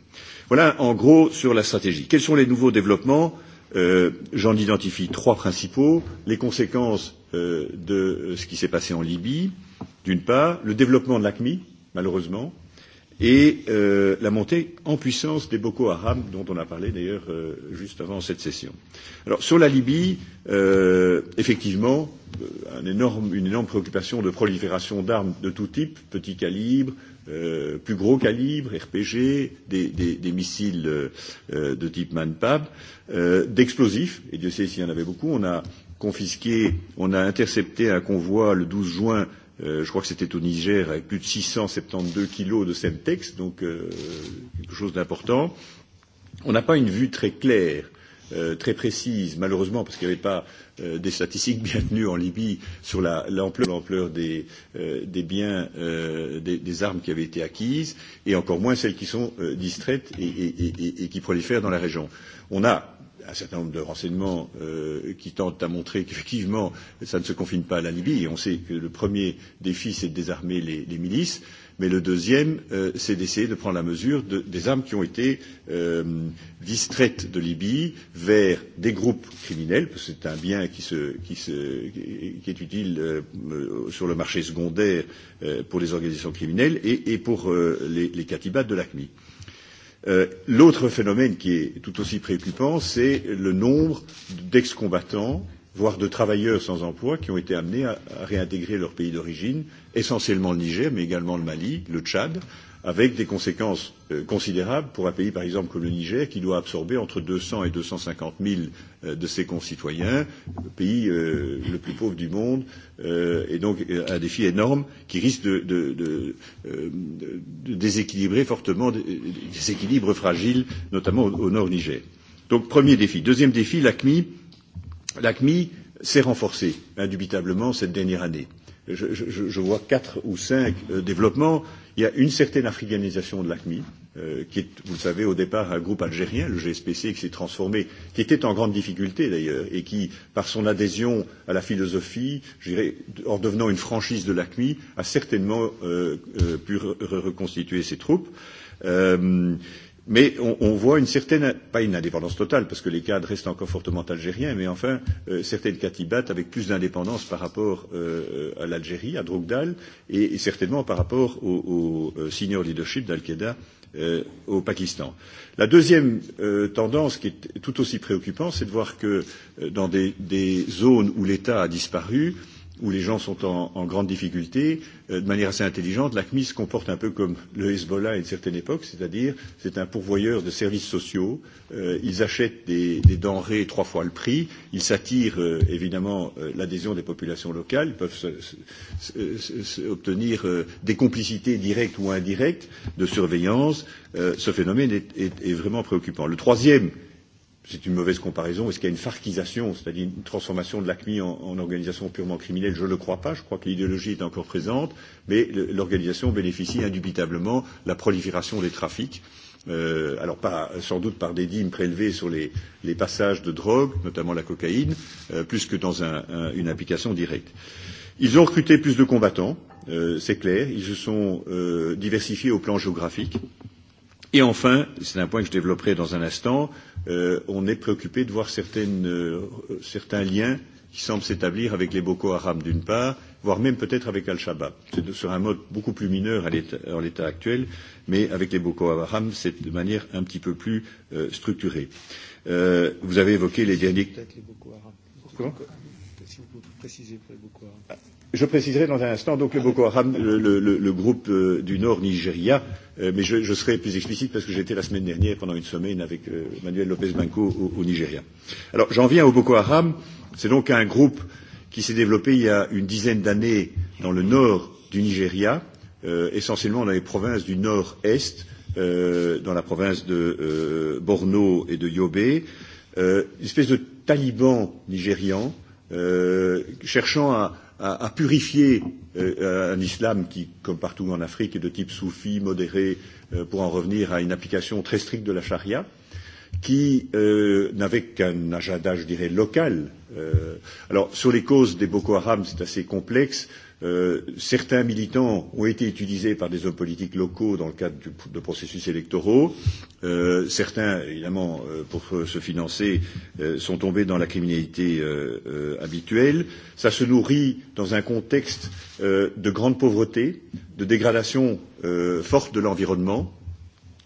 Voilà en gros sur la stratégie. Quels sont les nouveaux développements euh, J'en identifie trois principaux. Les conséquences euh, de euh, ce qui s'est passé en Libye, euh, d'une part, le développement de l'ACMI, malheureusement, et euh, la montée en puissance des Boko Haram, dont on a parlé d'ailleurs euh, juste avant cette session. Alors, sur la Libye, euh, effectivement, euh, un énorme, une énorme préoccupation de prolifération d'armes de tout type, petits calibres, euh, plus gros calibres, RPG, des, des, des missiles euh, euh, de type Manpab, euh, d'explosifs, et Dieu sait s'il y en avait beaucoup, on a confisqué, on a intercepté un convoi le 12 juin euh, Euh, je crois que c'était au Niger, avec plus de 672 kilos de Semtex, donc euh, quelque chose d'important. On n'a pas une vue très claire, euh, très précise, malheureusement, parce qu'il n'y avait pas euh, des statistiques *laughs* bien tenues en Libye sur la, l'ampleur, l'ampleur des, euh, des biens, euh, des, des armes qui avaient été acquises, et encore moins celles qui sont euh, distraites et, et, et, et, et qui prolifèrent dans la région. On a un certain nombre de renseignements euh, qui tentent à montrer qu'effectivement, ça ne se confine pas à la Libye. Et on sait que le premier défi, c'est de désarmer les, les milices. Mais le deuxième, euh, c'est d'essayer de prendre la mesure de, des armes qui ont été euh, distraites de Libye vers des groupes criminels, parce que c'est un bien qui, se, qui, se, qui est utile euh, sur le marché secondaire euh, pour les organisations criminelles et, et pour euh, les, les catibates de l'ACMI. Euh, l'autre phénomène qui est tout aussi préoccupant, c'est le nombre d'ex-combattants, voire de travailleurs sans emploi, qui ont été amenés à réintégrer leur pays d'origine, essentiellement le Niger, mais également le Mali, le Tchad, euh, avec des conséquences euh, considérables pour un pays, par exemple, comme le Niger, qui doit absorber entre 200 et 250 000 euh, de ses concitoyens, le pays euh, le plus pauvre du monde, euh, et donc euh, un défi énorme qui risque de, de, de, euh, de déséquilibrer fortement, des équilibres fragiles, notamment au, au nord Niger. Donc, premier défi. Deuxième défi, l'ACMI. L'ACMI s'est renforcée, indubitablement, cette dernière année. Euh, je, je vois quatre ou cinq euh, développements. Il y a une certaine africanisation de l'ACMI, euh, qui est, vous le savez, au départ un groupe algérien, le GSPC, qui s'est transformé, qui était en grande difficulté d'ailleurs, et qui, par son adhésion à la philosophie, je dirais, en devenant une franchise de l'ACMI, a certainement euh, euh, pu re reconstituer ses troupes. Euh, Mais on, on voit une certaine, pas une indépendance totale, parce que les cadres restent encore fortement algériens, mais enfin, euh, certaines katibates avec plus d'indépendance par rapport euh, à l'Algérie, à Drogdal, et, et certainement par rapport au, au euh, senior leadership d'Al-Qaïda euh, au Pakistan. La deuxième euh, tendance qui est tout aussi préoccupante, c'est de voir que euh, dans des, des zones où l'État a disparu, euh, où les gens sont en, en grande difficulté, euh, de manière assez intelligente, l'ACMI se comporte un peu comme le Hezbollah à une certaine époque, c'est-à-dire c'est un pourvoyeur de services sociaux. Euh, ils achètent des, des denrées trois fois le prix. Ils s'attirent euh, évidemment euh, l'adhésion des populations locales. Ils peuvent se, se, se, se, se obtenir euh, des complicités directes ou indirectes de surveillance. Euh, ce phénomène est, est, est vraiment préoccupant. Le troisième, euh, c'est une mauvaise comparaison. Est-ce qu'il y a une farquisation, c'est-à-dire une transformation de l'ACMI en, en organisation purement criminelle Je ne le crois pas. Je crois que l'idéologie est encore présente, mais l'organisation bénéficie indubitablement de la prolifération des trafics. Euh, alors, pas, sans doute par des dîmes prélevées sur les, les passages de drogue, notamment la cocaïne, euh, plus que dans un, un, une application directe. Ils ont recruté plus de combattants, euh, c'est clair. Ils se sont euh, diversifiés au plan géographique. Et enfin, c'est un point que je développerai dans un instant, euh, euh, on est préoccupé de voir certaines, euh, certains liens qui semblent s'établir avec les Boko Haram d'une part, voire même peut-être avec Al-Shabaab. C'est sur un mode beaucoup plus mineur à l'état, en l'état actuel, mais avec les Boko Haram, c'est de manière un petit peu plus euh, structurée. Euh, vous avez évoqué les derniers... Peut-être les Boko Haram. Pourquoi Si vous pouvez préciser pour les Boko Haram. Ah. Je préciserai dans un instant, donc le Boko Haram, le, le, le groupe euh, du Nord Nigeria, euh, mais je, je serai plus explicite parce que j'étais la semaine dernière pendant une semaine avec euh, Manuel Lopez Banco au, au Nigeria. Alors j'en viens au Boko Haram, c'est donc un groupe qui s'est développé il y a une dizaine d'années dans le nord du Nigeria, euh, essentiellement dans les provinces du nord-est, euh, dans la province de euh, Borno et de Yobe, euh, une espèce de taliban nigérian euh, cherchant à à, à purifier euh, un islam qui, comme partout en Afrique, est de type soufi, modéré, euh, pour en revenir à une application très stricte de la charia, qui euh, n'avait qu'un agenda, je dirais, local. Euh, alors, sur les causes des Boko Haram, c'est assez complexe. Euh, certains militants ont été utilisés par des hommes politiques locaux dans le cadre du, de processus électoraux. Euh, certains, évidemment, euh, pour se financer, euh, sont tombés dans la criminalité euh, euh, habituelle. Ça se nourrit dans un contexte euh, de grande pauvreté, de dégradation euh, forte de l'environnement,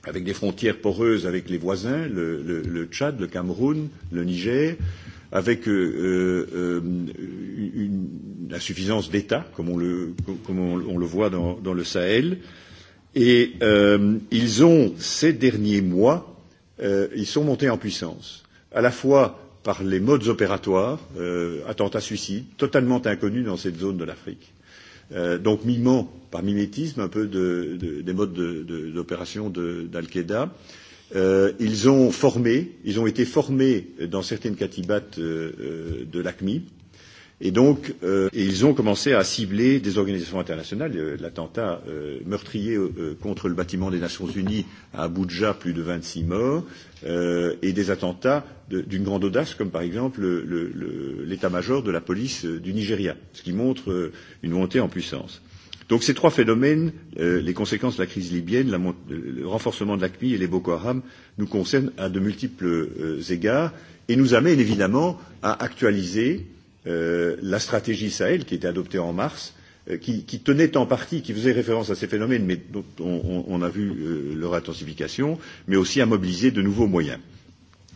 avec des frontières poreuses avec les voisins, le, le, le Tchad, le Cameroun, le Niger. Euh, avec euh, euh, euh une insuffisance d'État, comme on le, comme on, on le voit dans, dans le Sahel. Et euh, ils ont, ces derniers mois, euh, ils sont montés en puissance, à la fois par les modes opératoires, euh, attentats suicides, totalement inconnus dans cette zone de l'Afrique. Euh, donc mimant, par mimétisme, un peu de, de, des modes d'opération de, de, d'Al-Qaïda. De, Euh, ils ont formé, ils ont été formés dans certaines catibates euh, euh de l'ACMI. Et donc, euh, et ils ont commencé à cibler des organisations internationales. Euh, l'attentat euh, meurtrier euh, contre le bâtiment des Nations Unies à Abuja, plus de 26 morts, euh, et des attentats d'une de, grande audace, comme par exemple l'état-major de la police euh, du Nigeria, ce qui montre euh, une montée en puissance. Donc ces trois phénomènes, euh, les conséquences de la crise libyenne, la, le renforcement de l'ACMI et les Boko Haram, nous concernent à de multiples euh, égards et nous amènent évidemment à actualiser euh, la stratégie Sahel qui était adoptée en mars, euh, qui, qui tenait en partie, qui faisait référence à ces phénomènes, mais dont on, on a vu euh, leur intensification, mais aussi à mobiliser de nouveaux moyens.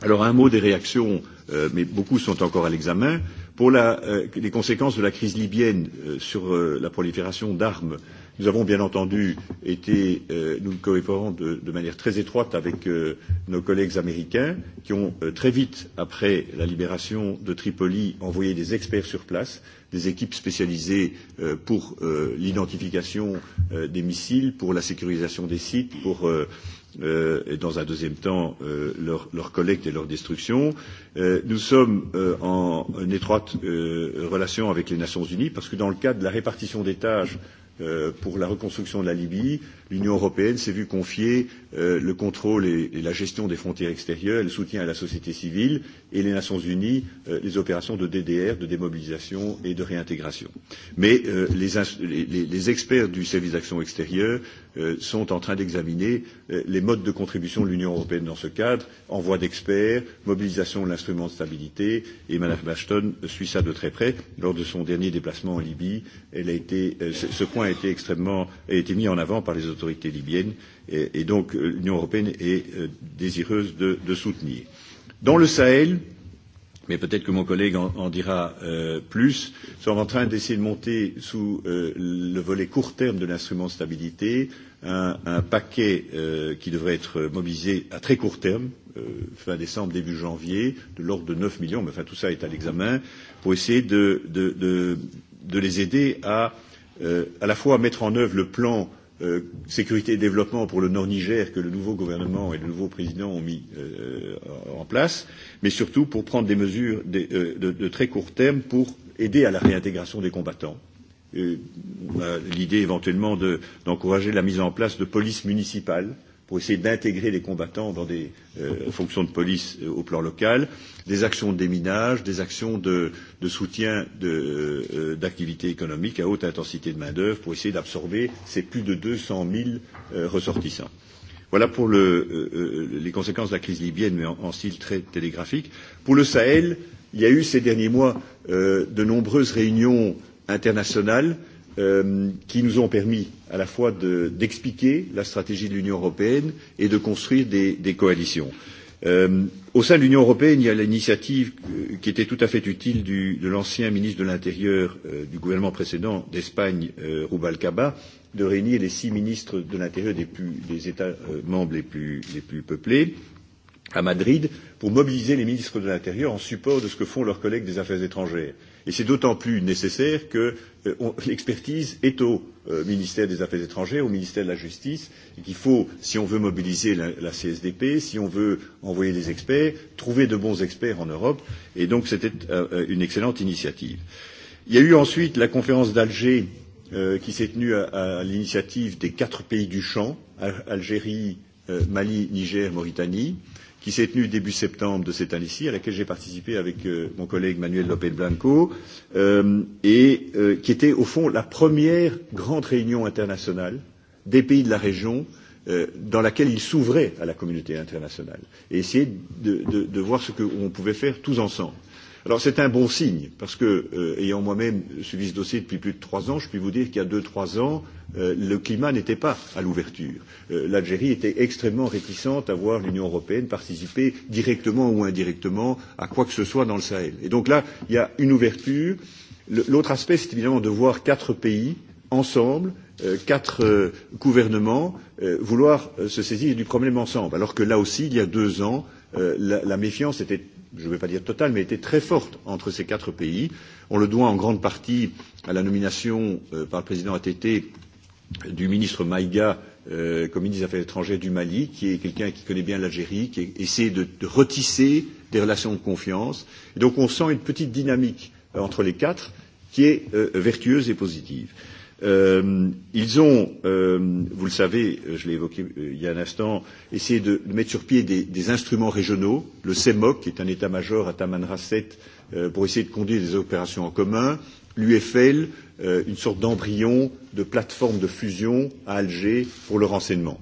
Alors un mot des réactions, euh, mais beaucoup sont encore à l'examen. Pour la, euh, les conséquences de la crise libyenne euh, sur euh, la prolifération d'armes, nous avons bien entendu été, euh, nous coopérons de, de manière très étroite avec euh, nos collègues américains qui ont euh, très vite, après la libération de Tripoli, envoyé des experts sur place, des équipes spécialisées euh, pour euh, l'identification euh, des missiles, pour la sécurisation des sites, pour. Euh, euh, et dans un deuxième temps euh, leur, leur collecte et leur destruction. Euh, nous sommes euh, en une étroite euh, relation avec les Nations Unies parce que dans le cadre de la répartition des tâches euh, pour la reconstruction de la Libye, l'Union européenne s'est vue confier euh, le contrôle et, et la gestion des frontières extérieures, le soutien à la société civile et les Nations Unies euh, les opérations de DDR, de démobilisation et de réintégration. Mais euh, les, les, les experts du service d'action extérieure euh, sont en train d'examiner euh, les modes de contribution de l'Union européenne dans ce cadre, envoi d'experts, mobilisation de l'instrument de stabilité, et Mme Ashton suit ça de très près. Lors de son dernier déplacement en Libye, elle a été, euh, ce point a été, extrêmement, a été mis en avant par les autorités libyennes, et, et donc euh, l'Union européenne est euh, désireuse de, de soutenir. Dans le Sahel, mais peut-être que mon collègue en, en dira euh, plus, nous sommes en train d'essayer de monter sous euh, le volet court terme de l'instrument de stabilité un, un paquet euh, qui devrait être mobilisé à très court terme, euh, fin décembre, début janvier, de l'ordre de 9 millions, mais enfin tout ça est à l'examen, pour essayer de, de, de, de les aider à euh, à la fois mettre en œuvre le plan euh, euh, sécurité et développement pour le Nord-Niger que le nouveau gouvernement et le nouveau président ont mis euh, en place, mais surtout pour prendre des mesures de, euh, de, de très court terme pour aider à la réintégration des combattants. Euh, L'idée éventuellement d'encourager de, la mise en place de polices municipales euh, pour essayer d'intégrer les combattants dans des euh, fonctions de police euh, au plan local, des actions de déminage, des actions de, de soutien d'activités de, euh, économiques à haute intensité de main d'œuvre pour essayer d'absorber ces plus de 200 000 euh, ressortissants. Voilà pour le, euh, euh, les conséquences de la crise libyenne, mais en, en style très télégraphique. Pour le Sahel, il y a eu ces derniers mois euh, de nombreuses réunions internationales euh, Euh, qui nous ont permis à la fois d'expliquer de, la stratégie de l'Union européenne et de construire des, des coalitions. Euh, au sein de l'Union européenne, il y a l'initiative euh, qui était tout à fait utile du, de l'ancien ministre de l'Intérieur euh, du gouvernement précédent d'Espagne, euh, Rubalcaba, de réunir les six ministres de l'Intérieur des, des États euh, membres les plus, les plus peuplés à Madrid pour mobiliser les ministres de l'Intérieur en support de ce que font leurs collègues des affaires étrangères. Et c'est d'autant plus nécessaire que euh, l'expertise est au euh, ministère des Affaires étrangères, au ministère de la Justice, et qu'il faut, si on veut mobiliser la, la CSDP, si on veut envoyer des experts, trouver de bons experts en Europe. Et donc c'était euh, euh, une excellente initiative. Il y a eu ensuite la conférence d'Alger euh, qui s'est tenue à, à l'initiative des quatre pays du champ, Algérie, euh, Mali, Niger, Mauritanie. Euh, qui s'est tenue début septembre de cette année-ci, à laquelle j'ai participé avec euh, mon collègue Manuel López Blanco, euh, et euh, qui était au fond la première grande réunion internationale des pays de la région euh, dans laquelle il s'ouvrait à la communauté internationale et essayer de, de, de voir ce qu'on pouvait faire tous ensemble. Alors c'est un bon signe parce que, euh, ayant moi-même suivi ce dossier depuis plus de trois ans, je puis vous dire qu'il y a deux, trois ans, euh, Euh, le climat n'était pas à l'ouverture. Euh, L'Algérie était extrêmement réticente à voir l'Union européenne participer directement ou indirectement à quoi que ce soit dans le Sahel. Et donc là, il y a une ouverture. L'autre aspect, c'est évidemment de voir quatre pays ensemble, euh, quatre gouvernements, vouloir se saisir du problème ensemble. Alors que là aussi, il y a deux ans, la méfiance était je ne vais pas dire totale, mais était très forte entre ces quatre pays. On le doit en grande partie à la nomination euh, par le président ATT du ministre Maïga, euh, comme ministre des Affaires étrangères du Mali, qui est quelqu'un qui connaît bien l'Algérie, qui essaie de, de retisser des relations de confiance. Et donc on sent une petite dynamique euh, entre les quatre qui est euh, vertueuse et positive. Euh, ils ont, euh, vous le savez, euh, je l'ai évoqué euh, il y a un instant, essayé de, de mettre sur pied des, des instruments régionaux, le CEMOC, qui est un état-major à Tamanrasset, euh, pour essayer de conduire des opérations en commun, l'UFL, Euh, une sorte d'embryon de plateforme de fusion à Alger pour le renseignement.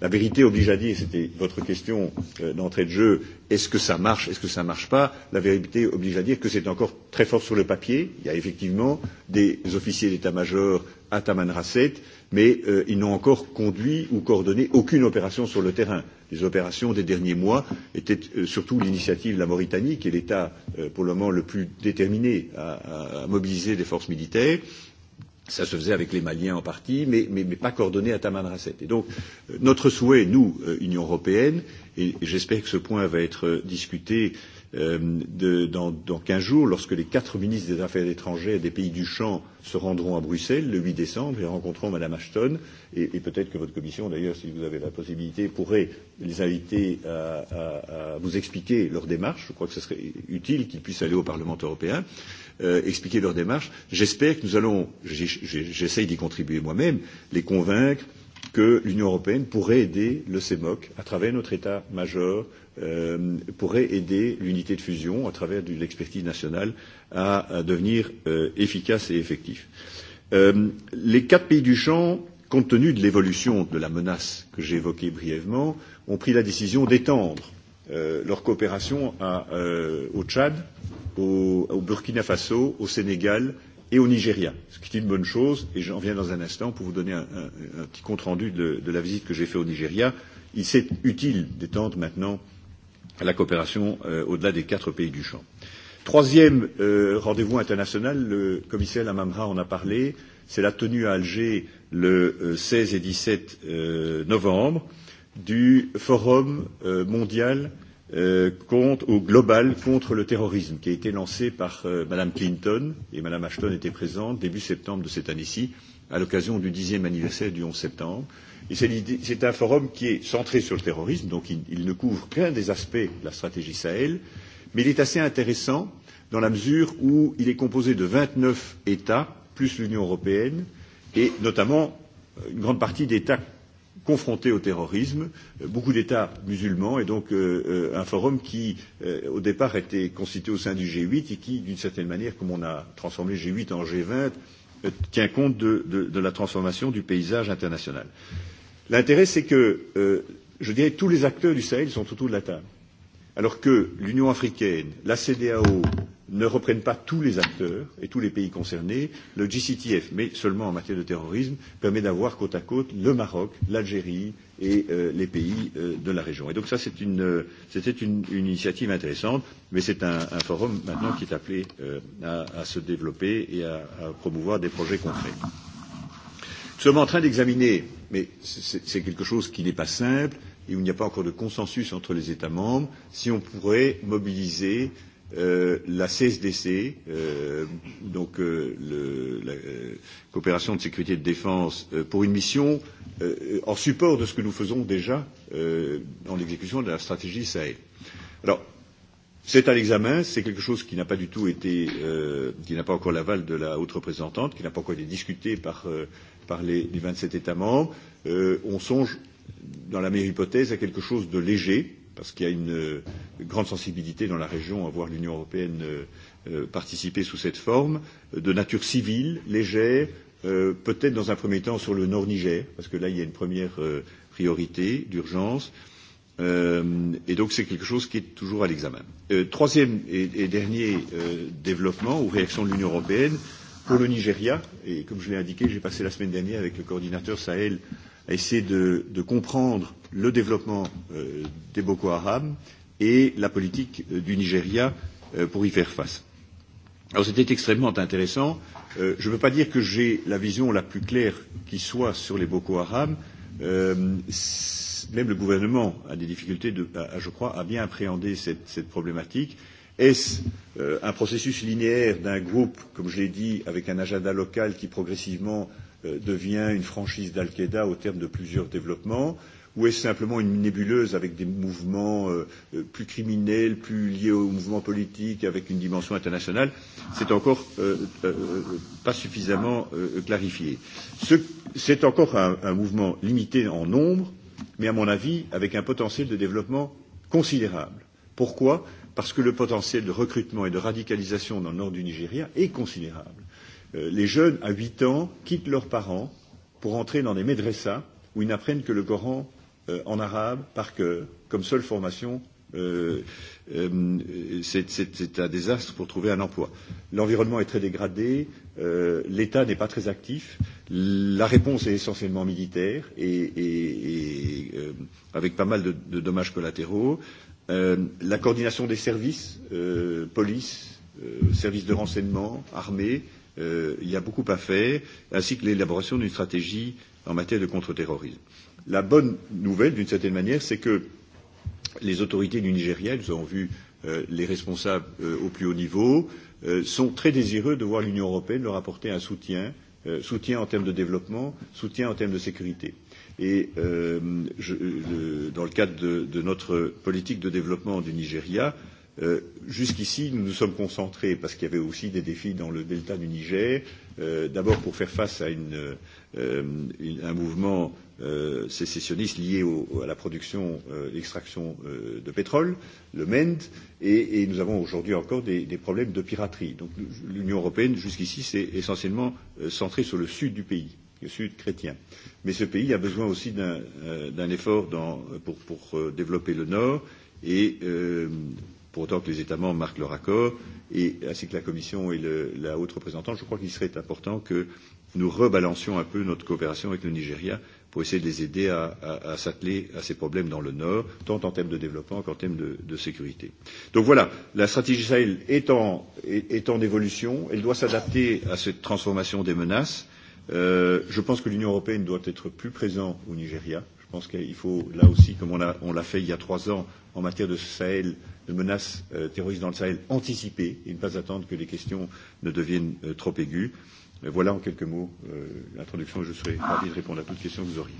La vérité oblige à dire, c'était votre question euh, d'entrée de jeu, est-ce que ça marche, est-ce que ça ne marche pas La vérité oblige à dire que c'est encore très fort sur le papier. Il y a effectivement des officiers d'état-major à Taman Rasset euh, mais euh, ils n'ont encore conduit ou coordonné aucune opération sur le terrain. Les opérations des derniers mois étaient euh, surtout l'initiative de la Mauritanie, qui est l'État euh, pour le moment le plus déterminé à, à mobiliser des forces militaires. Ça se faisait avec les Maliens en partie, mais, mais, mais pas coordonné à Tamanrasset. Et donc, euh, notre souhait, nous, euh, Union européenne, et, et j'espère que ce point va être euh, discuté euh, euh, de, dans, dans 15 jours, lorsque les quatre ministres des Affaires étrangères des pays du champ se rendront à Bruxelles le 8 décembre et rencontreront Mme Ashton. Et, et peut-être que votre commission, d'ailleurs, si vous avez la possibilité, pourrait les inviter à, à, à vous expliquer leur démarche. Je crois que ce serait utile qu'ils puissent aller au Parlement européen. Euh, expliquer leur démarche. J'espère que nous allons, j'essaye d'y contribuer moi-même, les convaincre euh, que l'Union européenne pourrait aider le CEMOC à travers notre état-major, euh, pourrait aider l'unité de fusion à travers de l'expertise nationale à, à devenir euh, efficace et effectif. Euh, les quatre pays du champ, compte tenu de l'évolution de la menace que j'ai évoquée brièvement, ont pris la décision d'étendre euh, leur coopération à, euh, au Tchad, au, au Burkina Faso, au Sénégal et au Nigeria, ce qui est une bonne chose, et j'en viens dans un instant pour vous donner un, un, un petit compte rendu de, de la visite que j'ai faite au Nigeria. Il s'est utile d'étendre maintenant la coopération euh, au delà des quatre pays du champ. Troisième euh, rendez-vous international, le commissaire Lamamra en a parlé, c'est la tenue à Alger le euh, 16 et 17 euh, novembre du Forum euh, mondial euh, Euh, contre, au global contre le terrorisme qui a été lancé par euh, Madame Clinton et Madame Ashton était présente début septembre de cette année-ci à l'occasion du dixième anniversaire du 11 septembre. Et c'est un forum qui est centré sur le terrorisme, donc il, il ne couvre qu'un des aspects de la stratégie Sahel, mais il est assez intéressant dans la mesure où il est composé de 29 États plus l'Union européenne et notamment euh, une grande partie d'États confrontés au terrorisme, euh, beaucoup d'États musulmans, et donc euh, euh, un forum qui, euh, au départ, était constitué au sein du G8 et qui, d'une certaine manière, comme on a transformé G8 en G20, euh, tient compte de, de, de la transformation du paysage international. L'intérêt, c'est que, euh, je dirais, tous les acteurs du Sahel sont autour de la table. Alors que l'Union africaine, la CDAO ne reprennent pas tous les acteurs et tous les pays concernés, le GCTF, mais seulement en matière de terrorisme, permet d'avoir côte à côte le Maroc, l'Algérie et euh, les pays euh, de la région. Et donc ça, c'était une, euh, une, une initiative intéressante, mais c'est un, un forum maintenant qui est appelé euh, à, à se développer et à, à promouvoir des projets concrets. Nous sommes en train d'examiner, mais c'est quelque chose qui n'est pas simple, et où il n'y a pas encore de consensus entre les États membres, si on pourrait mobiliser euh, la CSDC, euh, donc euh, le, la euh, coopération de sécurité et de défense, euh, pour une mission euh, en support de ce que nous faisons déjà euh, dans l'exécution de la stratégie Sahel. Alors, c'est à l'examen, c'est quelque chose qui n'a pas du tout été, euh, qui n'a pas encore l'aval de la haute représentante, qui n'a pas encore été discuté par, euh, par les, les 27 États membres. Euh, on songe dans la meilleure hypothèse, à quelque chose de léger, parce qu'il y a une euh, grande sensibilité dans la région à voir l'Union européenne euh, euh, participer sous cette forme, de nature civile, légère, peut-être dans un premier temps sur le Nord-Niger, parce que là, il y a une première priorité d'urgence. Euh, et donc c'est quelque chose qui est toujours à l'examen. Euh, troisième et, et dernier euh, développement ou réaction de l'Union européenne pour le Nigeria et comme je l'ai indiqué, j'ai passé la semaine dernière avec le coordinateur Sahel euh, à essayer de, de comprendre le développement euh, des Boko Haram et la politique euh, du Nigeria euh, pour y faire face. Alors c'était extrêmement intéressant. Euh, je ne veux pas dire que j'ai la vision la plus claire qui soit sur les Boko Haram. Euh, même le gouvernement a des difficultés, de, à, à, je crois, à bien appréhender cette, cette problématique. Est-ce euh, un processus linéaire d'un groupe, comme je l'ai dit, avec un agenda local qui progressivement euh, Euh, devient une franchise d'Al-Qaïda au terme de plusieurs développements ou est-ce simplement une nébuleuse avec des mouvements euh, euh plus criminels, plus liés aux mouvements politiques, avec une dimension internationale C'est encore euh, euh, euh pas suffisamment euh, clarifié. C'est Ce, encore un, un mouvement limité en nombre, mais à mon avis, avec un potentiel de développement considérable. Pourquoi Parce que le potentiel de recrutement et de radicalisation dans le nord du Nigeria est considérable. Euh, les jeunes à 8 ans quittent leurs parents pour entrer dans des médressas où ils n'apprennent que le Coran euh, en arabe par cœur, comme seule formation. Euh, euh, C'est un désastre pour trouver un emploi. L'environnement est très dégradé, euh, l'État n'est pas très actif, la réponse est essentiellement militaire et, et, et euh, avec pas mal de, de dommages collatéraux. Euh, la coordination des services, euh, police, euh, services de renseignement, armée, euh, euh, il y a beaucoup à faire, ainsi que l'élaboration d'une stratégie en matière de contre-terrorisme. La bonne nouvelle, d'une certaine manière, c'est que les autorités du Nigeria, nous avons vu euh, les responsables euh, au plus haut niveau, euh, sont très désireux de voir l'Union européenne leur apporter un soutien, euh, soutien en termes de développement, soutien en termes de sécurité. Et euh, je, le, dans le cadre de, de notre politique de développement du Nigeria, euh, Euh, jusqu'ici, nous nous sommes concentrés parce qu'il y avait aussi des défis dans le delta du Niger. Euh, D'abord pour faire face à une, euh, une, un mouvement euh, sécessionniste lié au, à la production, euh, extraction euh, de pétrole, le MEND, et, et nous avons aujourd'hui encore des, des problèmes de piraterie. Donc l'Union européenne jusqu'ici s'est essentiellement euh, centrée sur le sud du pays, le sud chrétien. Mais ce pays a besoin aussi d'un euh, effort dans, pour, pour euh, développer le nord et euh, pour autant que les États membres marquent leur accord, et ainsi que la Commission et le, la haute représentante, je crois qu'il serait important que nous rebalancions un peu notre coopération avec le Nigeria pour essayer de les aider à, à, à s'atteler à ces problèmes dans le Nord, tant en termes de développement qu'en termes de, de sécurité. Donc voilà, la stratégie Sahel est en, est, est en évolution, elle doit s'adapter à cette transformation des menaces. Euh, je pense que l'Union européenne doit être plus présente au Nigeria. Je pense qu'il faut, là aussi, comme on l'a on fait il y a trois ans en matière de Sahel, de menaces euh, terroristes dans le Sahel anticipées et ne pas attendre que les questions ne deviennent euh, trop aiguës. Et euh, voilà en quelques mots euh, l'introduction. Je serai ravi de répondre à toutes questions que vous auriez.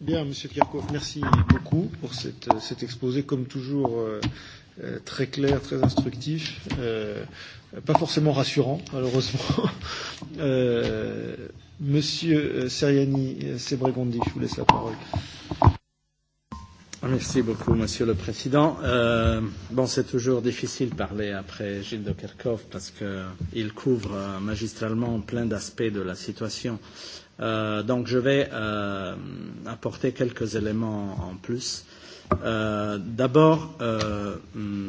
Bien, Monsieur Kirchhoff, merci beaucoup pour cette, euh, cet exposé, comme toujours euh, euh, très clair, très instructif, euh, pas forcément rassurant, malheureusement. *laughs* euh, Monsieur euh, Seriani euh, Sebregondi, je vous laisse la parole. Ah, merci beaucoup, Monsieur le Président. Euh, bon, c'est toujours difficile de parler après Gilles de Kerkhoff parce qu'il couvre euh, magistralement plein d'aspects de la situation. Euh, donc, je vais euh, apporter quelques éléments en plus. Euh, D'abord, euh, hmm,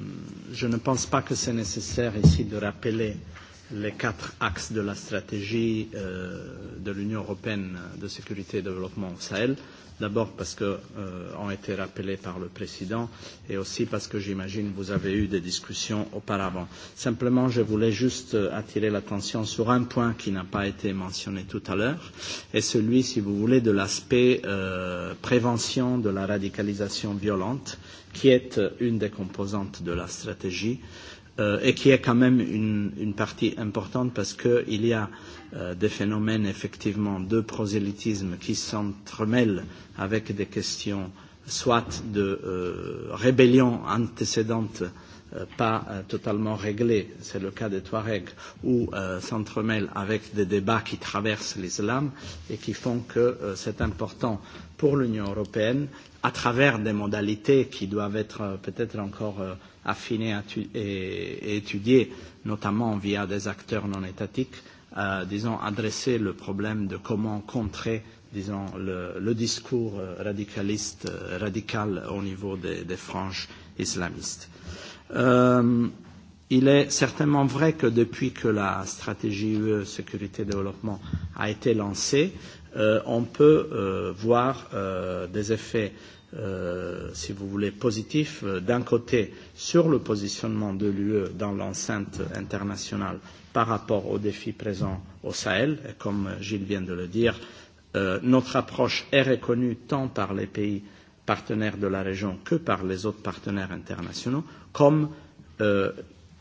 je ne pense pas que c'est nécessaire ici de rappeler euh, les quatre axes de la stratégie euh, de l'Union européenne de sécurité et développement au Sahel. D'abord parce que euh, ont été rappelés par le président et aussi parce que j'imagine vous avez eu des discussions auparavant. Simplement, je voulais juste euh, attirer l'attention sur un point qui n'a pas été mentionné tout à l'heure et celui, si vous voulez, de l'aspect euh, prévention de la radicalisation violente, qui est euh, une des composantes de la stratégie. Euh, euh, et qui est quand même une, une partie importante parce qu'il y a euh, des phénomènes effectivement de prosélytisme qui s'entremêlent avec des questions soit de euh, rébellion antécédente euh, Euh, pas euh, totalement réglé, c'est le cas des Touaregs, ou euh, s'entremêle avec des débats qui traversent l'islam et qui font que euh, c'est important pour l'Union européenne, à travers des modalités qui doivent être euh, peut-être encore euh, affinées et, et étudiées, notamment via des acteurs non étatiques, euh, disons, adresser le problème de comment contrer disons, le, le discours euh, radicaliste, euh, radical au niveau des, des franges islamistes. Euh, il est certainement vrai que depuis que la stratégie UE sécurité et développement a été lancée, euh, on peut euh, voir euh, des effets, euh, si vous voulez, positifs euh, d'un côté sur le positionnement de l'UE dans l'enceinte internationale par rapport aux défis présents au Sahel, et comme euh, Gilles vient de le dire, euh, notre approche est reconnue tant par les pays partenaires de la région que par les autres partenaires internationaux comme euh,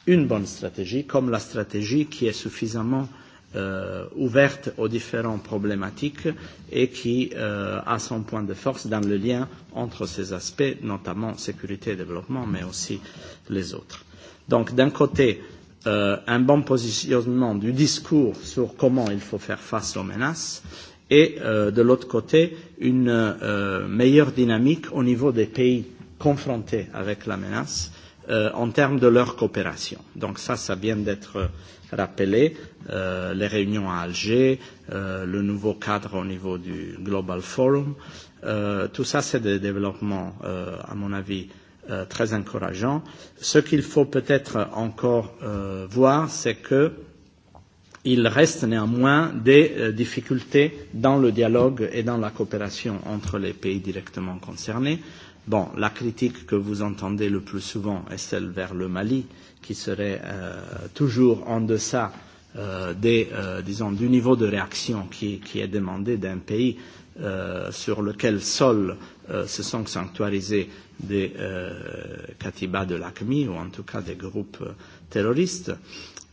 une bonne stratégie, comme la stratégie qui est suffisamment euh, ouverte aux différentes problématiques et qui euh, a son point de force dans le lien entre ces aspects, notamment sécurité et développement, mais aussi les autres. Donc, d'un côté, euh, un bon positionnement du discours sur comment il faut faire face aux menaces, euh, et euh, de l'autre côté une euh, meilleure dynamique au niveau des pays confrontés avec la menace euh, en termes de leur coopération. Donc ça, ça vient d'être rappelé, euh, les réunions à Alger, euh, le nouveau cadre au niveau du Global Forum, euh, tout ça, c'est des développements, euh, à mon avis, euh, très encourageants. Ce qu'il faut peut-être encore euh, voir, c'est que euh, il reste néanmoins des euh, difficultés dans le dialogue et dans la coopération entre les pays directement concernés. Bon, la critique que vous entendez le plus souvent est celle vers le Mali, qui serait euh, toujours en deçà euh, des, euh, disons, du niveau de réaction qui, qui est demandé d'un pays euh, sur lequel seuls euh, se sont sanctuarisés Euh, de euh, Katiba de l'ACMI ou en tout cas des groupes terroristes.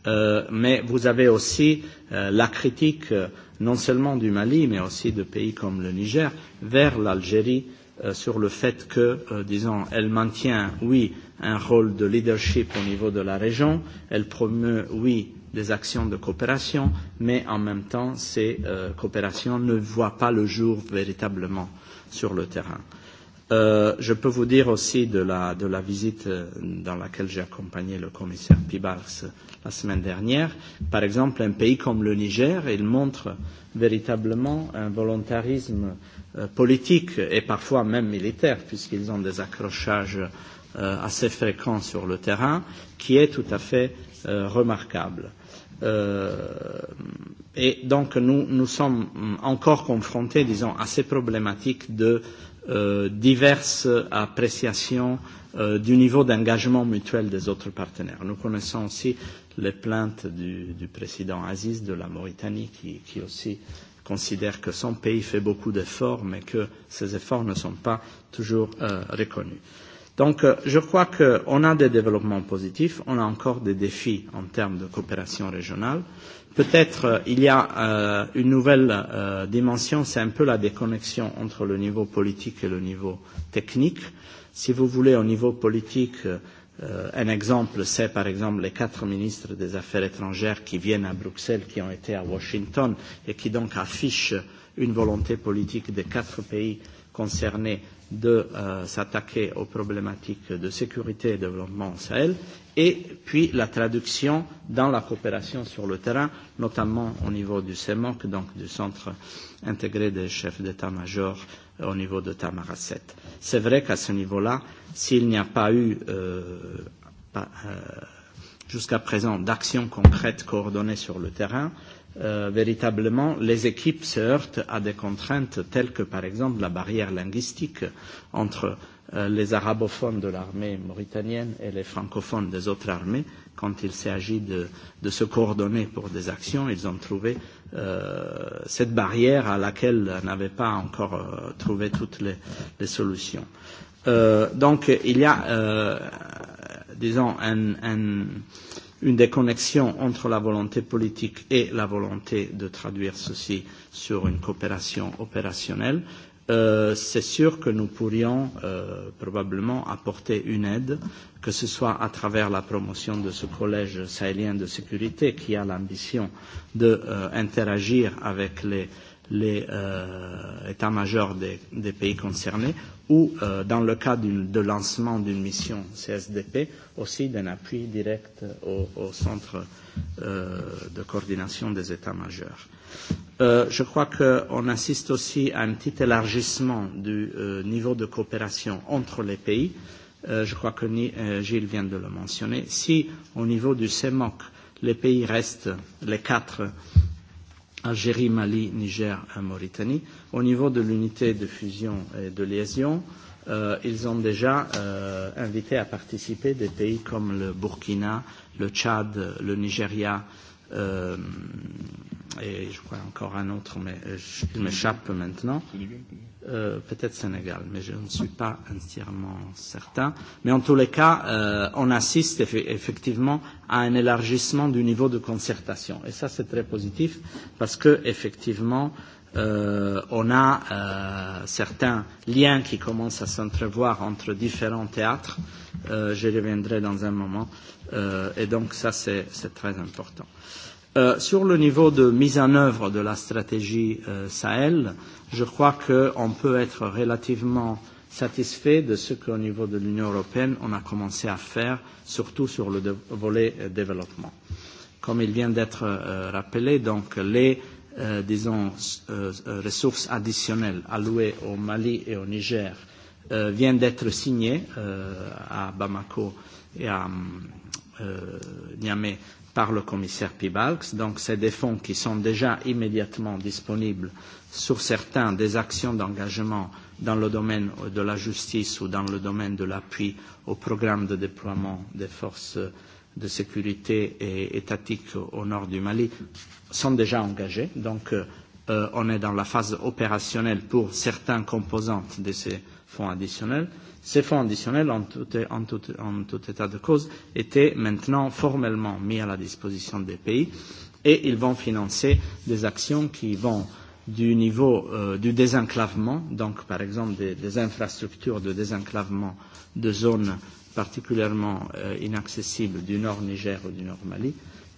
Euh, mais vous avez aussi euh, la critique euh, non seulement du Mali mais aussi de pays comme le Niger vers l'Algérie euh, sur le fait que, euh, disons, elle maintient, oui, un rôle de leadership au niveau de la région, elle promeut, oui, des actions de coopération, mais en même temps, ces euh, coopérations ne voient pas le jour véritablement sur le terrain. Euh, Euh, je peux vous dire aussi de la, de la visite euh, dans laquelle j'ai accompagné le commissaire Pibars euh, la semaine dernière. Par exemple, un pays comme le Niger, il montre véritablement un volontarisme euh, politique et parfois même militaire, puisqu'ils ont des accrochages euh, assez fréquents sur le terrain, qui est tout à fait euh, remarquable. Euh, et donc, nous, nous sommes encore confrontés, disons, à ces problématiques de euh, Euh, diverses appréciations euh, du niveau d'engagement mutuel des autres partenaires. Nous connaissons aussi les plaintes du, du président Aziz de la Mauritanie qui, qui aussi considère que son pays fait beaucoup d'efforts mais que ses efforts ne sont pas toujours euh, reconnus. Donc euh, je crois qu'on a des développements positifs, on a encore des défis en termes de coopération régionale. Euh, Peut-être euh, il y a euh, une nouvelle euh, dimension, c'est un peu la déconnexion entre le niveau politique et le niveau technique. Si vous voulez, au niveau politique, euh, un exemple, c'est par exemple les quatre ministres des Affaires étrangères qui viennent à Bruxelles, qui ont été à Washington et qui donc affichent une volonté politique des quatre pays concernés de euh, s'attaquer aux problématiques de sécurité et de développement au Sahel et puis la traduction dans la coopération sur le terrain, notamment au niveau du CEMOC, donc du Centre intégré des chefs d'état-major au niveau de Tamaracet. C'est vrai qu'à ce niveau-là, s'il n'y a pas eu euh, euh, jusqu'à présent d'action concrète coordonnée sur le terrain, euh, véritablement, les équipes se heurtent à des contraintes telles que, par exemple, la barrière linguistique entre euh, Euh, les arabophones de l'armée mauritanienne et les francophones des autres armées, quand il s'agit de, de se coordonner pour des actions, ils ont trouvé euh, cette barrière à laquelle n'avaient pas encore euh, trouvé toutes les, les solutions. Euh, donc il y a, euh, disons, un, un, une déconnexion entre la volonté politique et la volonté de traduire ceci sur une coopération opérationnelle. Euh, c'est sûr que nous pourrions euh, probablement apporter une aide, que ce soit à travers la promotion de ce collège sahélien de sécurité qui a l'ambition d'interagir euh, avec les, les euh, états-majors des, des pays concernés ou euh, dans le cas de lancement d'une mission CSDP, aussi d'un appui direct au, au centre euh, de coordination des États-majors. Euh, je crois qu'on assiste aussi à un petit élargissement du euh, niveau de coopération entre les pays. Euh, je crois que euh, Gilles vient de le mentionner. Si au niveau du CEMOC, les pays restent les quatre, Algérie, Mali, Niger et euh, Mauritanie, au niveau de l'unité de fusion et de liaison, euh, ils ont déjà euh, invité à participer des pays comme le Burkina, le Tchad, le Nigeria. Euh, et je crois encore un autre, mais euh, je, il m'échappe maintenant. Euh, peut-être Sénégal, mais je ne suis pas entièrement certain. Mais en tous les cas, euh, on assiste eff- effectivement à un élargissement du niveau de concertation. Et ça, c'est très positif parce que effectivement, euh, on a euh, certains liens qui commencent à s'entrevoir entre différents théâtres. Euh, je reviendrai dans un moment. Euh, et donc, ça, c'est, c'est très important. Euh, Euh, sur le niveau de mise en œuvre de la stratégie euh, Sahel, je crois qu'on peut être relativement satisfait de ce qu'au niveau de l'Union européenne, on a commencé à faire, surtout sur le de- volet euh, développement. Comme il vient d'être euh, rappelé, donc les euh, disons, euh, euh, ressources additionnelles allouées au Mali et au Niger euh, viennent d'être signées euh, à Bamako et à euh, Niamey par le commissaire Pibalks. Donc, c'est des fonds qui sont déjà immédiatement disponibles sur certains des actions d'engagement dans le domaine de la justice ou dans le domaine de l'appui au programme de déploiement des forces de sécurité et étatiques au nord du Mali sont déjà engagés. Donc, euh, on est dans la phase opérationnelle pour certains composantes de ces fonds additionnels. Euh, Ces fonds additionnels, en tout, en, tout, en tout état de cause, étaient maintenant formellement mis à la disposition des pays et ils vont financer des actions qui vont du niveau euh, du désenclavement, donc par exemple des, des infrastructures de désenclavement de zones particulièrement euh, inaccessibles du nord Niger ou du nord Mali,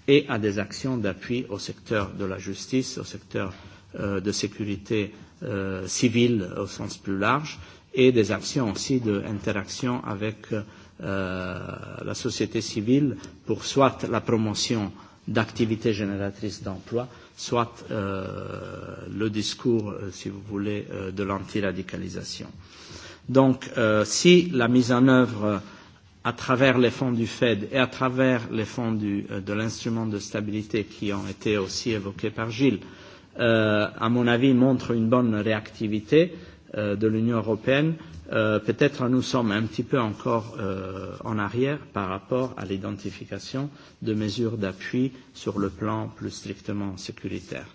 et à des actions d'appui au secteur de la justice, au secteur euh, de sécurité euh, civile au sens plus large et des actions aussi d'interaction avec euh, la société civile pour soit la promotion d'activités génératrices d'emplois, soit euh, le discours, euh, si vous voulez, euh, de l'antiradicalisation. Donc, euh, si la mise en œuvre euh, à travers les fonds du Fed et à travers les fonds du, de l'instrument de stabilité qui ont été aussi évoqués par Gilles, euh, euh, à mon avis, montre une bonne réactivité euh, de l'Union européenne. Euh, Peut-être nous sommes un petit peu encore euh, en arrière par rapport à l'identification de mesures d'appui sur le plan plus strictement sécuritaire.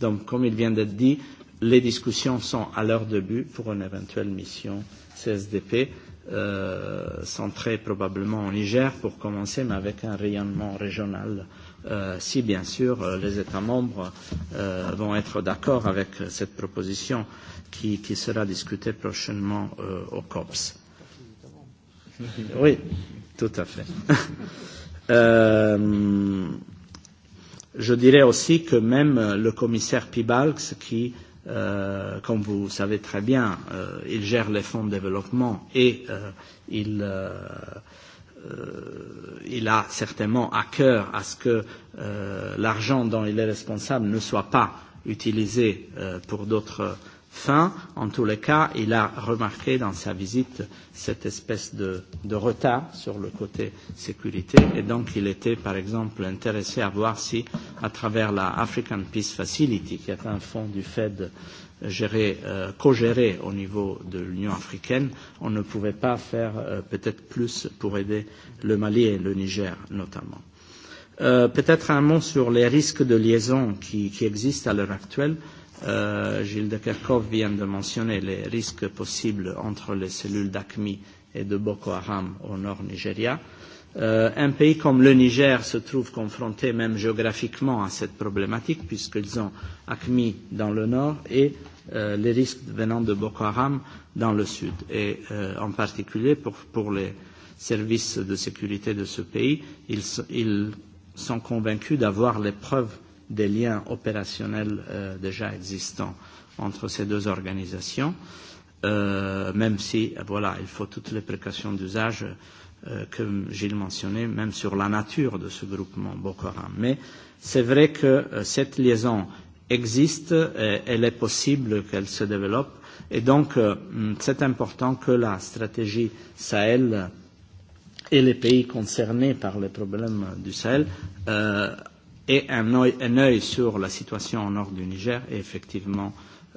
Donc, comme il vient d'être dit, les discussions sont à leur début pour une éventuelle mission CSDP, euh, centrée probablement en Niger pour commencer, mais avec un rayonnement régional euh, euh, si bien sûr euh, les États membres euh, vont être d'accord avec euh, cette proposition qui, qui sera discutée prochainement euh, au COPS. Oui, tout à fait. *laughs* euh, je dirais aussi que même euh, le commissaire Pibalx, qui, euh, comme vous savez très bien, euh, il gère les fonds de développement et euh, il. Euh, euh, il a certainement à cœur à ce que euh, l'argent dont il est responsable ne soit pas utilisé euh, pour d'autres fins. En tous les cas, il a remarqué dans sa visite cette espèce de, de retard sur le côté sécurité et donc il était, par exemple, intéressé à voir si, à travers la African Peace Facility, qui est un fonds du Fed euh, gérer, euh, co-gérer au niveau de l'Union africaine, on ne pouvait pas faire euh, peut-être plus pour aider le Mali et le Niger notamment. Euh, peut-être un mot sur les risques de liaison qui, qui existent à l'heure actuelle. Euh, Gilles de Kerkhove vient de mentionner les risques possibles entre les cellules d'ACMI et de Boko Haram au nord Nigeria. Euh, un pays comme le Niger se trouve confronté même géographiquement à cette problématique puisqu'ils ont ACMI dans le nord et euh, les risques venant de Boko Haram dans le sud et euh, en particulier pour, pour les services de sécurité de ce pays, ils, ils sont convaincus d'avoir les preuves des liens opérationnels euh, déjà existants entre ces deux organisations, euh, même si voilà, il faut toutes les précautions d'usage euh, que Gilles mentionnait, même sur la nature de ce groupement Boko Haram. Mais c'est vrai que euh, cette liaison euh, existe, et elle est possible qu'elle se développe. Et donc, euh, c'est important que la stratégie Sahel et les pays concernés par les problèmes du Sahel euh, aient un œil, un œil sur la situation au nord du Niger et effectivement,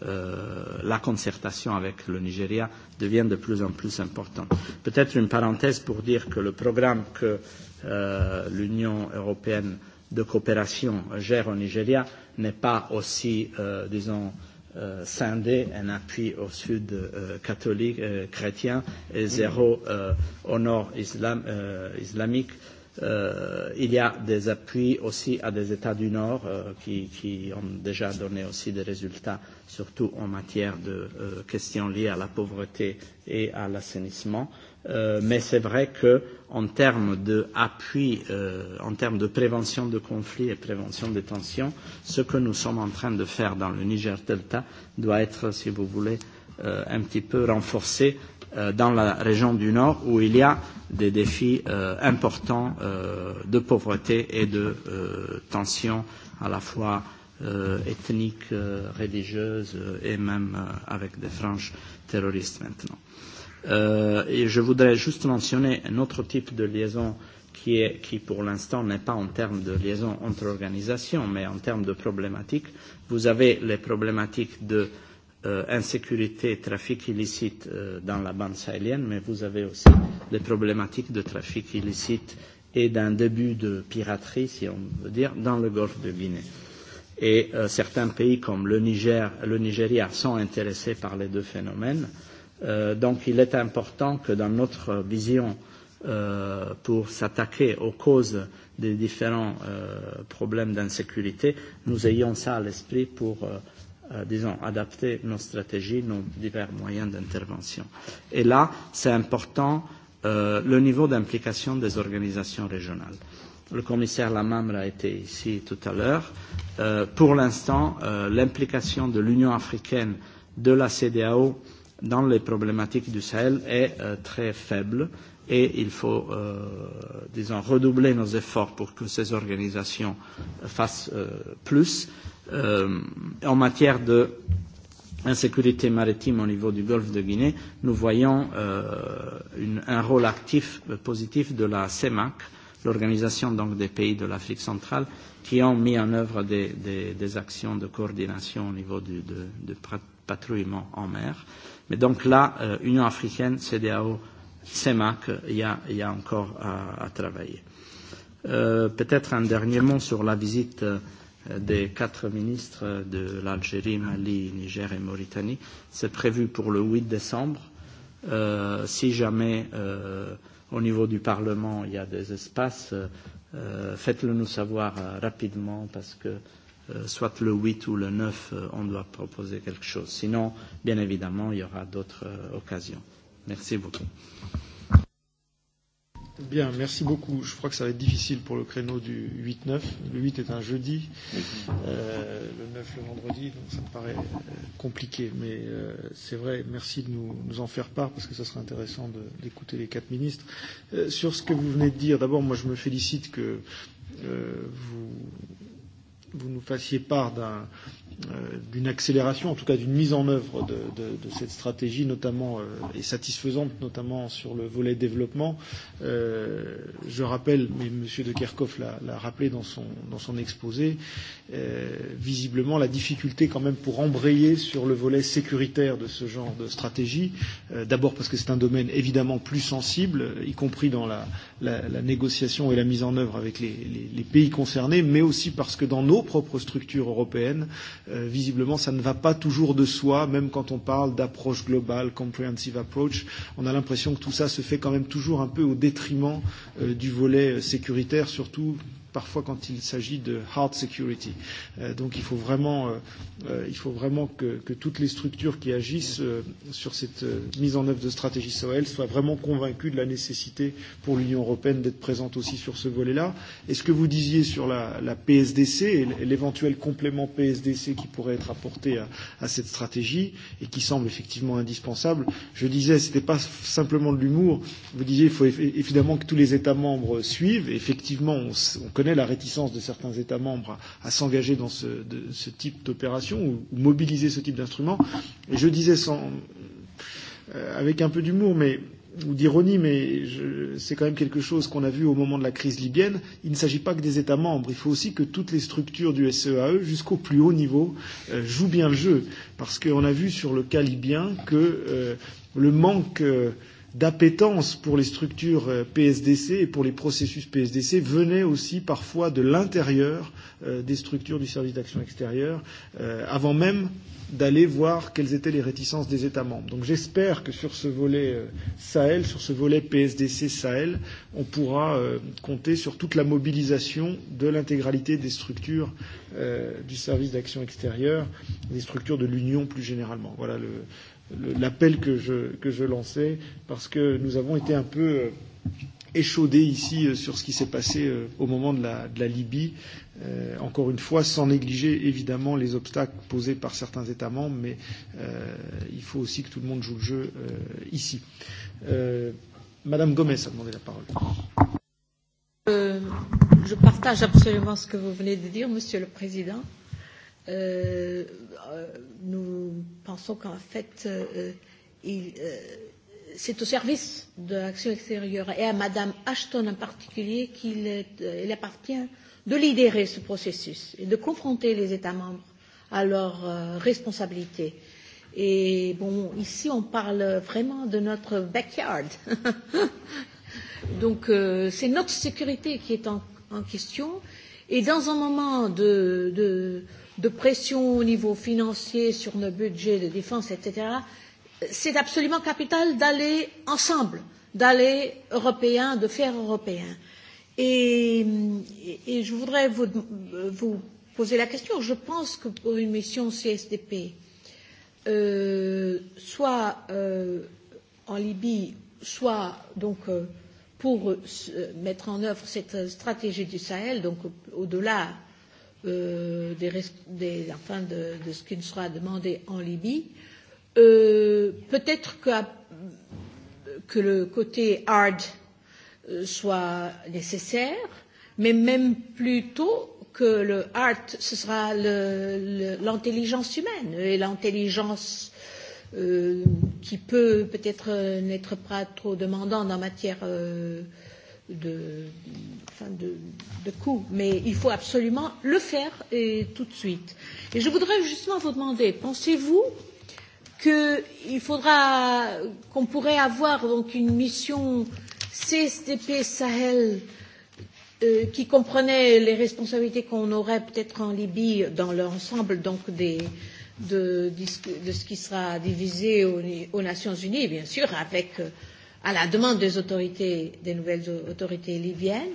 euh, la concertation avec le Nigeria devient de plus en plus importante. Peut-être une parenthèse pour dire que le programme que euh, l'Union européenne de coopération gère au Nigeria n'est pas aussi, euh, disons, euh, scindé un appui au sud euh, catholique, euh, chrétien, et zéro euh, au nord islam, euh, islamique. Euh, il y a des appuis aussi à des États du Nord euh, qui, qui ont déjà donné aussi des résultats, surtout en matière de euh, questions liées à la pauvreté et à l'assainissement. Euh, Euh, mais c'est vrai que en termes d'appui, euh, en termes de prévention de conflits et prévention des tensions, ce que nous sommes en train de faire dans le Niger Delta doit être, si vous voulez, euh, un petit peu renforcé euh, dans la région du Nord où il y a des défis euh, importants euh, de pauvreté et de euh, tensions à la fois euh, ethniques, euh, religieuses euh, et même euh, avec des franges terroristes maintenant. Euh, Euh, et je voudrais juste mentionner un autre type de liaison qui, est, qui pour l'instant, n'est pas en termes de liaison entre organisations, mais en termes de problématiques. Vous avez les problématiques de euh, insécurité, trafic illicite euh, dans la bande sahélienne, mais vous avez aussi les problématiques de trafic illicite et d'un début de piraterie, si on veut dire, dans le golfe de Guinée. Et euh, certains pays comme le Niger, le Nigeria sont intéressés par les deux phénomènes. Euh, Euh, donc il est important que dans notre vision euh, pour s'attaquer aux causes des différents euh, problèmes d'insécurité, nous ayons ça à l'esprit pour, euh, euh, disons, adapter nos stratégies, nos divers moyens d'intervention. Et là, c'est important euh, le niveau d'implication des organisations régionales. Le commissaire Lamamre a été ici tout à l'heure. Euh, pour l'instant, euh, l'implication de l'Union africaine, de la CDAO, euh, dans les problématiques du Sahel est euh, très faible et il faut, euh, disons, redoubler nos efforts pour que ces organisations euh, fassent euh, plus. Euh, en matière de insécurité maritime au niveau du golfe de Guinée, nous voyons euh, une, un rôle actif, euh, positif de la CEMAC euh, l'organisation donc des pays de l'Afrique centrale qui ont mis en œuvre des, des, des actions de coordination au niveau du de, de patrouillement en mer. Mais donc là, euh, Union africaine, CDAO, CEMAC, il y a, y a encore à, à travailler. Euh, Peut-être un dernier mot sur la visite euh, des quatre ministres de l'Algérie, Mali, Niger et Mauritanie. C'est prévu pour le 8 décembre. Euh, si jamais. Euh, au niveau du Parlement, il y a des espaces. Euh, Faites-le nous savoir euh, rapidement parce que euh, soit le 8 ou le 9, euh, on doit proposer quelque chose. Sinon, bien évidemment, il y aura d'autres euh, occasions. Merci beaucoup. Bien, merci beaucoup. Je crois que ça va être difficile pour le créneau du 8-9. Le 8 est un jeudi, euh, le 9 le vendredi, donc ça me paraît euh, compliqué. Mais euh, c'est vrai, merci de nous, nous en faire part, parce que ça serait intéressant d'écouter les quatre ministres. Euh, sur ce que vous venez de dire, d'abord, moi je me félicite que euh, vous, vous nous fassiez part d'un. Euh, d'une accélération, en tout cas d'une mise en œuvre de, de, de cette stratégie, notamment euh, et satisfaisante, notamment sur le volet développement. Euh, je rappelle, mais M. de Kerkhoff l'a rappelé dans son, dans son exposé, euh, visiblement la difficulté quand même pour embrayer sur le volet sécuritaire de ce genre de stratégie, euh, d'abord parce que c'est un domaine évidemment plus sensible, y compris dans la, la, la négociation et la mise en œuvre avec les, les, les pays concernés, mais aussi parce que dans nos propres structures européennes, Euh, visiblement, ça ne va pas toujours de soi, même quand on parle d'approche globale, comprehensive approach. On a l'impression que tout ça se fait quand même toujours un peu au détriment euh, du volet euh, sécuritaire, surtout parfois quand il s'agit de hard security. Euh, donc il faut vraiment, euh, euh, il faut vraiment que, que toutes les structures qui agissent euh, sur cette euh, mise en œuvre de stratégie Sahel soient vraiment convaincues de la nécessité pour l'Union européenne d'être présente aussi sur ce volet-là. Est-ce que vous disiez sur la, la PSDC et l'éventuel complément PSDC qui pourrait être apporté à, à cette stratégie et qui semble effectivement indispensable Je disais, ce n'était pas simplement de l'humour. Vous disiez, il faut évidemment que tous les États membres suivent. Effectivement, on, on connaît connaît la réticence de certains États membres à, à s'engager dans ce, de, ce type d'opération ou, ou mobiliser ce type d'instrument. Et je disais sans, euh, avec un peu d'humour, mais ou d'ironie, mais c'est quand même quelque chose qu'on a vu au moment de la crise libyenne. Il ne s'agit pas que des États membres. Il faut aussi que toutes les structures du SEAE, e jusqu'au plus haut niveau, euh, jouent bien le jeu. Parce qu'on a vu sur le cas libyen que euh, le manque euh, d'appétence pour les structures euh, PSDC et pour les processus PSDC venait aussi parfois de l'intérieur euh, des structures du service d'action extérieure, euh, avant même d'aller voir quelles étaient les réticences des États membres. Donc j'espère que sur ce volet euh, Sahel, sur ce volet PSDC Sahel, on pourra euh, compter sur toute la mobilisation de l'intégralité des structures euh, du service d'action extérieure, des structures de l'Union plus généralement. Voilà le, euh, l'appel que je, que je lançais, parce que nous avons été un peu euh, échaudés ici euh, sur ce qui s'est passé euh, au moment de la, de la Libye, euh, encore une fois, sans négliger évidemment les obstacles posés par certains États membres, mais euh, il faut aussi que tout le monde joue le jeu euh, ici. Euh, Madame Gomez a demandé la parole. Euh, je partage absolument ce que vous venez de dire, Monsieur le Président. Euh, Euh, euh, nous pensons qu'en fait, euh, il, euh, c'est au service de l'action extérieure et à Madame Ashton en particulier qu'il est, euh, il appartient de libérer ce processus et de confronter les États membres à leurs euh, responsabilités. Et bon, ici, on parle vraiment de notre backyard. *laughs* Donc, euh, c'est notre sécurité qui est en, en question. Et dans un moment de, de, euh, de pression au niveau financier sur nos budgets de défense, etc., c'est absolument capital d'aller ensemble, d'aller européen, de faire européen. Et, et je voudrais vous, vous poser la question. Je pense que pour une mission CSDP, euh, soit euh, en Libye, soit donc euh, pour euh, mettre en œuvre cette stratégie du Sahel, donc au-delà au euh, des, des, enfin de, de ce qui nous sera demandé en Libye. Euh, Peut-être que, que le côté hard euh, soit nécessaire, mais même plutôt que le hard, ce sera l'intelligence le, le, humaine et l'intelligence. Euh, qui peut peut-être n'être pas trop demandant en matière euh, de, enfin de, de coup, mais il faut absolument le faire et tout de suite. Et je voudrais justement vous demander, pensez-vous qu'il faudra qu'on pourrait avoir donc une mission CSDP Sahel euh, qui comprenait les responsabilités qu'on aurait peut-être en Libye dans l'ensemble donc des de, de ce qui sera divisé aux, aux Nations Unies, bien sûr, avec euh, à la demande des autorités, des nouvelles autorités libyennes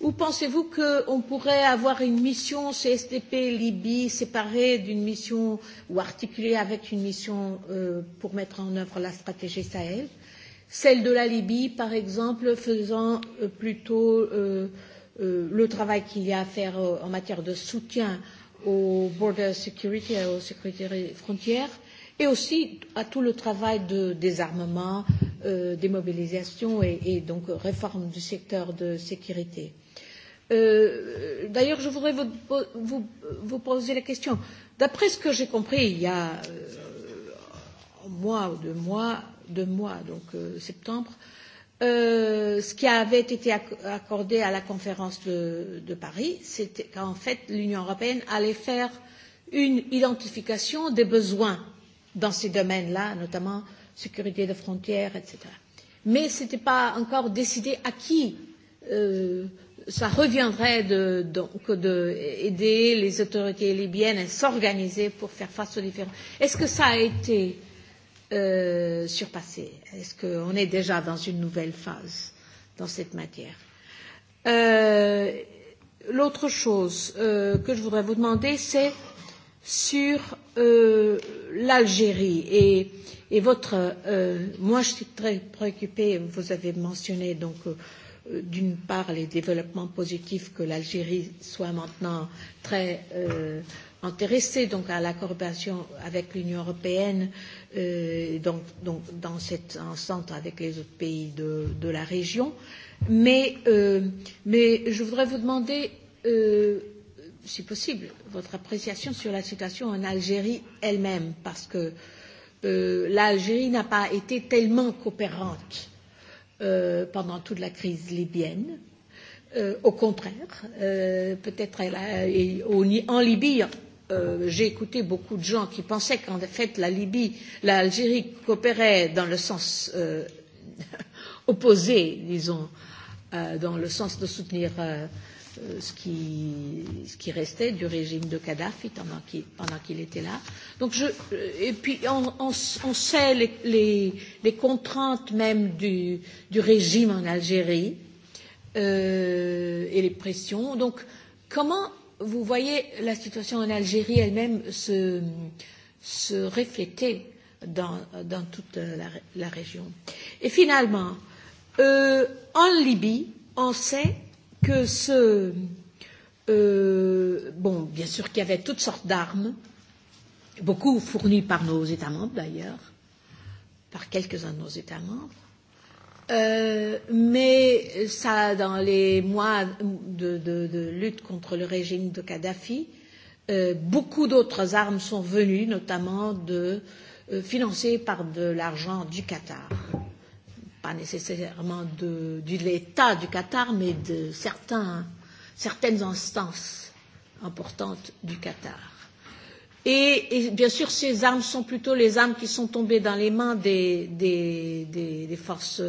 Ou pensez-vous qu'on pourrait avoir une mission CSTP Libye séparée d'une mission ou articulée avec une mission euh, pour mettre en œuvre la stratégie Sahel Celle de la Libye, par exemple, faisant euh, plutôt euh, euh, le travail qu'il y a à faire euh, en matière de soutien au border security, aux sécurité frontières, et aussi à tout le travail de désarmement, euh, euh, démobilisation et, et donc réforme du secteur de sécurité. Euh, D'ailleurs, je voudrais vous, vous, vous poser la question. D'après ce que j'ai compris, il y a euh, un mois ou deux mois, deux mois donc euh, septembre, euh, ce qui avait été ac accordé à la conférence de, de Paris, c'était qu'en fait, l'Union européenne allait faire une identification des besoins dans ces domaines-là, notamment euh, sécurité des frontières, etc. Mais ce n'était pas encore décidé à qui euh, ça reviendrait d'aider de, de les autorités libyennes à s'organiser pour faire face aux différents. Est-ce que ça a été euh, surpassé Est-ce qu'on est déjà dans une nouvelle phase dans cette matière euh, L'autre chose euh, que je voudrais vous demander, c'est sur euh, l'Algérie et euh, Et votre, euh, moi, je suis très préoccupée. Vous avez mentionné donc, euh, d'une part, les développements positifs que l'Algérie soit maintenant très euh, intéressée donc à la coopération avec l'Union européenne, euh, donc, donc dans cet ensemble avec les autres pays de, de la région. Mais, euh, mais je voudrais vous demander, euh, si possible, votre appréciation sur la situation en Algérie elle-même, parce que euh, Euh, l'Algérie n'a pas été tellement coopérante euh, pendant toute la crise libyenne. Euh, au contraire, euh, peut-être en Libye, euh, j'ai écouté beaucoup de gens qui pensaient qu'en fait la Libye, l'Algérie coopérait dans le sens euh, *laughs* opposé, disons, euh, dans le sens de soutenir euh, Euh, ce qui, ce qui restait du régime de Kadhafi pendant qu'il, pendant qu'il était là. Donc je, euh, et puis on, on, on sait les, les, les contraintes même du, du régime en Algérie euh, et les pressions. Donc comment vous voyez la situation en Algérie elle-même se, se refléter dans, dans toute la, la région Et finalement, euh, en Libye, on sait que ce. Euh, bon, bien sûr qu'il y avait toutes sortes d'armes, beaucoup fournies par nos États membres d'ailleurs, par quelques-uns de nos États membres. Euh, mais ça, dans les mois de, de, de lutte contre le régime de Kadhafi, euh, beaucoup d'autres armes sont venues, notamment de, euh, financées par de l'argent du Qatar. Euh, pas nécessairement de, de l'État du Qatar, mais de certains, certaines instances importantes du Qatar. Et, et bien sûr, ces armes sont plutôt les armes qui sont tombées dans les mains des, des, des, des forces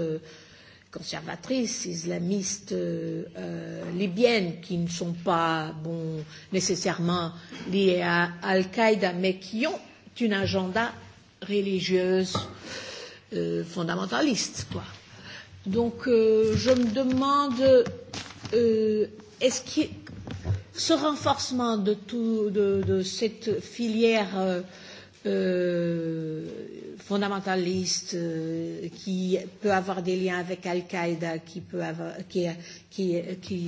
conservatrices, islamistes, euh, libyennes, qui ne sont pas bon, nécessairement liées à Al-Qaïda, mais qui ont une agenda religieuse euh, Euh, fondamentaliste, quoi. Donc, euh, je me demande, euh, est-ce que ce renforcement de, tout, de, de cette filière euh, euh, fondamentaliste euh, qui peut avoir des liens avec Al-Qaïda, qui, qui, qui, qui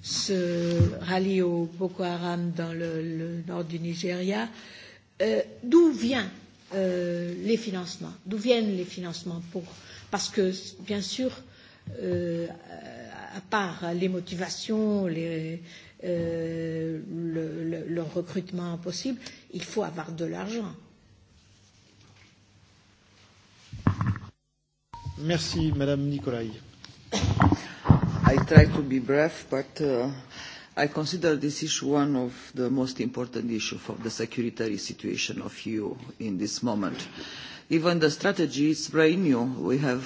se rallie au Boko Haram dans le, le nord du Nigeria, euh, d'où vient Euh, les financements D'où viennent les financements pour Parce que, bien sûr, euh, à part les motivations, les, euh, le, le, le recrutement possible, il faut avoir de l'argent. Merci, Madame Nicolai. I try to be brief, but uh, I consider this issue one of the most important issues for the security situation of EU in this moment. Even the strategy is brand new. We have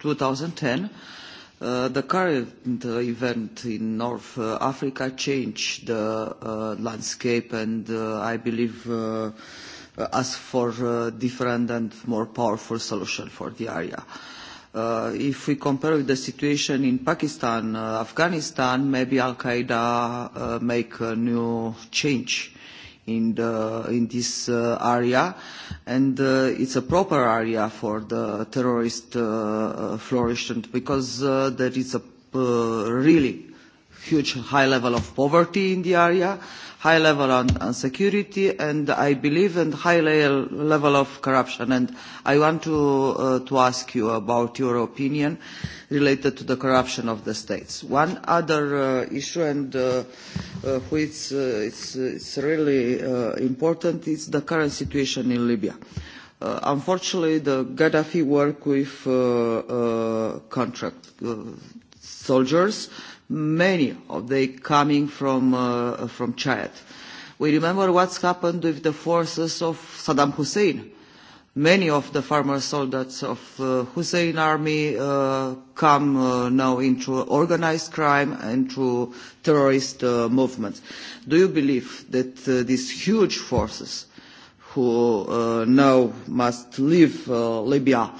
2010. Uh, the current uh, event in North uh, Africa changed the uh, landscape and uh, I believe uh, asked for a uh, different and more powerful solution for the area. Uh, Uh, if we compare with the situation in Pakistan, uh, Afghanistan, maybe Al Qaeda uh, make a new change in, the, in this uh, area. And uh, it's a proper area for the terrorist uh, uh flourishing because uh, there is a uh, really huge high level of poverty in the area, high level on, on security, and I believe in high le level of corruption. And I want to, uh, to ask you about your opinion related to the corruption of the states. One other uh, issue, and uh, uh, which uh, it's, it's really uh, important, is the current situation in Libya. Uh, unfortunately, the Gaddafi work with uh, uh, contract. Uh, soldiers, many of them coming from, uh, from Chad. We remember what's happened with the forces of Saddam Hussein. Many of the former soldiers of uh, Hussein army uh, come uh, now into organized crime and to terrorist uh, movements. Do you believe that uh, these huge forces who uh, now must leave uh, Libya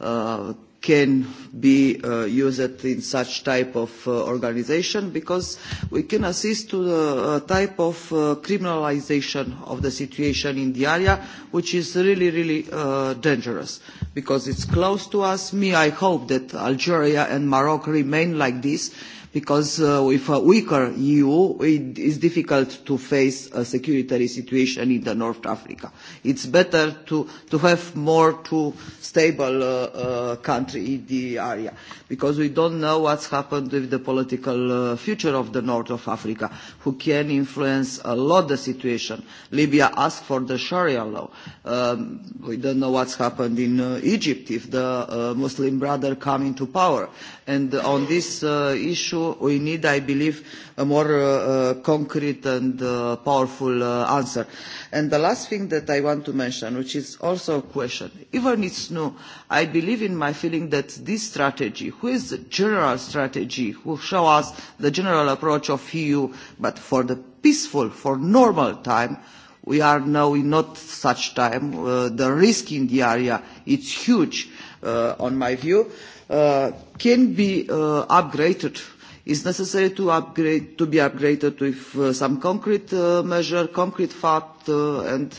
uh, can be uh, used in such type of uh, organization because we can assist to the uh, type of uh, criminalization of the situation in the area which is really really uh, dangerous because it's close to us me i hope that algeria and morocco remain like this uh, because uh, with a weaker EU, it is difficult to face a security situation in the North Africa. It's better to, to have more to stable uh, uh, country in the area, because we don't know what's happened with the political uh, future of the North of Africa, who can influence a lot the situation. Libya asked for the Sharia law. Um, we don't know what's happened in uh, Egypt if the uh, Muslim brother come into power. And on this uh, issue, we need, I believe, a more uh, uh, concrete and uh, powerful uh, answer. And the last thing that I want to mention, which is also a question, even it's new, no, I believe in my feeling that this strategy, who is the general strategy, who show us the general approach of EU, but for the peaceful, for normal time, we are now in not such time. Uh, the risk in the area is huge, uh, on my view, uh, can be uh, upgraded is necessary to upgrade to be upgraded with uh, some concrete uh, measure concrete fact uh, and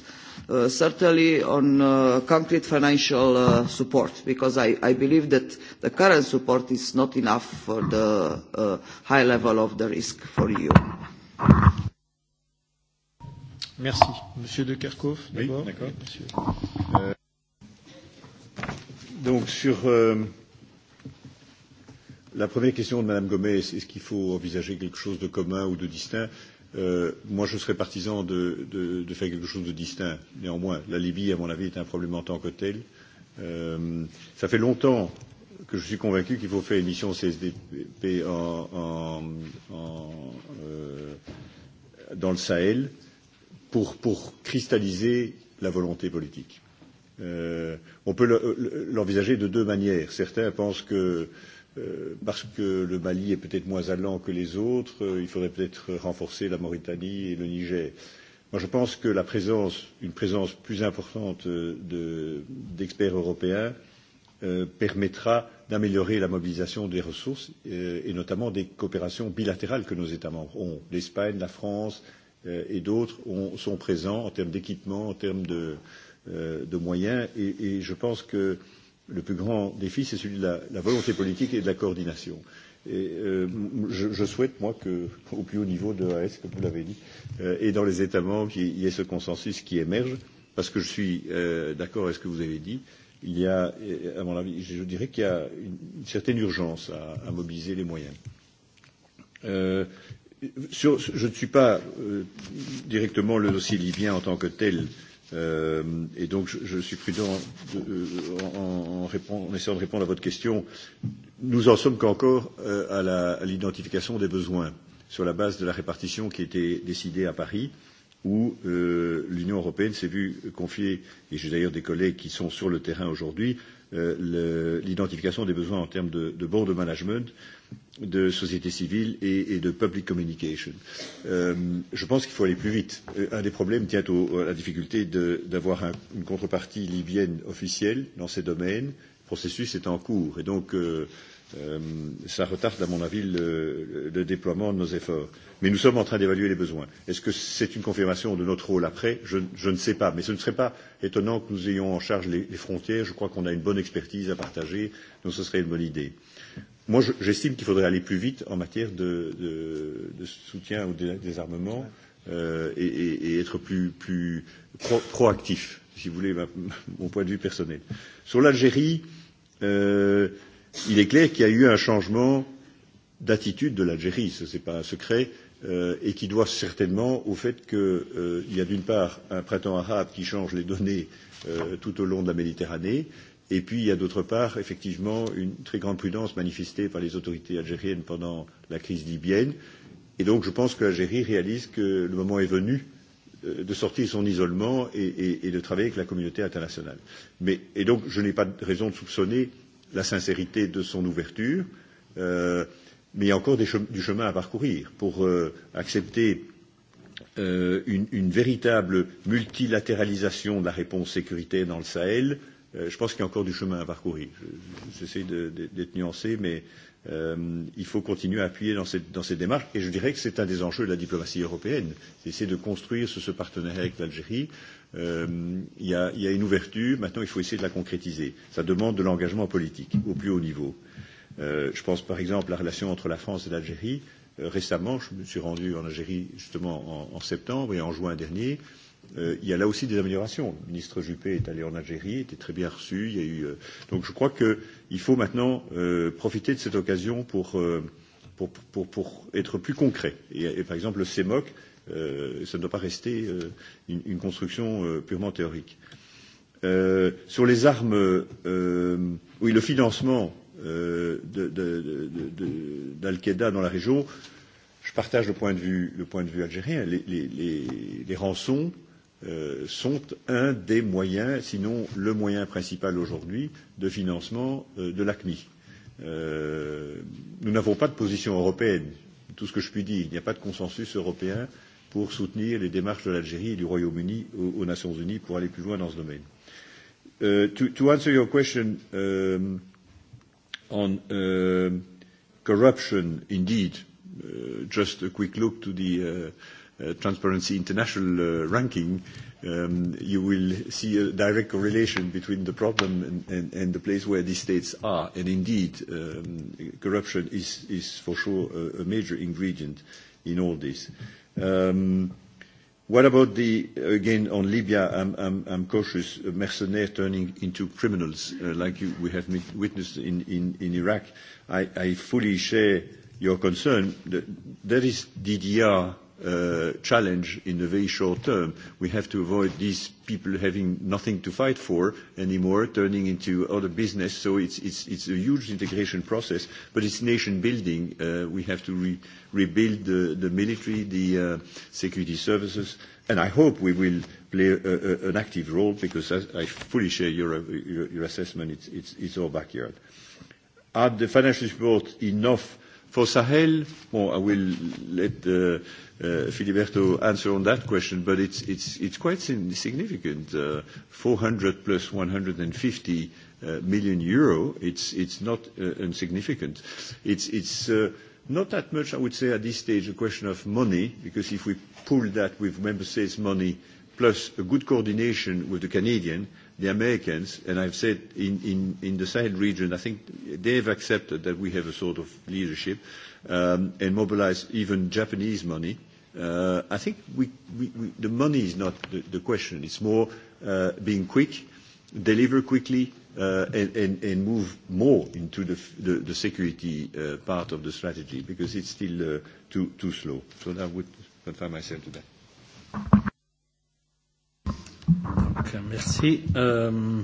uh, certainly on uh, concrete financial uh, support, because I, I believe that the current support is not enough for the uh, high level of the risk for you. Merci. Monsieur de Kerkhoff, d'abord. Oui, d'accord. Euh, donc, sur euh, La première question de Madame Gomez, est-ce est qu'il faut envisager quelque chose de commun ou de distinct euh, Moi, je serais partisan de, de, de faire quelque chose de distinct. Néanmoins, la Libye, à mon avis, est un problème en tant que tel. Euh, ça fait longtemps que je suis convaincu qu'il faut faire une mission CSDP en, en, en, euh, dans le Sahel pour, pour cristalliser la volonté politique. Euh, on peut l'envisager de deux manières. Certains pensent que euh, Euh, parce que le Mali est peut-être moins allant que les autres, euh, il faudrait peut-être renforcer la Mauritanie et le Niger. Moi, je pense que la présence, une présence plus importante euh, d'experts de, européens euh, permettra d'améliorer la mobilisation des ressources euh, et notamment des coopérations bilatérales que nos États membres ont. L'Espagne, la France euh, et d'autres sont présents en termes d'équipement, en termes de, euh, de moyens et, et je pense que euh, le plus grand défi, c'est celui de la, la volonté politique et de la coordination. Et euh, je, je souhaite, moi, qu'au plus haut niveau de l'AS, comme vous l'avez dit, euh, et dans les États membres, il y ait ce consensus qui émerge, parce que je suis euh, d'accord avec ce que vous avez dit. Il y a, euh, à mon avis, je dirais qu'il y a une, une certaine urgence à, à mobiliser les moyens. Euh, sur, je ne suis pas euh, directement le dossier libyen en tant que tel euh, Euh, et donc, je, je suis prudent de, euh, en, en, répond, en essayant de répondre à votre question. Nous en sommes qu'encore euh, à l'identification des besoins sur la base de la répartition qui était décidée à Paris, où euh, l'Union européenne s'est vue confier, et j'ai d'ailleurs des collègues qui sont sur le terrain aujourd'hui, euh, l'identification des besoins en termes de, de board management euh, de société civile et, et de public communication. Euh, je pense qu'il faut aller plus vite. Euh, un des problèmes tient au, à la difficulté d'avoir un, une contrepartie libyenne officielle dans ces domaines. Le processus est en cours et donc euh, euh, ça retarde, à mon avis, le, le déploiement de nos efforts. Mais nous sommes en train d'évaluer les besoins. Est-ce que c'est une confirmation de notre rôle après je, je ne sais pas. Mais ce ne serait pas étonnant que nous ayons en charge les, les frontières. Je crois qu'on a une bonne expertise à partager, donc ce serait une bonne idée. Moi, j'estime qu'il faudrait aller plus vite en matière de, de, de soutien ou de désarmement euh, et, et, et être plus, plus pro, proactif, si vous voulez, ma, mon point de vue personnel. Sur l'Algérie, euh, il est clair qu'il y a eu un changement d'attitude de l'Algérie, ce n'est pas un secret, euh, et qui doit certainement au fait qu'il euh, y a d'une part un printemps arabe qui change les données euh, tout au long de la Méditerranée, Et puis, il y a d'autre part, effectivement, une très grande prudence manifestée par les autorités algériennes pendant la crise libyenne. Et donc, je pense que l'Algérie réalise que le moment est venu euh, de sortir son isolement et, et, et de travailler avec la communauté internationale. Mais, et donc, je n'ai pas de raison de soupçonner la sincérité de son ouverture, euh, mais il y a encore des chem du chemin à parcourir pour euh, accepter euh, une, une véritable multilatéralisation de la réponse sécuritaire dans le Sahel, euh, Euh, je pense qu'il y a encore du chemin à parcourir. J'essaie d'être nuancé, mais euh, il faut continuer à appuyer dans cette, dans cette démarche. Et je dirais que c'est un des enjeux de la diplomatie européenne. C'est essayer de construire ce, ce partenariat avec l'Algérie. Euh, il euh, y, y a une ouverture. Maintenant, il faut essayer de la concrétiser. Ça demande de l'engagement politique au plus haut niveau. Euh, je pense par exemple à la relation entre la France et l'Algérie. Euh, récemment, je me suis rendu en Algérie justement en, en septembre et en juin dernier. Euh, euh, il y a là aussi des améliorations. Le ministre Juppé est allé en Algérie, était très bien reçu. Il y a eu, euh, donc je crois qu'il faut maintenant euh, profiter de cette occasion pour, euh, pour, pour, pour être plus concret. Et, et par exemple, le CEMOC, euh, ça ne doit pas rester euh, une, une construction euh, purement théorique. Euh, sur les armes, euh, oui, le financement euh, d'Al-Qaïda de, de, de, dans la région, je partage le point de vue, le point de vue algérien. Les, les, les, les rançons, euh, Euh, sont un des moyens, sinon le moyen principal aujourd'hui, de financement euh, de l'ACMI. Euh, nous n'avons pas de position européenne, tout ce que je puis dire, il n'y a pas de consensus européen pour soutenir les démarches de l'Algérie et du Royaume-Uni aux, aux Nations Unies pour aller plus loin dans ce domaine. Uh, to, to answer your question um, on uh, corruption, indeed, uh, just a quick look to the uh, Uh, Transparency International uh, ranking, um, you will see a direct correlation between the problem and, and, and the place where these states are. And indeed, um, corruption is, is for sure a, a major ingredient in all this. Um, what about the, again, on Libya, I'm, I'm, I'm cautious, mercenaires turning into criminals, uh, like you, we have witnessed in, in, in Iraq. I, I fully share your concern. That, that is DDR uh, challenge in the very short term. We have to avoid these people having nothing to fight for anymore, turning into other business. So it's, it's, it's a huge integration process, but it's nation building. Uh, we have to re- rebuild the, the military, the uh, security services, and I hope we will play a, a, an active role because as I fully share your, your, your assessment. It's, it's, it's our backyard. Are the financial support enough for Sahel? Well, I will let the uh, Uh, Filiberto answer on that question, but it's quite significant. 400 uh, million plus 150 uh, million euro, it's not insignificant. It's not that much, I would say, at this stage, a question of money, because if we pool that with member states' money, plus a good coordination with the Canadian, the Americans, and I've said in the Sahel region, I think they've accepted that we have a sort of leadership. Um, and mobilize even Japanese money. Uh, I think the money is not the question. It's more uh, being quick, deliver quickly, uh, and move more into the security part of the strategy because it's still too slow. I would confine myself to that. Donc, merci. Euh,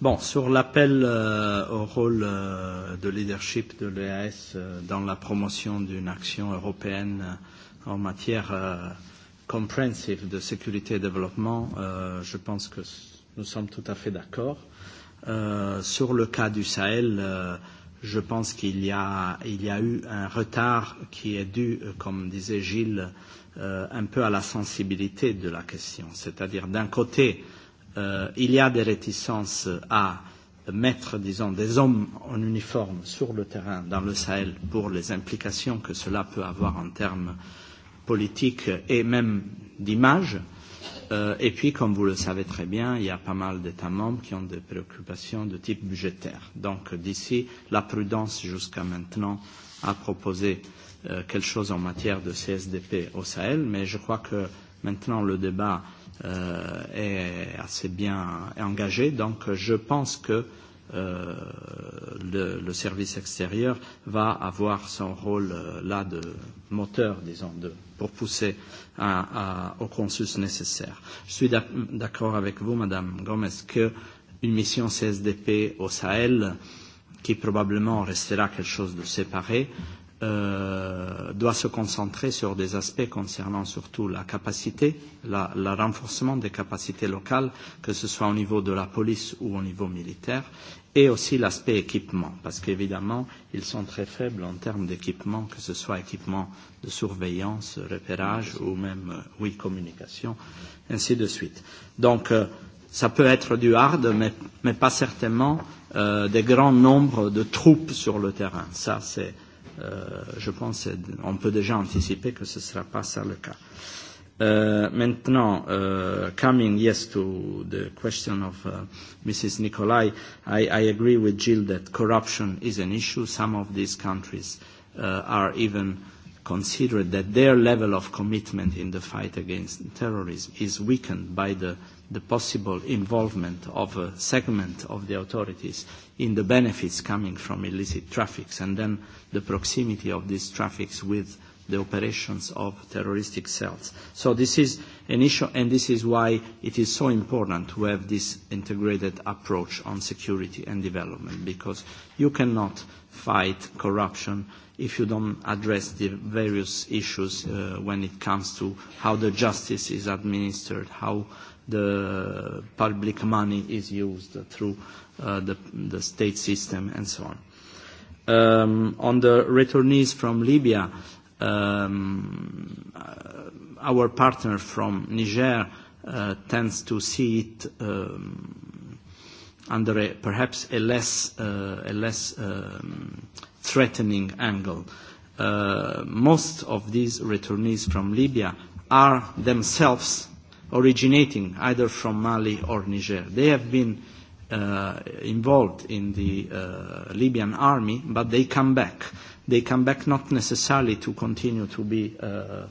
bon, sur l'appel euh, au rôle euh, de leadership de l'EAS euh, dans la promotion d'une action européenne euh, en matière euh, comprehensive de sécurité et développement, euh, je pense que nous sommes tout à fait d'accord. Euh, sur le cas du Sahel, euh, je pense qu'il y a, il y a eu un retard qui est dû, euh, comme disait Gilles, euh, un peu à la sensibilité de la question. C'est-à-dire, d'un côté, euh, euh, il y a des réticences à mettre, disons, des hommes en uniforme sur le terrain dans le Sahel pour les implications que cela peut avoir en termes politiques et même d'image. Euh, et puis, comme vous le savez très bien, il y a pas mal d'États membres qui ont des préoccupations de type budgétaire. Donc, d'ici, la prudence jusqu'à maintenant a proposé euh, quelque chose en matière de CSDP au Sahel, mais je crois que maintenant le débat euh, euh, est assez bien engagée. Donc je pense que euh, le, le service extérieur va avoir son rôle euh, là de moteur, disons, de, pour pousser à, à, au consensus nécessaire. Je suis d'accord avec vous, Madame Gomez, qu'une mission CSDP au Sahel, qui probablement restera quelque chose de séparé, euh, doit se concentrer sur des aspects concernant surtout la capacité, le la, la renforcement des capacités locales, que ce soit au niveau de la police ou au niveau militaire, et aussi l'aspect équipement, parce qu'évidemment, ils sont très faibles en termes d'équipement, que ce soit équipement de surveillance, repérage ou même, euh, oui, communication, ainsi de suite. Donc, euh, ça peut être du hard, mais, mais pas certainement euh, des grands nombres de troupes sur le terrain. Ça, c'est. Euh, je pense qu'on peut déjà anticiper que ce ne sera pas ça le cas. Uh, maintenant, uh, coming yes to the question of uh, Mrs. Nicolai, I, I agree with Jill that corruption is an issue. Some of these countries uh, are even uh, consider that their level of commitment in the fight against terrorism is weakened by the, the possible involvement of a segment of the authorities in the benefits coming from illicit traffics and then the proximity of these traffics with the operations of terroristic cells. So this is an issue, and this is why it is so important to have this integrated approach on security and development, because you cannot fight corruption if you don't address the various issues uh, when it comes to how the justice is administered, how the public money is used through uh, the, the state system, and so on. Um, on the returnees from Libya, um, uh, our partner from Niger uh, tends to see it um, under a, perhaps a less, uh, a less um, threatening angle. Uh, most of these returnees from Libya are themselves originating either from Mali or Niger. They have been uh, involved in the uh, Libyan army, but they come back. Uh, they come back not necessarily to continue to be uh,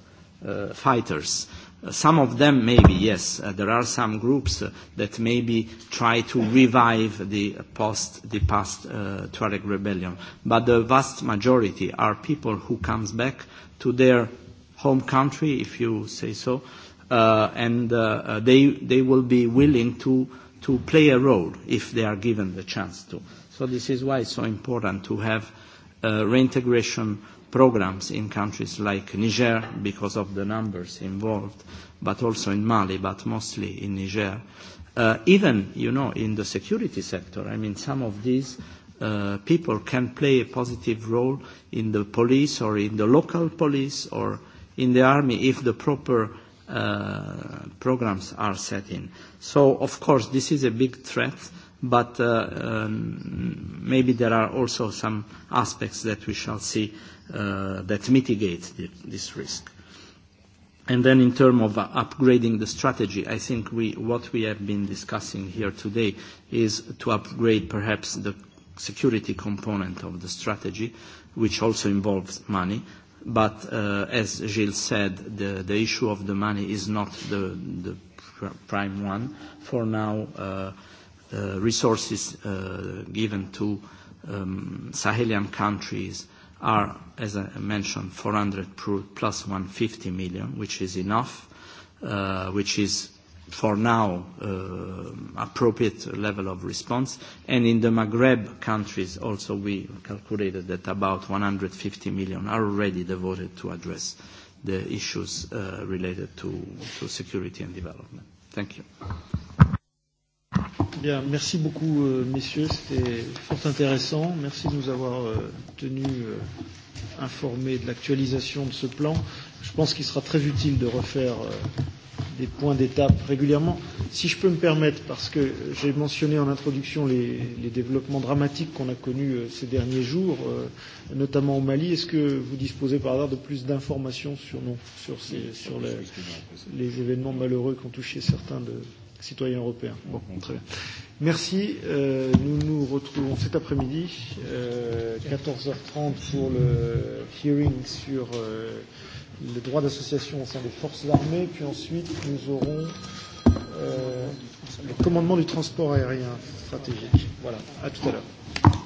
uh, fighters. Some of them, maybe, yes. Uh, there are some groups uh, that maybe try to revive the post, the past uh, Tuareg rebellion. But the vast majority are people who comes back to their home country, if you say so, uh, and uh, uh they, they will be willing to, to play a role if they are given the chance to. So this is why it's so important to have uh, Uh, reintegration programs in countries like Niger, because of the numbers involved, but also in Mali, but mostly in Niger. Uh, even, you know, in the security sector, I mean, some of these uh, people can play a positive role in the police or in the local police or in the army if the proper uh, programs are set in. So, of course, this is a big threat but uh, um, maybe there are also some aspects that we shall see uh, that mitigate the, this risk. And then in terms of uh, upgrading the strategy, I think we, what we have been discussing here today is to upgrade perhaps the security component of the strategy, which also involves money. But uh, as Gilles said, the, the issue of the money is not the, the pr- prime one. For now, uh, Uh, resources uh, given to um, Sahelian countries are, as I mentioned, 400 plus 150 million, which is enough, uh, which is for now uh, appropriate level of response. And in the Maghreb countries also we calculated that about 150 million are already devoted to address the issues uh, related to, to security and development. Thank you. Bien, merci beaucoup, euh, messieurs. C'était fort intéressant. Merci de nous avoir euh, tenu euh, informés de l'actualisation de ce plan. Je pense qu'il sera très utile de refaire des points d'étape régulièrement. Si je peux me permettre, parce que j'ai mentionné en introduction les, les développements dramatiques qu'on a connus ces derniers jours, notamment au Mali, est-ce que vous disposez par hasard de plus d'informations sur, non, sur, ces, sur les, les événements malheureux qui ont touché certains de citoyen européen. Bon, très bien. Merci. Euh, nous nous retrouvons cet après-midi, euh, 14h30, pour le hearing sur euh, le droit d'association au sein des forces armées. Puis ensuite, nous aurons euh, le commandement du transport aérien stratégique. Voilà. À tout à l'heure.